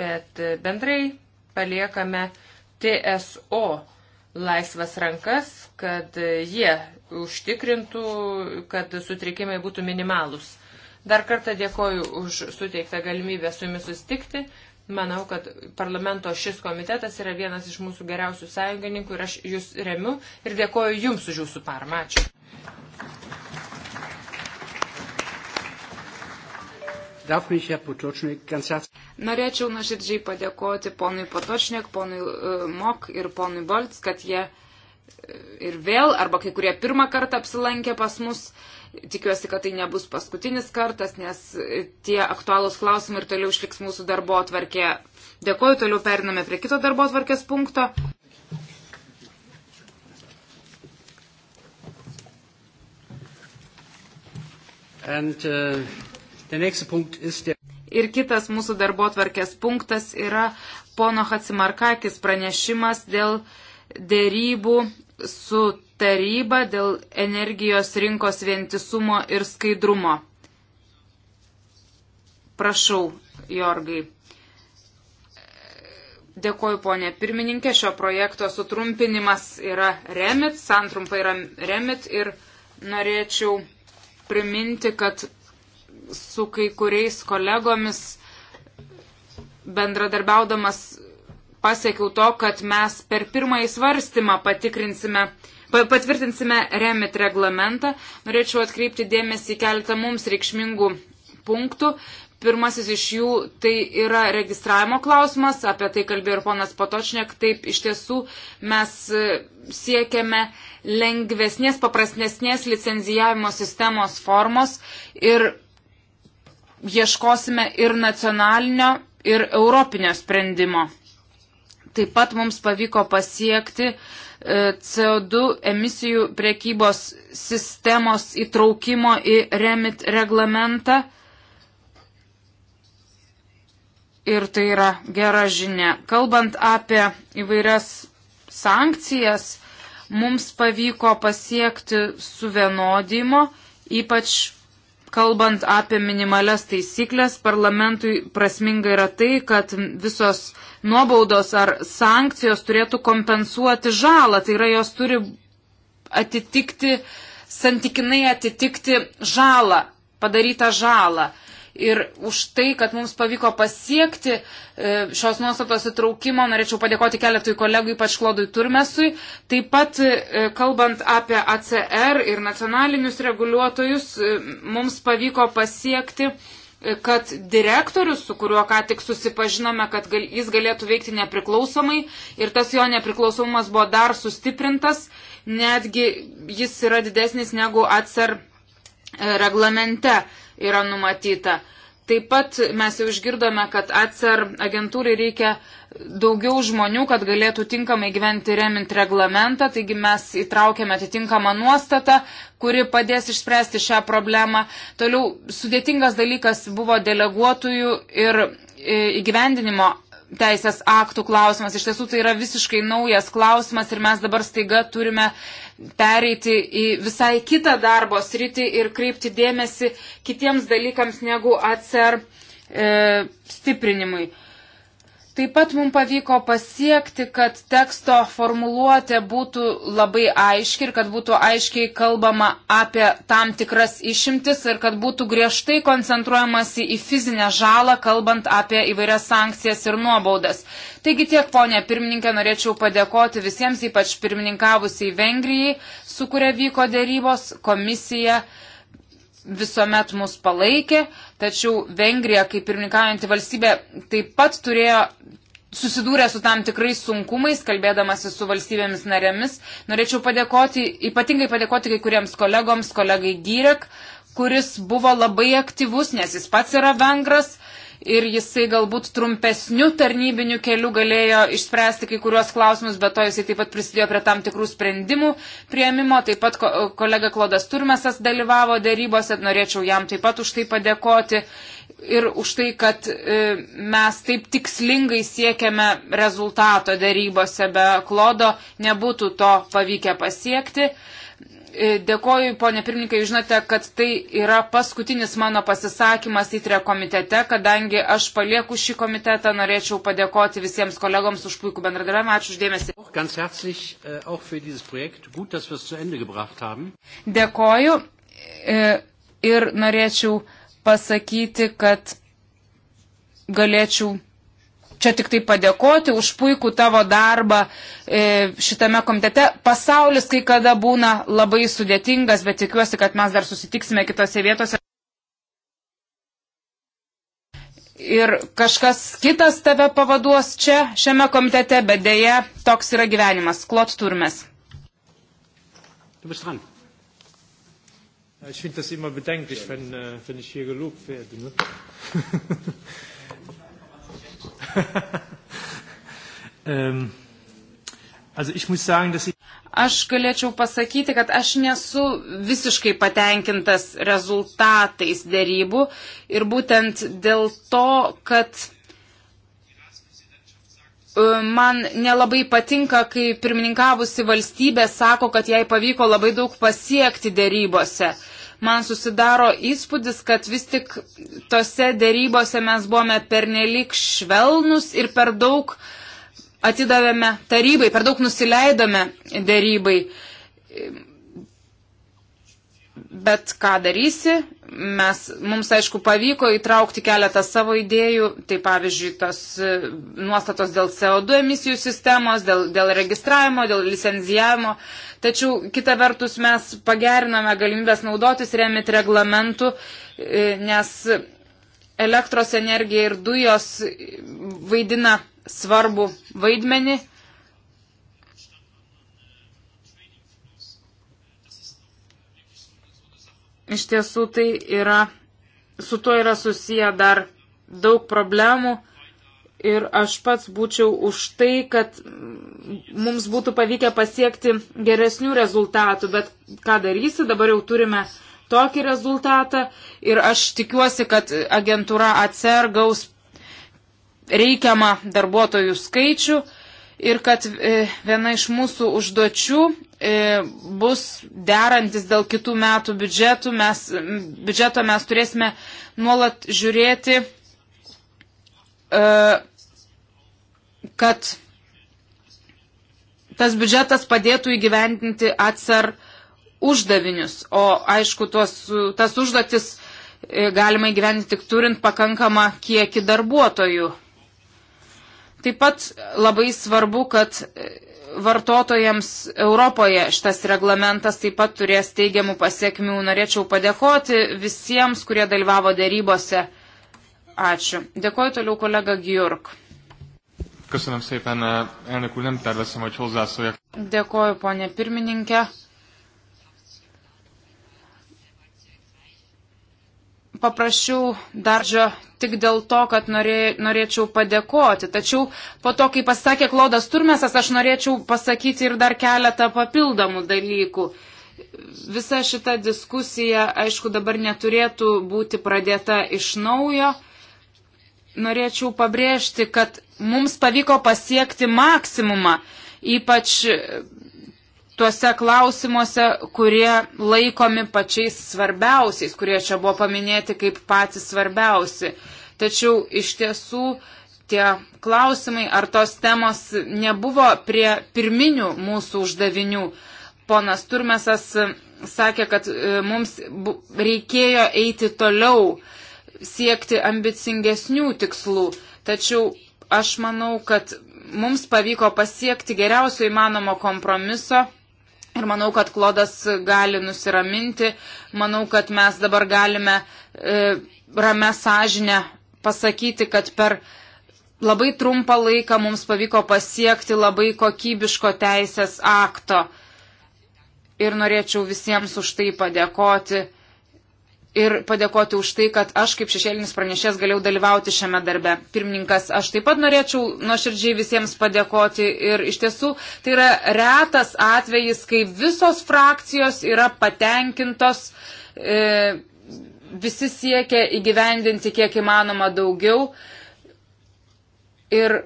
Bet e, bendrai paliekame TSO laisvas rankas, kad e, jie užtikrintų, kad sutrikimai būtų minimalus. Dar kartą dėkoju už suteiktą galimybę su jumis sustikti. Manau, kad parlamento šis komitetas yra vienas iš mūsų geriausių sąjungininkų ir aš jūs remiu ir dėkoju jums už jūsų parmą. Ačiū. Norėčiau nuoširdžiai padėkoti ponui Potočniek, ponui uh, Mok ir ponui Bolts, kad jie e, ir vėl, arba kai kurie pirmą kartą apsilankė pas mus. Tikiuosi, kad tai nebus paskutinis kartas, nes e, tie aktualūs klausimai ir toliau išliks mūsų darbo atvarkė. Dėkoju, toliau periname prie kito darbo atvarkės punkto. And, uh... Ir kitas mūsų darbo tvarkės punktas yra pono Hatsimarkakis pranešimas dėl dėrybų su taryba dėl energijos rinkos vientisumo ir skaidrumo. Prašau, Jorgai. Dėkoju, ponė pirmininkė. Šio projekto sutrumpinimas yra REMIT, santrumpa yra REMIT ir norėčiau priminti, kad su kai kuriais kolegomis bendradarbiaudamas pasiekiau to, kad mes per pirmąjį svarstymą patikrinsime, patvirtinsime remit reglamentą. Norėčiau atkreipti dėmesį į keletą mums reikšmingų punktų. Pirmasis iš jų tai yra registravimo klausimas, apie tai kalbėjo ir ponas Patočnek. Taip, iš tiesų mes e, siekiame lengvesnės, paprastesnės licenzijavimo sistemos formos ir ieškosime ir nacionalinio, ir europinio sprendimo. Taip pat mums pavyko pasiekti e, CO2 emisijų priekybos sistemos įtraukimo į REMIT reglamentą. Ir tai yra gera žinia. Kalbant apie įvairias sankcijas, mums pavyko pasiekti suvienodimo, ypač kalbant apie minimales taisyklės, parlamentui prasminga yra tai, kad visos nuobaudos ar sankcijos turėtų kompensuoti žalą. Tai yra, jos turi atitikti, santykinai atitikti žalą, padarytą žalą ir už tai, kad mums pavyko pasiekti e, šios nuostatos įtraukimo. Norėčiau padėkoti keletui kolegų, ypač Klodui Turmesui. Taip pat, e, kalbant apie ACR ir nacionalinius reguliuotojus, e, mums pavyko pasiekti kad direktorius, su kuriuo ką tik susipažinome, kad gal, jis galėtų veikti nepriklausomai ir tas jo nepriklausomumas buvo dar sustiprintas, netgi jis yra didesnis negu atsar reglamente yra numatyta. Taip pat mes jau išgirdome, kad ACER agentūrai reikia daugiau žmonių, kad galėtų tinkamai gyventi remint reglamentą, taigi mes įtraukėme atitinkamą nuostatą, kuri padės išspręsti šią problemą. Toliau sudėtingas dalykas buvo deleguotojų ir e, įgyvendinimo teisės aktų klausimas. Iš tiesų tai yra visiškai naujas klausimas ir mes dabar staiga turime pereiti į visai kitą darbo sritį ir kreipti dėmesį kitiems dalykams negu atsar e, stiprinimui. Taip pat mums pavyko pasiekti, kad teksto formuluotė būtų labai aiški ir kad būtų aiškiai kalbama apie tam tikras išimtis ir kad būtų griežtai koncentruojamasi į fizinę žalą, kalbant apie įvairias sankcijas ir nuobaudas. Taigi tiek, ponė pirmininkė, norėčiau padėkoti visiems, ypač pirmininkavusiai Vengrijai, su kuria vyko dėrybos komisija visuomet mus palaikė, tačiau Vengrija, kaip pirmininkaujanti valstybė, taip pat turėjo susidūrę su tam tikrais sunkumais, kalbėdamasi su valstybėmis narėmis. Norėčiau padėkoti, ypatingai padėkoti kai kuriems kolegoms, kolegai Gyrek, kuris buvo labai aktyvus, nes jis pats yra vengras ir jisai galbūt trumpesnių tarnybinių kelių galėjo išspręsti kai kuriuos klausimus, bet to jisai taip pat prisidėjo prie tam tikrų sprendimų prieimimo. Taip pat ko, kolega Klodas Turmesas dalyvavo dėrybose, norėčiau jam taip pat už tai padėkoti. Ir už tai, kad e, mes taip tikslingai siekiame rezultato dėrybose, be klodo nebūtų to pavykę pasiekti. E, dėkoju, ponė pirmininkai, žinote, kad tai yra paskutinis mano pasisakymas įtrė komitete, kadangi aš palieku šį komitetą, norėčiau padėkoti visiems kolegoms už puikų bendradarbiavimą. Ačiū uždėmesį. Äh, dėkoju e, ir norėčiau pasakyti, kad galėčiau čia tik tai padėkoti už puikų tavo darbą e, šitame komitete. Pasaulis kai kada būna labai sudėtingas, bet tikiuosi, kad mes dar susitiksime kitose vietose. Ir kažkas kitas tave pavaduos čia, šiame komitete, bet dėja, toks yra gyvenimas. Klot turmes. Du bist dran. Ich finde das immer bedenklich, wenn, äh, wenn ich hier gelobt werde. Ne? ähm, also ich muss sagen, dass ich Aš galėčiau pasakyti, kad aš nesu visiškai patenkintas rezultatais dėrybų ir būtent dėl to, kad e, man nelabai patinka, kai pirmininkavusi valstybė sako, kad jai pavyko labai daug pasiekti dėrybose. Uh, man susidaro įspūdis, kad vis tik tose dėrybose mes buvome pernelik švelnus ir per daug atidavėme tarybai, per daug nusileidome dėrybai. Bet ką darysi, mes, mums aišku pavyko įtraukti keletą savo idėjų, tai pavyzdžiui, tos e, nuostatos dėl CO2 emisijų sistemos, dėl, dėl registravimo, dėl licenzijavimo. Uh, Tačiau kita vertus mes pageriname galimybės naudotis remit reglamentų, e, nes elektros energija ir dujos vaidina svarbu vaidmenį. Iš tiesų tai yra, su tuo yra susiję dar daug problemų ir aš pats būčiau už tai, kad mums būtų pavykę pasiekti geresnių rezultatų, bet ką darysi, dabar jau turime tokį rezultatą ir aš tikiuosi, kad agentūra ACR gaus reikiamą darbuotojų skaičių ir kad e, viena iš mūsų užduočių e, bus derantis dėl kitų metų biudžetų, mes, biudžeto mes turėsime nuolat žiūrėti e, kad tas biudžetas padėtų įgyvendinti atsar uždavinius. O aišku, tuos, tas užduotis e, galima įgyvendinti tik turint pakankamą kiekį darbuotojų. Taip pat labai svarbu, kad e, vartotojams Europoje šitas reglamentas taip pat turės teigiamų pasiekmių. Norėčiau padėkoti visiems, kurie dalyvavo dėrybose. Ačiū. Dėkoju toliau kolega Gjurk. Köszönöm szépen, eh, elnök úr, nem tervezem, hogy hozzászóljak. Dėkoju, ponė pirmininkė. Paprašiau daržio tik dėl to, kad norė, norėčiau padėkoti. Tačiau po to, kai pasakė Klodas Turmesas, aš norėčiau pasakyti ir dar keletą papildomų dalykų. Visa šita diskusija, aišku, dabar neturėtų būti pradėta iš naujo norėčiau pabrėžti, kad mums pavyko pasiekti maksimumą, ypač tuose klausimuose, kurie laikomi pačiais svarbiausiais, kurie čia buvo paminėti kaip patys svarbiausi. Tačiau iš tiesų tie klausimai ar tos temos nebuvo prie pirminių mūsų uždavinių. Ponas Turmesas sakė, kad e, mums reikėjo eiti toliau siekti ambicingesnių tikslų. Tačiau aš manau, kad mums pavyko pasiekti geriausio įmanomo kompromiso. Ir manau, kad Klodas gali nusiraminti. Manau, kad mes dabar galime e, ramę sąžinę pasakyti, kad per labai trumpą laiką mums pavyko pasiekti labai kokybiško teisės akto. Ir norėčiau visiems už tai padėkoti ir padėkoti už tai, kad aš kaip šešėlinis pranešės galėjau dalyvauti šiame darbe. Pirmininkas, aš taip pat norėčiau nuoširdžiai visiems padėkoti ir iš tiesų tai yra retas atvejis, kai visos frakcijos yra patenkintos, e, visi siekia įgyvendinti kiek įmanoma daugiau. Ir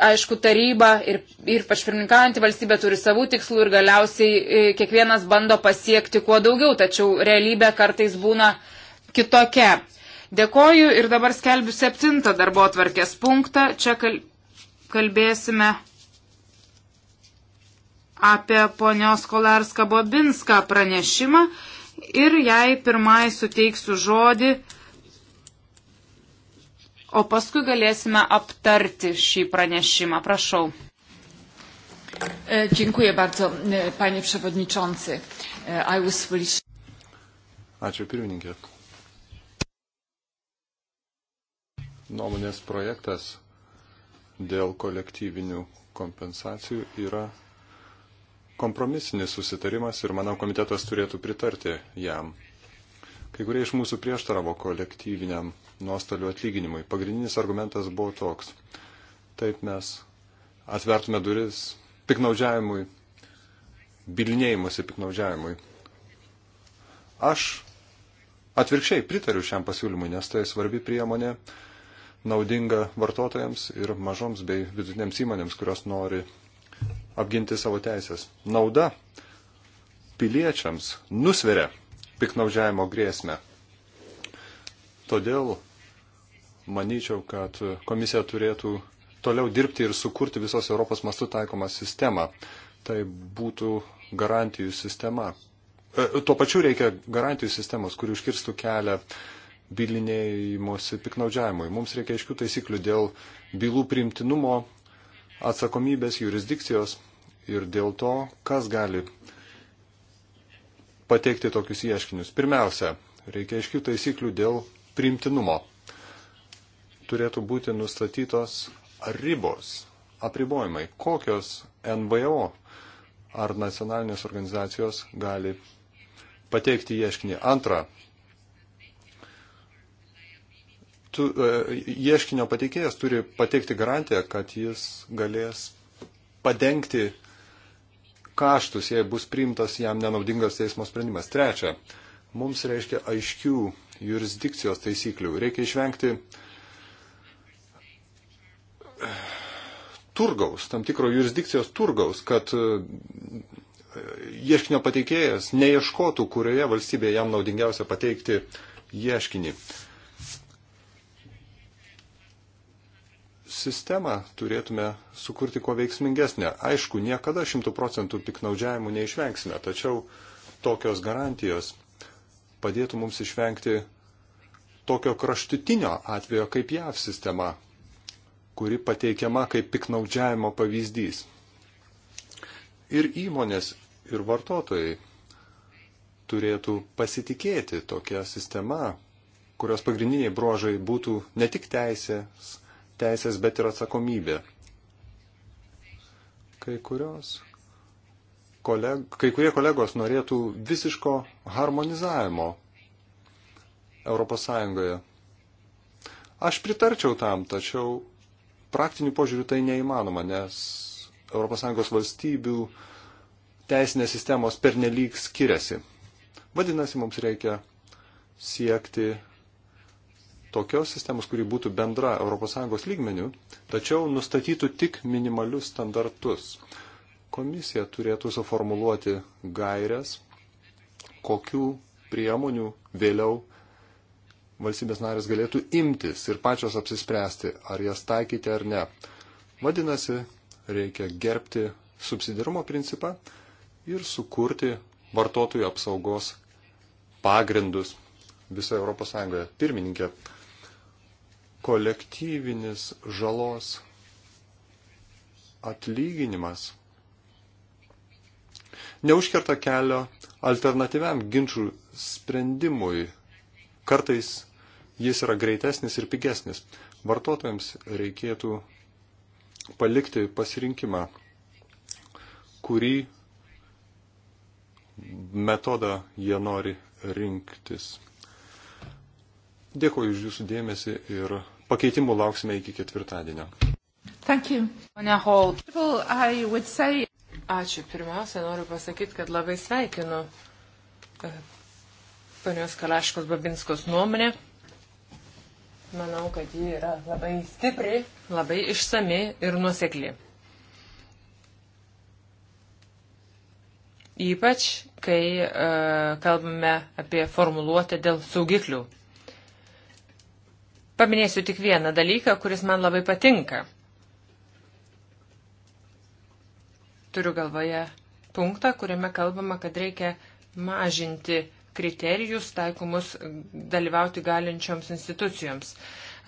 aišku, taryba ir, ir pašpirminkaujanti valstybė turi savų tikslų ir galiausiai e, kiekvienas bando pasiekti kuo daugiau, tačiau realybė kartais būna kitokia. Dėkoju ir dabar skelbiu septintą darbo atvarkės punktą. Čia kalbėsime apie ponios Kolarską Bobinską pranešimą ir jai pirmai suteiksiu žodį o paskui galėsime aptarti šį pranešimą. Prašau. E, dziękuję bardzo, e, panie przewodniczący. E, I was foolish. Ačiū pirmininkė. Nuomonės projektas dėl kolektyvinių kompensacijų yra kompromisinis susitarimas ir manau komitetas turėtų pritarti jam. Kai kurie iš mūsų prieštaravo kolektyviniam nuostolių atlyginimui. Pagrindinis argumentas buvo toks. Taip mes atvertume duris piknaudžiavimui, bilinėjimuose piknaudžiavimui. Aš atvirkščiai pritariu šiam pasiūlymui, nes tai svarbi priemonė naudinga vartotojams ir mažoms bei vidutinėms įmonėms, kurios nori apginti savo teisės. Nauda piliečiams nusveria piknaudžiavimo grėsmę. Todėl manyčiau, kad komisija turėtų toliau dirbti ir sukurti visos Europos mastų taikomą sistemą. Tai būtų garantijų sistema. E, tuo pačiu reikia garantijų sistemos, kuri užkirstų kelią bilinėjimuose piknaudžiavimui. Mums reikia aiškių taisyklių dėl bylų primtinumo, atsakomybės, jurisdikcijos ir dėl to, kas gali pateikti tokius ieškinius. Pirmiausia, reikia aiškių taisyklių dėl primtinumo turėtų būti nustatytos ribos, apribojimai, kokios NVO ar nacionalinės organizacijos gali pateikti ieškinį. Antra, tu, e, ieškinio pateikėjas turi pateikti garantiją, kad jis galės padengti kaštus, jei bus priimtas jam nenaudingas teismo sprendimas. Trečia, mums reiškia aiškių jurisdikcijos taisyklių. Reikia išvengti uh, turgaus, tam tikro jurisdikcijos turgaus, kad e, ieškinio pateikėjas neieškotų, kurioje valstybėje jam naudingiausia pateikti ieškinį. Sistemą turėtume sukurti kuo veiksmingesnę. Aišku, niekada šimtų procentų piknaudžiavimų neišvengsime, tačiau tokios garantijos padėtų mums išvengti tokio kraštutinio atvejo kaip JAV sistema, kuri pateikiama kaip piknaudžiavimo pavyzdys. Ir įmonės, ir vartotojai turėtų pasitikėti tokia sistema, kurios pagrindiniai brožai būtų ne tik teisės, teisės bet ir atsakomybė. Kai, kurios, koleg, kai kurie kolegos norėtų visiško harmonizavimo ES. Aš pritarčiau tam, tačiau praktiniu požiūriu tai neįmanoma, nes ES valstybių teisinės sistemos pernelyg skiriasi. Vadinasi, mums reikia siekti tokios sistemos, kuri būtų bendra ES lygmenių, tačiau nustatytų tik minimalius standartus. Komisija turėtų suformuluoti gairias, kokių priemonių vėliau valstybės narės galėtų imtis ir pačios apsispręsti, ar jas taikyti ar ne. Vadinasi, reikia gerbti subsidirumo principą ir sukurti vartotojų apsaugos pagrindus visoje Europos Sąjungoje. Pirmininkė, kolektyvinis žalos atlyginimas neužkerta kelio alternatyviam ginčių sprendimui. Kartais Jis yra greitesnis ir pigesnis. Vartotojams reikėtų palikti pasirinkimą, kurį metodą jie nori rinktis. Dėkuoju už Jūsų dėmesį ir pakeitimų lauksime iki ketvirtadienio. Say... Ačiū. Pirmiausia, noriu pasakyti, kad labai sveikinu eh, panios Kalaškos Babinskos nuomonę. Manau, kad ji yra labai stipri, labai išsami ir nuosekli. Ypač, kai e, kalbame apie formuluotę dėl saugiklių. Paminėsiu tik vieną dalyką, kuris man labai patinka. Turiu galvoje punktą, kuriame kalbama, kad reikia mažinti kriterijus taikomus dalyvauti galinčioms institucijoms.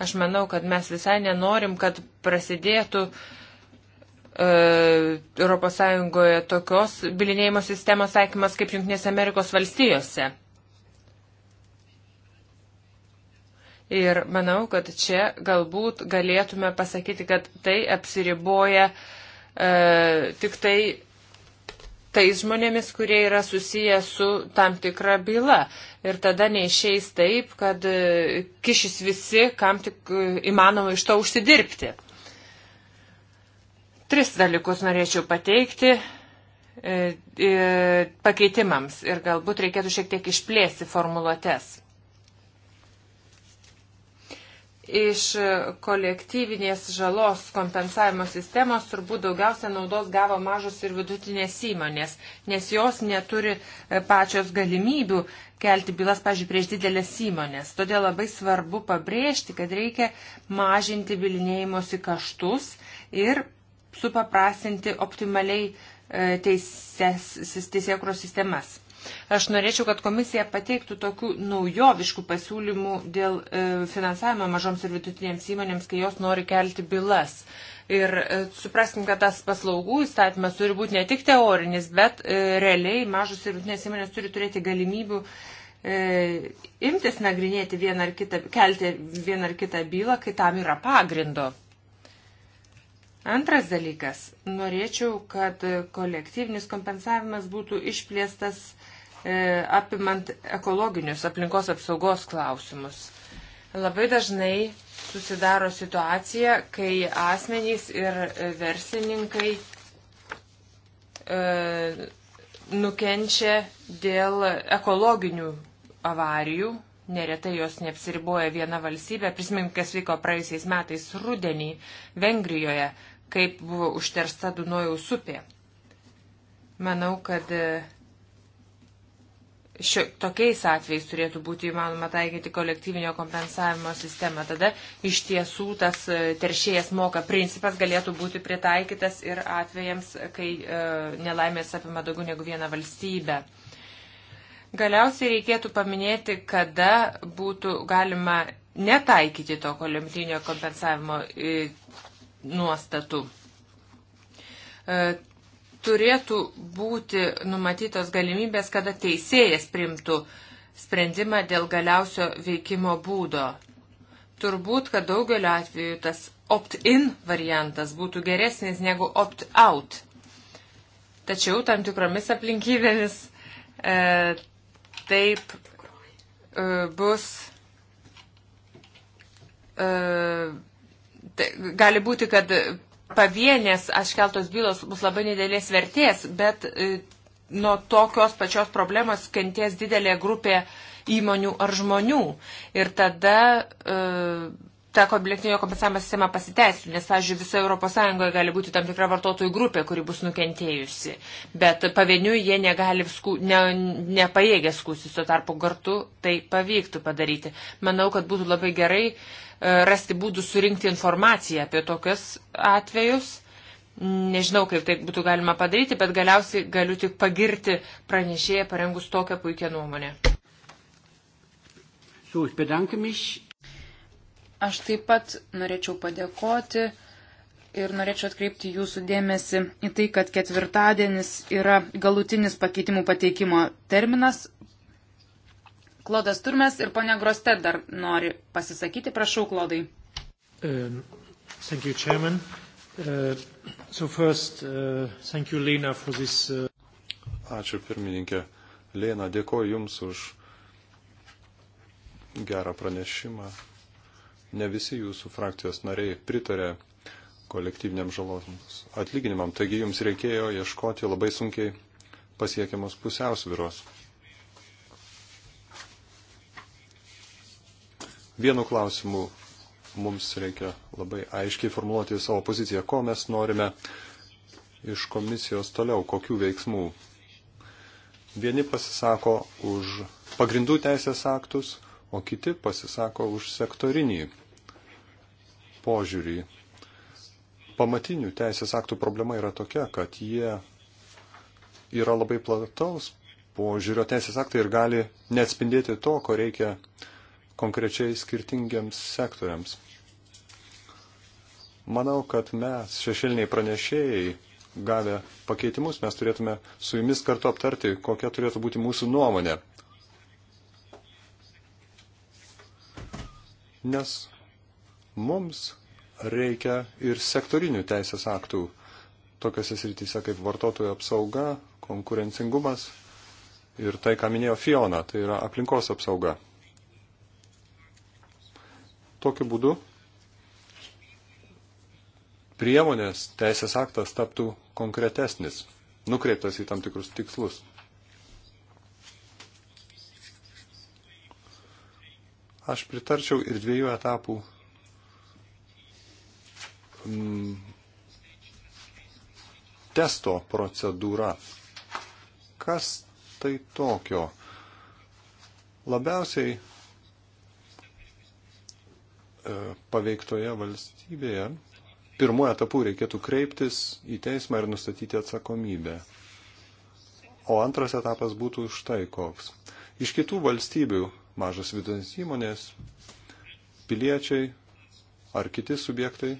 Aš manau, kad mes visai nenorim, kad prasidėtų ES tokios bilinėjimo sistemos taikymas kaip Junktinės Amerikos valstijose. Ir manau, kad čia galbūt galėtume pasakyti, kad tai apsiriboja e, tik tai tais žmonėmis, kurie yra susiję su tam tikra byla. Ir tada neišeis taip, kad e, kišis visi, kam tik e, įmanoma iš to užsidirbti. Tris dalykus norėčiau pateikti e, pakeitimams ir galbūt reikėtų šiek tiek išplėsti formuluotės iš kolektyvinės žalos kompensavimo sistemos turbūt daugiausia naudos gavo mažos ir vidutinės įmonės, nes jos neturi e, pačios galimybių kelti bylas, pažiūrėjau, prieš didelės įmonės. Todėl labai svarbu pabrėžti, kad reikia mažinti bilinėjimosi kaštus ir supaprastinti optimaliai e, teisės, teisėkros sistemas. Aš norėčiau, kad komisija pateiktų tokių naujoviškų pasiūlymų dėl e, finansavimo mažoms ir vidutinėms įmonėms, kai jos nori kelti bylas. Ir e, supraskim, kad tas paslaugų įstatymas turi būti ne tik teorinis, bet e, realiai mažos ir vidutinės įmonės turi turėti galimybių e, imtis nagrinėti vieną ar kitą, kelti vieną ar kitą bylą, kai tam yra pagrindo. Antras dalykas. Norėčiau, kad kolektyvinis kompensavimas būtų išplėstas E, apimant ekologinius aplinkos apsaugos klausimus. Labai dažnai susidaro situacija, kai asmenys ir verslininkai e, nukenčia dėl ekologinių avarijų, neretai jos neapsiriboja viena valstybė. Prisimink, kas vyko praėjusiais metais rudenį Vengrijoje, kaip buvo užtersta Dunojaus upė. Manau, kad e, šio, tokiais atvejais turėtų būti įmanoma taikyti kolektyvinio kompensavimo sistemą. Tada iš tiesų tas e, teršėjas moka principas galėtų būti pritaikytas ir atvejams, kai e, nelaimės apima daugiau negu vieną valstybę. Galiausiai reikėtų paminėti, kada būtų galima netaikyti to kolektyvinio kompensavimo e, nuostatų. E, turėtų būti numatytos galimybės, kada teisėjas primtų sprendimą dėl galiausio veikimo būdo. Turbūt, kad daugeliu atveju tas opt-in variantas būtų geresnis negu opt-out. Tačiau tam tikromis aplinkybėmis e, taip e, bus. E, gali būti, kad pavienės aškeltos bylos bus labai nedėlės vertės, bet e, nuo tokios pačios problemos kenties didelė grupė įmonių ar žmonių. Ir tada e, ta kolektyvinio kompensavimo sistema pasiteistų, nes, pavyzdžiui, visoje Europos Sąjungoje gali būti tam tikra vartotojų grupė, kuri bus nukentėjusi, bet pavieniui jie negali, sku, ne, nepajėgia skūsis, tuo tarpu kartu tai pavyktų padaryti. Manau, kad būtų labai gerai e, rasti būdų surinkti informaciją apie tokius atvejus. Nežinau, kaip tai būtų galima padaryti, bet galiausiai galiu tik pagirti pranešėją parengus tokią puikią nuomonę. So, ich bedanke mich Aš taip pat norėčiau padėkoti ir norėčiau atkreipti jūsų dėmesį į tai, kad ketvirtadienis yra galutinis pakeitimų pateikimo terminas. Klodas Turmes ir ponia Groste dar nori pasisakyti. Prašau, Klodai. Um, thank you, Chairman. Uh, so first, uh, thank you, Lena, for this. Uh... Ačiū, pirmininkė. Lena, dėkoju Jums už gerą pranešimą ne visi jūsų frakcijos nariai pritarė kolektyviniam žalos atlyginimam, taigi jums reikėjo ieškoti labai sunkiai pasiekiamos pusiausviros. Vienu klausimu mums reikia labai aiškiai formuluoti savo poziciją, ko mes norime iš komisijos toliau, kokių veiksmų. Vieni pasisako už pagrindų teisės aktus, o kiti pasisako už sektorinį požiūrį. Pamatinių teisės aktų problema yra tokia, kad jie yra labai plataus požiūrio teisės aktai ir gali neatspindėti to, ko reikia konkrečiai skirtingiams sektoriams. Manau, kad mes, šešėliniai pranešėjai, gavę pakeitimus, mes turėtume su jumis kartu aptarti, kokia turėtų būti mūsų nuomonė. nes mums reikia ir sektorinių teisės aktų tokiose srityse kaip vartotojų apsauga, konkurencingumas ir tai, ką minėjo Fiona, tai yra aplinkos apsauga. Tokiu būdu priemonės teisės aktas taptų konkretesnis, nukreiptas į tam tikrus tikslus. Aš pritarčiau ir dviejų etapų mm, testo procedūra. Kas tai tokio? Labiausiai e, paveiktoje valstybėje pirmuoju etapu reikėtų kreiptis į teismą ir nustatyti atsakomybę. O antras etapas būtų štai koks. Iš kitų valstybių mažas vidutinis įmonės, piliečiai ar kiti subjektai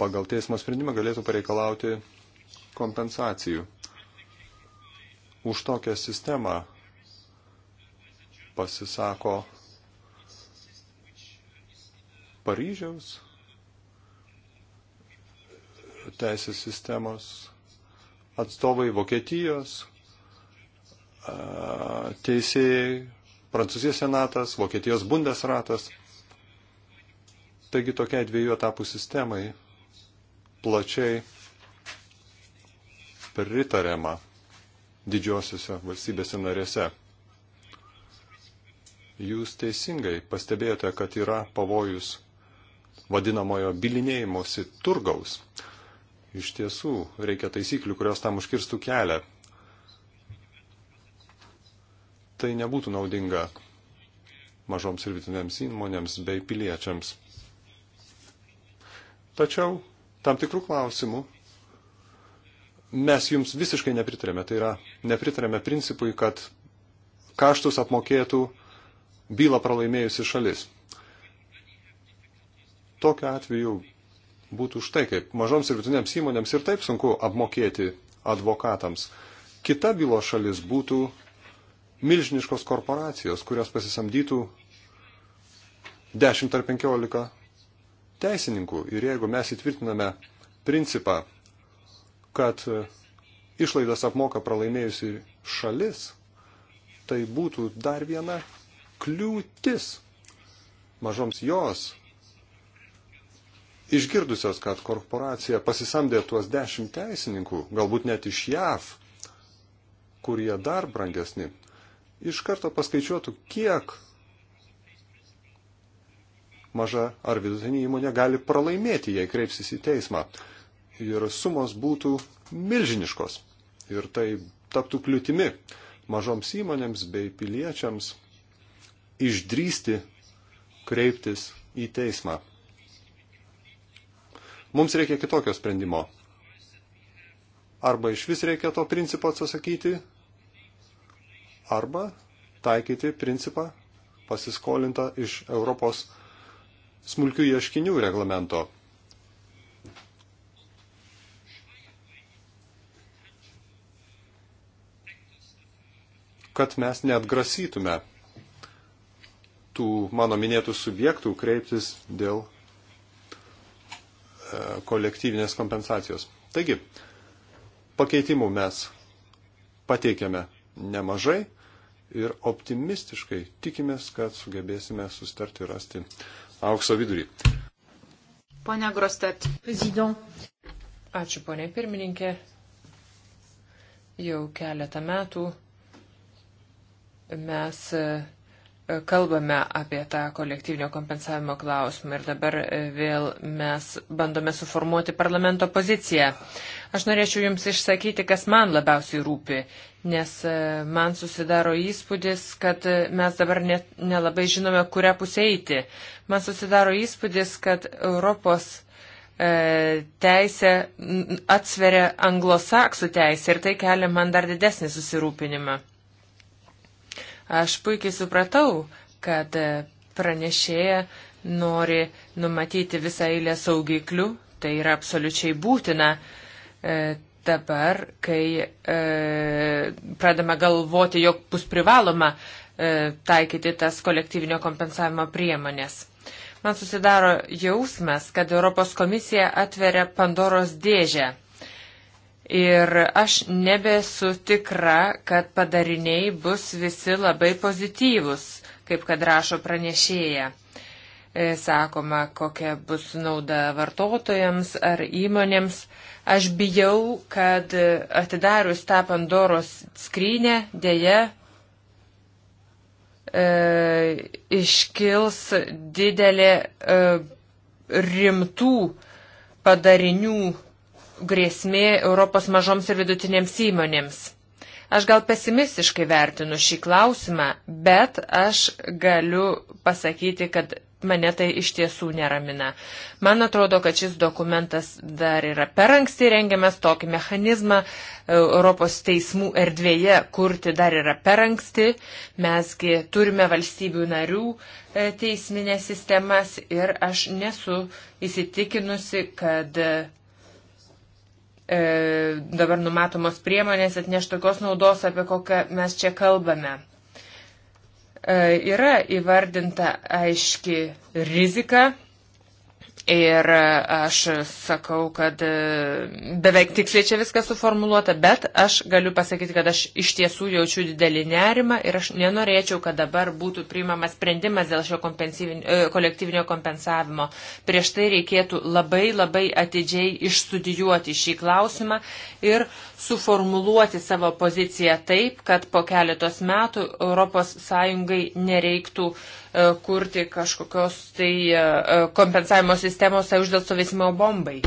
pagal teismo sprendimą galėtų pareikalauti kompensacijų. Už tokią sistemą pasisako Paryžiaus teisės sistemos atstovai Vokietijos, teisėjai Prancūzijos senatas, Vokietijos bundesratas. Taigi tokiai dviejų etapų sistemai plačiai pritariama didžiosiuose valstybėse narėse. Jūs teisingai pastebėjote, kad yra pavojus vadinamojo bilinėjimosi turgaus. Iš tiesų, reikia taisyklių, kurios tam užkirstų kelią. tai nebūtų naudinga mažoms ir vidutinėms įmonėms bei piliečiams. Tačiau tam tikrų klausimų mes jums visiškai nepritarėme. Tai yra, nepritarėme principui, kad kaštus apmokėtų bylą pralaimėjusi šalis. Tokiu atveju būtų štai kaip mažoms ir vidutinėms įmonėms ir taip sunku apmokėti advokatams. Kita bylo šalis būtų milžiniškos korporacijos, kurios pasisamdytų 10 ar 15 teisininkų. Ir jeigu mes įtvirtiname principą, kad e, išlaidas apmoka pralaimėjusi šalis, tai būtų dar viena kliūtis mažoms jos, išgirdusios, kad korporacija pasisamdė tuos dešimt teisininkų, galbūt net iš JAV, kurie dar brangesni, iš karto paskaičiuotų, kiek maža ar vidutinė įmonė gali pralaimėti, jei kreipsis į teismą. Ir sumos būtų milžiniškos. Ir tai taptų kliūtimi mažoms įmonėms bei piliečiams išdrysti kreiptis į teismą. Mums reikia kitokio sprendimo. Arba iš vis reikia to principo atsisakyti, arba taikyti principą pasiskolintą iš Europos smulkių ieškinių reglamento. Kad mes neatgrasytume tų mano minėtų subjektų kreiptis dėl e, kolektyvinės kompensacijos. Taigi, pakeitimų mes pateikėme nemažai ir optimistiškai tikimės, kad sugebėsime sustarti ir rasti aukso vidurį. Pone Grostet. Prezident. Ačiū, ponė pirmininkė. Jau keletą metų mes kalbame apie tą kolektyvinio kompensavimo klausimą ir dabar e, vėl mes bandome suformuoti parlamento poziciją. Aš norėčiau Jums išsakyti, kas man labiausiai rūpi, nes e, man susidaro įspūdis, kad e, mes dabar net, nelabai žinome, kurią pusę eiti. Man susidaro įspūdis, kad Europos e, teisė atsveria anglosaksų teisę ir tai kelia man dar didesnį susirūpinimą. Aš puikiai supratau, kad pranešėja nori numatyti visą eilę saugiklių, tai yra absoliučiai būtina. E, dabar, kai e, pradame galvoti, jog bus privaloma e, taikyti tas kolektyvinio kompensavimo priemonės. Man susidaro jausmas, kad Europos komisija atveria Pandoros dėžę Ir aš nebesu tikra, kad padariniai bus visi labai pozityvus, kaip kad rašo pranešėja. E, sakoma, kokia bus nauda vartotojams ar įmonėms. Aš bijau, kad atidarius tą Pandoros skrynę dėje e, iškils didelė e, rimtų padarinių grėsmė Europos mažoms ir vidutinėms įmonėms. Aš gal pesimistiškai vertinu šį klausimą, bet aš galiu pasakyti, kad mane tai iš tiesų neramina. Man atrodo, kad šis dokumentas dar yra per anksti rengiamas, tokį mechanizmą Europos teismų erdvėje kurti dar yra per anksti. Mesgi turime valstybių narių e, teisminės sistemas ir aš nesu įsitikinusi, kad e, dabar numatomos priemonės atneš tokios naudos, apie kokią mes čia kalbame. E, yra įvardinta aiški rizika Ir aš sakau, kad e, beveik tiksliai čia viskas suformuoluota, bet aš galiu pasakyti, kad aš iš tiesų jaučiu didelį nerimą ir aš nenorėčiau, kad dabar būtų priimamas sprendimas dėl šio e, kolektyvinio kompensavimo. Prieš tai reikėtų labai labai atidžiai išstudijuoti šį klausimą ir suformuluoti savo poziciją taip, kad po keletos metų ES nereiktų e, kurti kažkokios tai e, e, kompensavimo sistemos tai uždėlso veisimo bombai.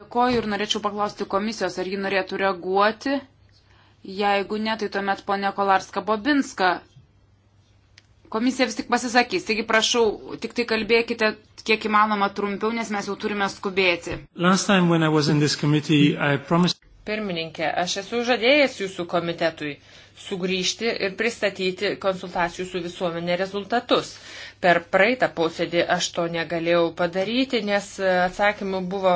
Dėkoju ir norėčiau paklausti komisijos, ar ji norėtų reaguoti. Jeigu ne, tai tuomet ponė Kolarska Bobinska. Komisija vis tik pasisakys, taigi prašau, tik tai kalbėkite kiek įmanoma trumpiau, nes mes jau turime skubėti. Promised pirmininkė, aš esu žadėjęs jūsų komitetui sugrįžti ir pristatyti konsultacijų su visuomenė rezultatus. Per praeitą posėdį aš to negalėjau padaryti, nes atsakymų buvo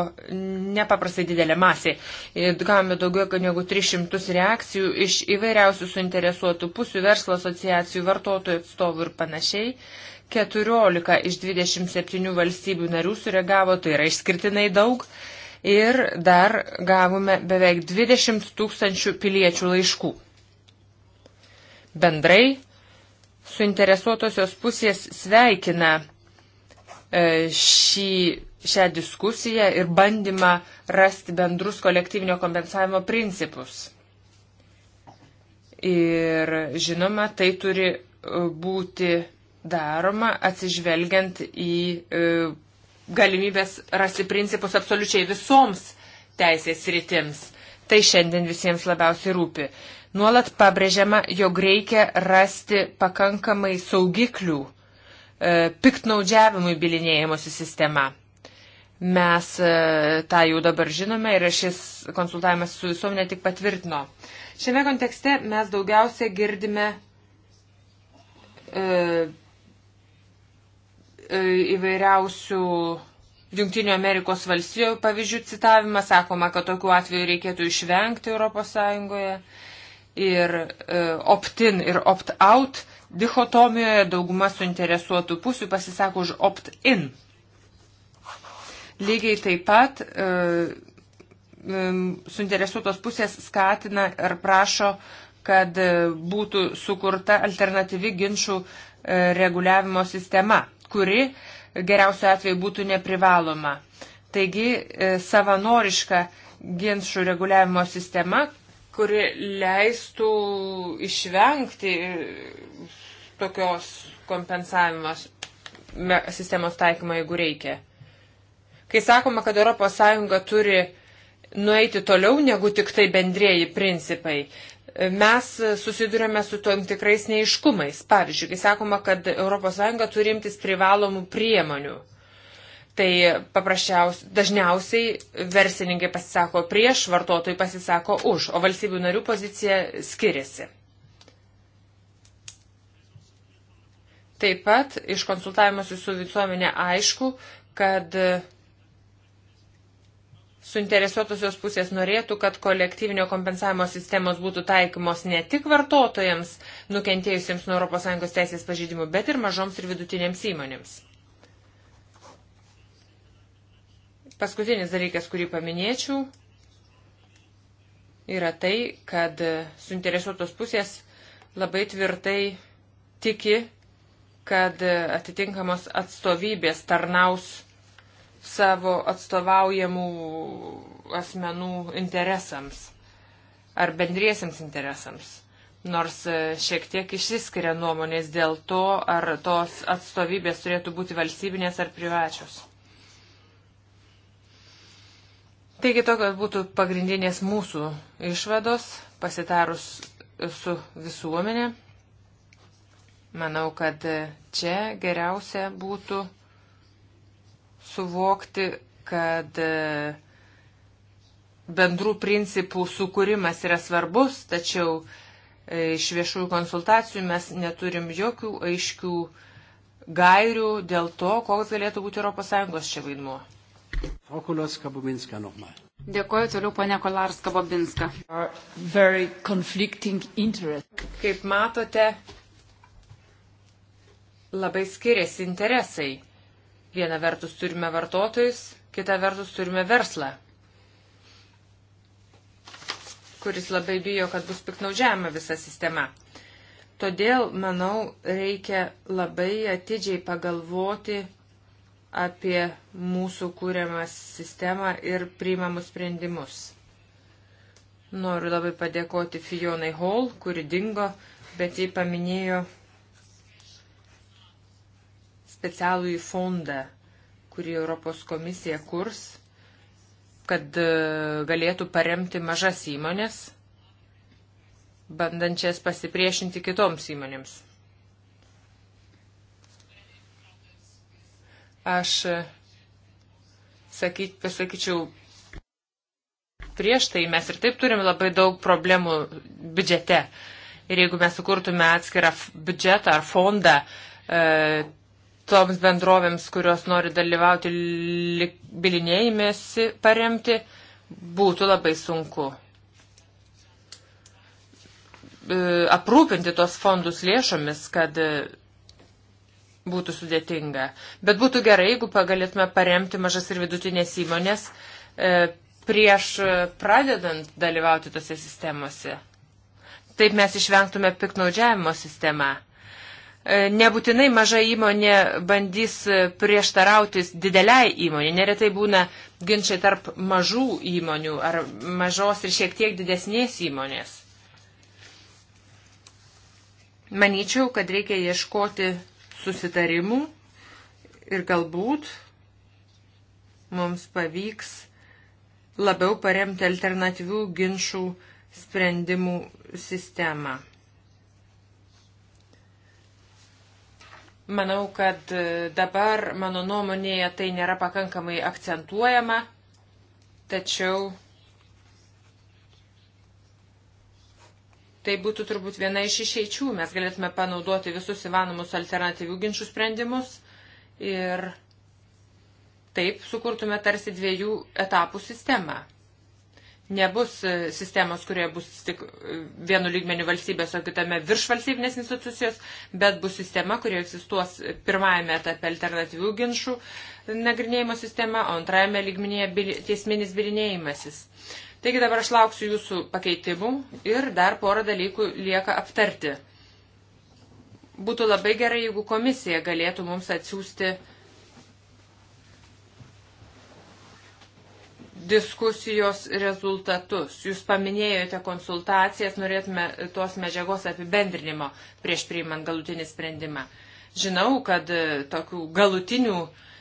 nepaprastai didelė masė. Gavome daugiau negu 300 reakcijų iš įvairiausių suinteresuotų pusių, verslo asociacijų, vartotojų atstovų ir panašiai. 14 iš 27 valstybių narių sureagavo, tai yra išskirtinai daug ir dar gavome beveik 20 tūkstančių piliečių laiškų. Bendrai suinteresuotosios pusės sveikina e, šį, šią diskusiją ir bandymą rasti bendrus kolektyvinio kompensavimo principus. Ir žinoma, tai turi e, būti daroma atsižvelgiant į e, galimybės rasti principus absoliučiai visoms teisės rytims. Tai šiandien visiems labiausiai rūpi. Nuolat pabrėžiama, jog reikia rasti pakankamai saugiklių e, piktnaudžiavimui bilinėjimosi sistema. Mes e, tą jau dabar žinome ir šis konsultavimas su visuomenė tik patvirtino. Šiame kontekste mes daugiausia girdime e, E, įvairiausių Junktinių Amerikos valstijų pavyzdžių citavimas. Sakoma, kad tokiu atveju reikėtų išvengti ES. Ir e, opt-in ir opt-out dichotomijoje dauguma suinteresuotų pusių pasisako už opt-in. Lygiai taip pat e, suinteresuotos pusės skatina ir prašo, kad būtų sukurta alternatyvi ginčių reguliavimo sistema kuri geriausiu atveju būtų neprivaloma. Taigi e, savanoriška ginčių reguliavimo sistema, kuri leistų išvengti e, tokios kompensavimo sistemos taikymą, jeigu reikia. Kai sakoma, kad ES turi nueiti toliau negu tik tai bendrėjai principai, mes susidurėme su tom tikrais neiškumais. Pavyzdžiui, kai sakoma, kad ES turi imtis privalomų priemonių, tai paprasčiausiai dažniausiai verslininkai pasisako prieš, vartotojai pasisako už, o valstybių narių pozicija skiriasi. Taip pat iš konsultavimuose su visuomenė aišku, kad suinteresuotosios pusės norėtų, kad kolektyvinio kompensavimo sistemos būtų taikymos ne tik vartotojams nukentėjusiems nuo ES teisės pažydimų, bet ir mažoms ir vidutinėms įmonėms. Paskutinis dalykas, kurį paminėčiau, yra tai, kad suinteresuotos pusės labai tvirtai tiki, kad atitinkamos atstovybės tarnaus savo atstovaujamų asmenų interesams ar bendriesiams interesams. Nors e, šiek tiek išsiskiria nuomonės dėl to, ar tos atstovybės turėtų būti valstybinės ar privačios. Taigi tokios būtų pagrindinės mūsų išvados pasitarus su visuomenė. Manau, kad e, čia geriausia būtų suvokti, kad e, bendrų principų sukūrimas yra svarbus, tačiau e, iš viešųjų konsultacijų mes neturim jokių aiškių gairių dėl to, koks galėtų būti ES čia vaidmuo. Dėkuoju toliau, ponia Kolarska Bobinska. Kaip matote, labai skiriasi interesai. Viena vertus turime vartotojus, kita vertus turime verslą, kuris labai bijo, kad bus piknaudžiama visa sistema. Todėl, manau, reikia labai atidžiai pagalvoti apie mūsų kūriamą sistemą ir priimamus sprendimus. Noriu labai padėkoti Fionai Hall, kuri dingo, bet jį paminėjo specialų į fondą, kurį Europos komisija kurs, kad e, galėtų paremti mažas įmonės, bandančias pasipriešinti kitoms įmonėms. Aš e, sakyt, pasakyčiau, prieš tai mes ir taip turim labai daug problemų biudžete. Ir jeigu mes sukurtume atskirą biudžetą ar fondą e, toms bendrovėms, kurios nori dalyvauti bilinėjimėsi paremti, būtų labai sunku e, aprūpinti tos fondus lėšomis, kad e, būtų sudėtinga. Bet būtų gerai, jeigu galėtume paremti mažas ir vidutinės įmonės e, prieš pradedant dalyvauti tose sistemose. Taip mes išvengtume piknaudžiavimo sistemą. E, nebūtinai maža įmonė bandys prieštarauti dideliai įmonė. Neretai būna ginčiai tarp mažų įmonių ar mažos ir šiek tiek didesnės įmonės. Manyčiau, kad reikia ieškoti susitarimų ir galbūt mums pavyks labiau paremti alternatyvių ginčių sprendimų sistemą. Manau, kad e, dabar mano nuomonėje tai nėra pakankamai akcentuojama, tačiau tai būtų turbūt viena iš išeičių. Mes galėtume panaudoti visus įmanomus alternatyvių ginčių sprendimus ir taip sukurtume tarsi dviejų etapų sistemą. Nebus e, sistemos, kurioje bus tik e, vienu lygmeniu valstybės, o kitame virš valstybinės institucijos, bet bus sistema, kurioje egzistuos pirmajame etape alternatyvių ginčių nagrinėjimo sistema, o antrajame lygmenyje teisminis bilinėjimasis. Taigi dabar aš lauksiu jūsų pakeitimų ir dar porą dalykų lieka aptarti būtų labai gerai, jeigu komisija galėtų mums atsiųsti diskusijos rezultatus. Jūs paminėjote konsultacijas, norėtume tos medžiagos apibendrinimo prieš priimant galutinį sprendimą. Žinau, kad e, tokių galutinių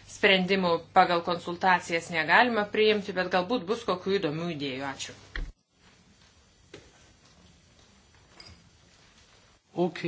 sprendimų pagal konsultacijas negalima priimti, bet galbūt bus kokių įdomių idėjų. Ačiū. Okay.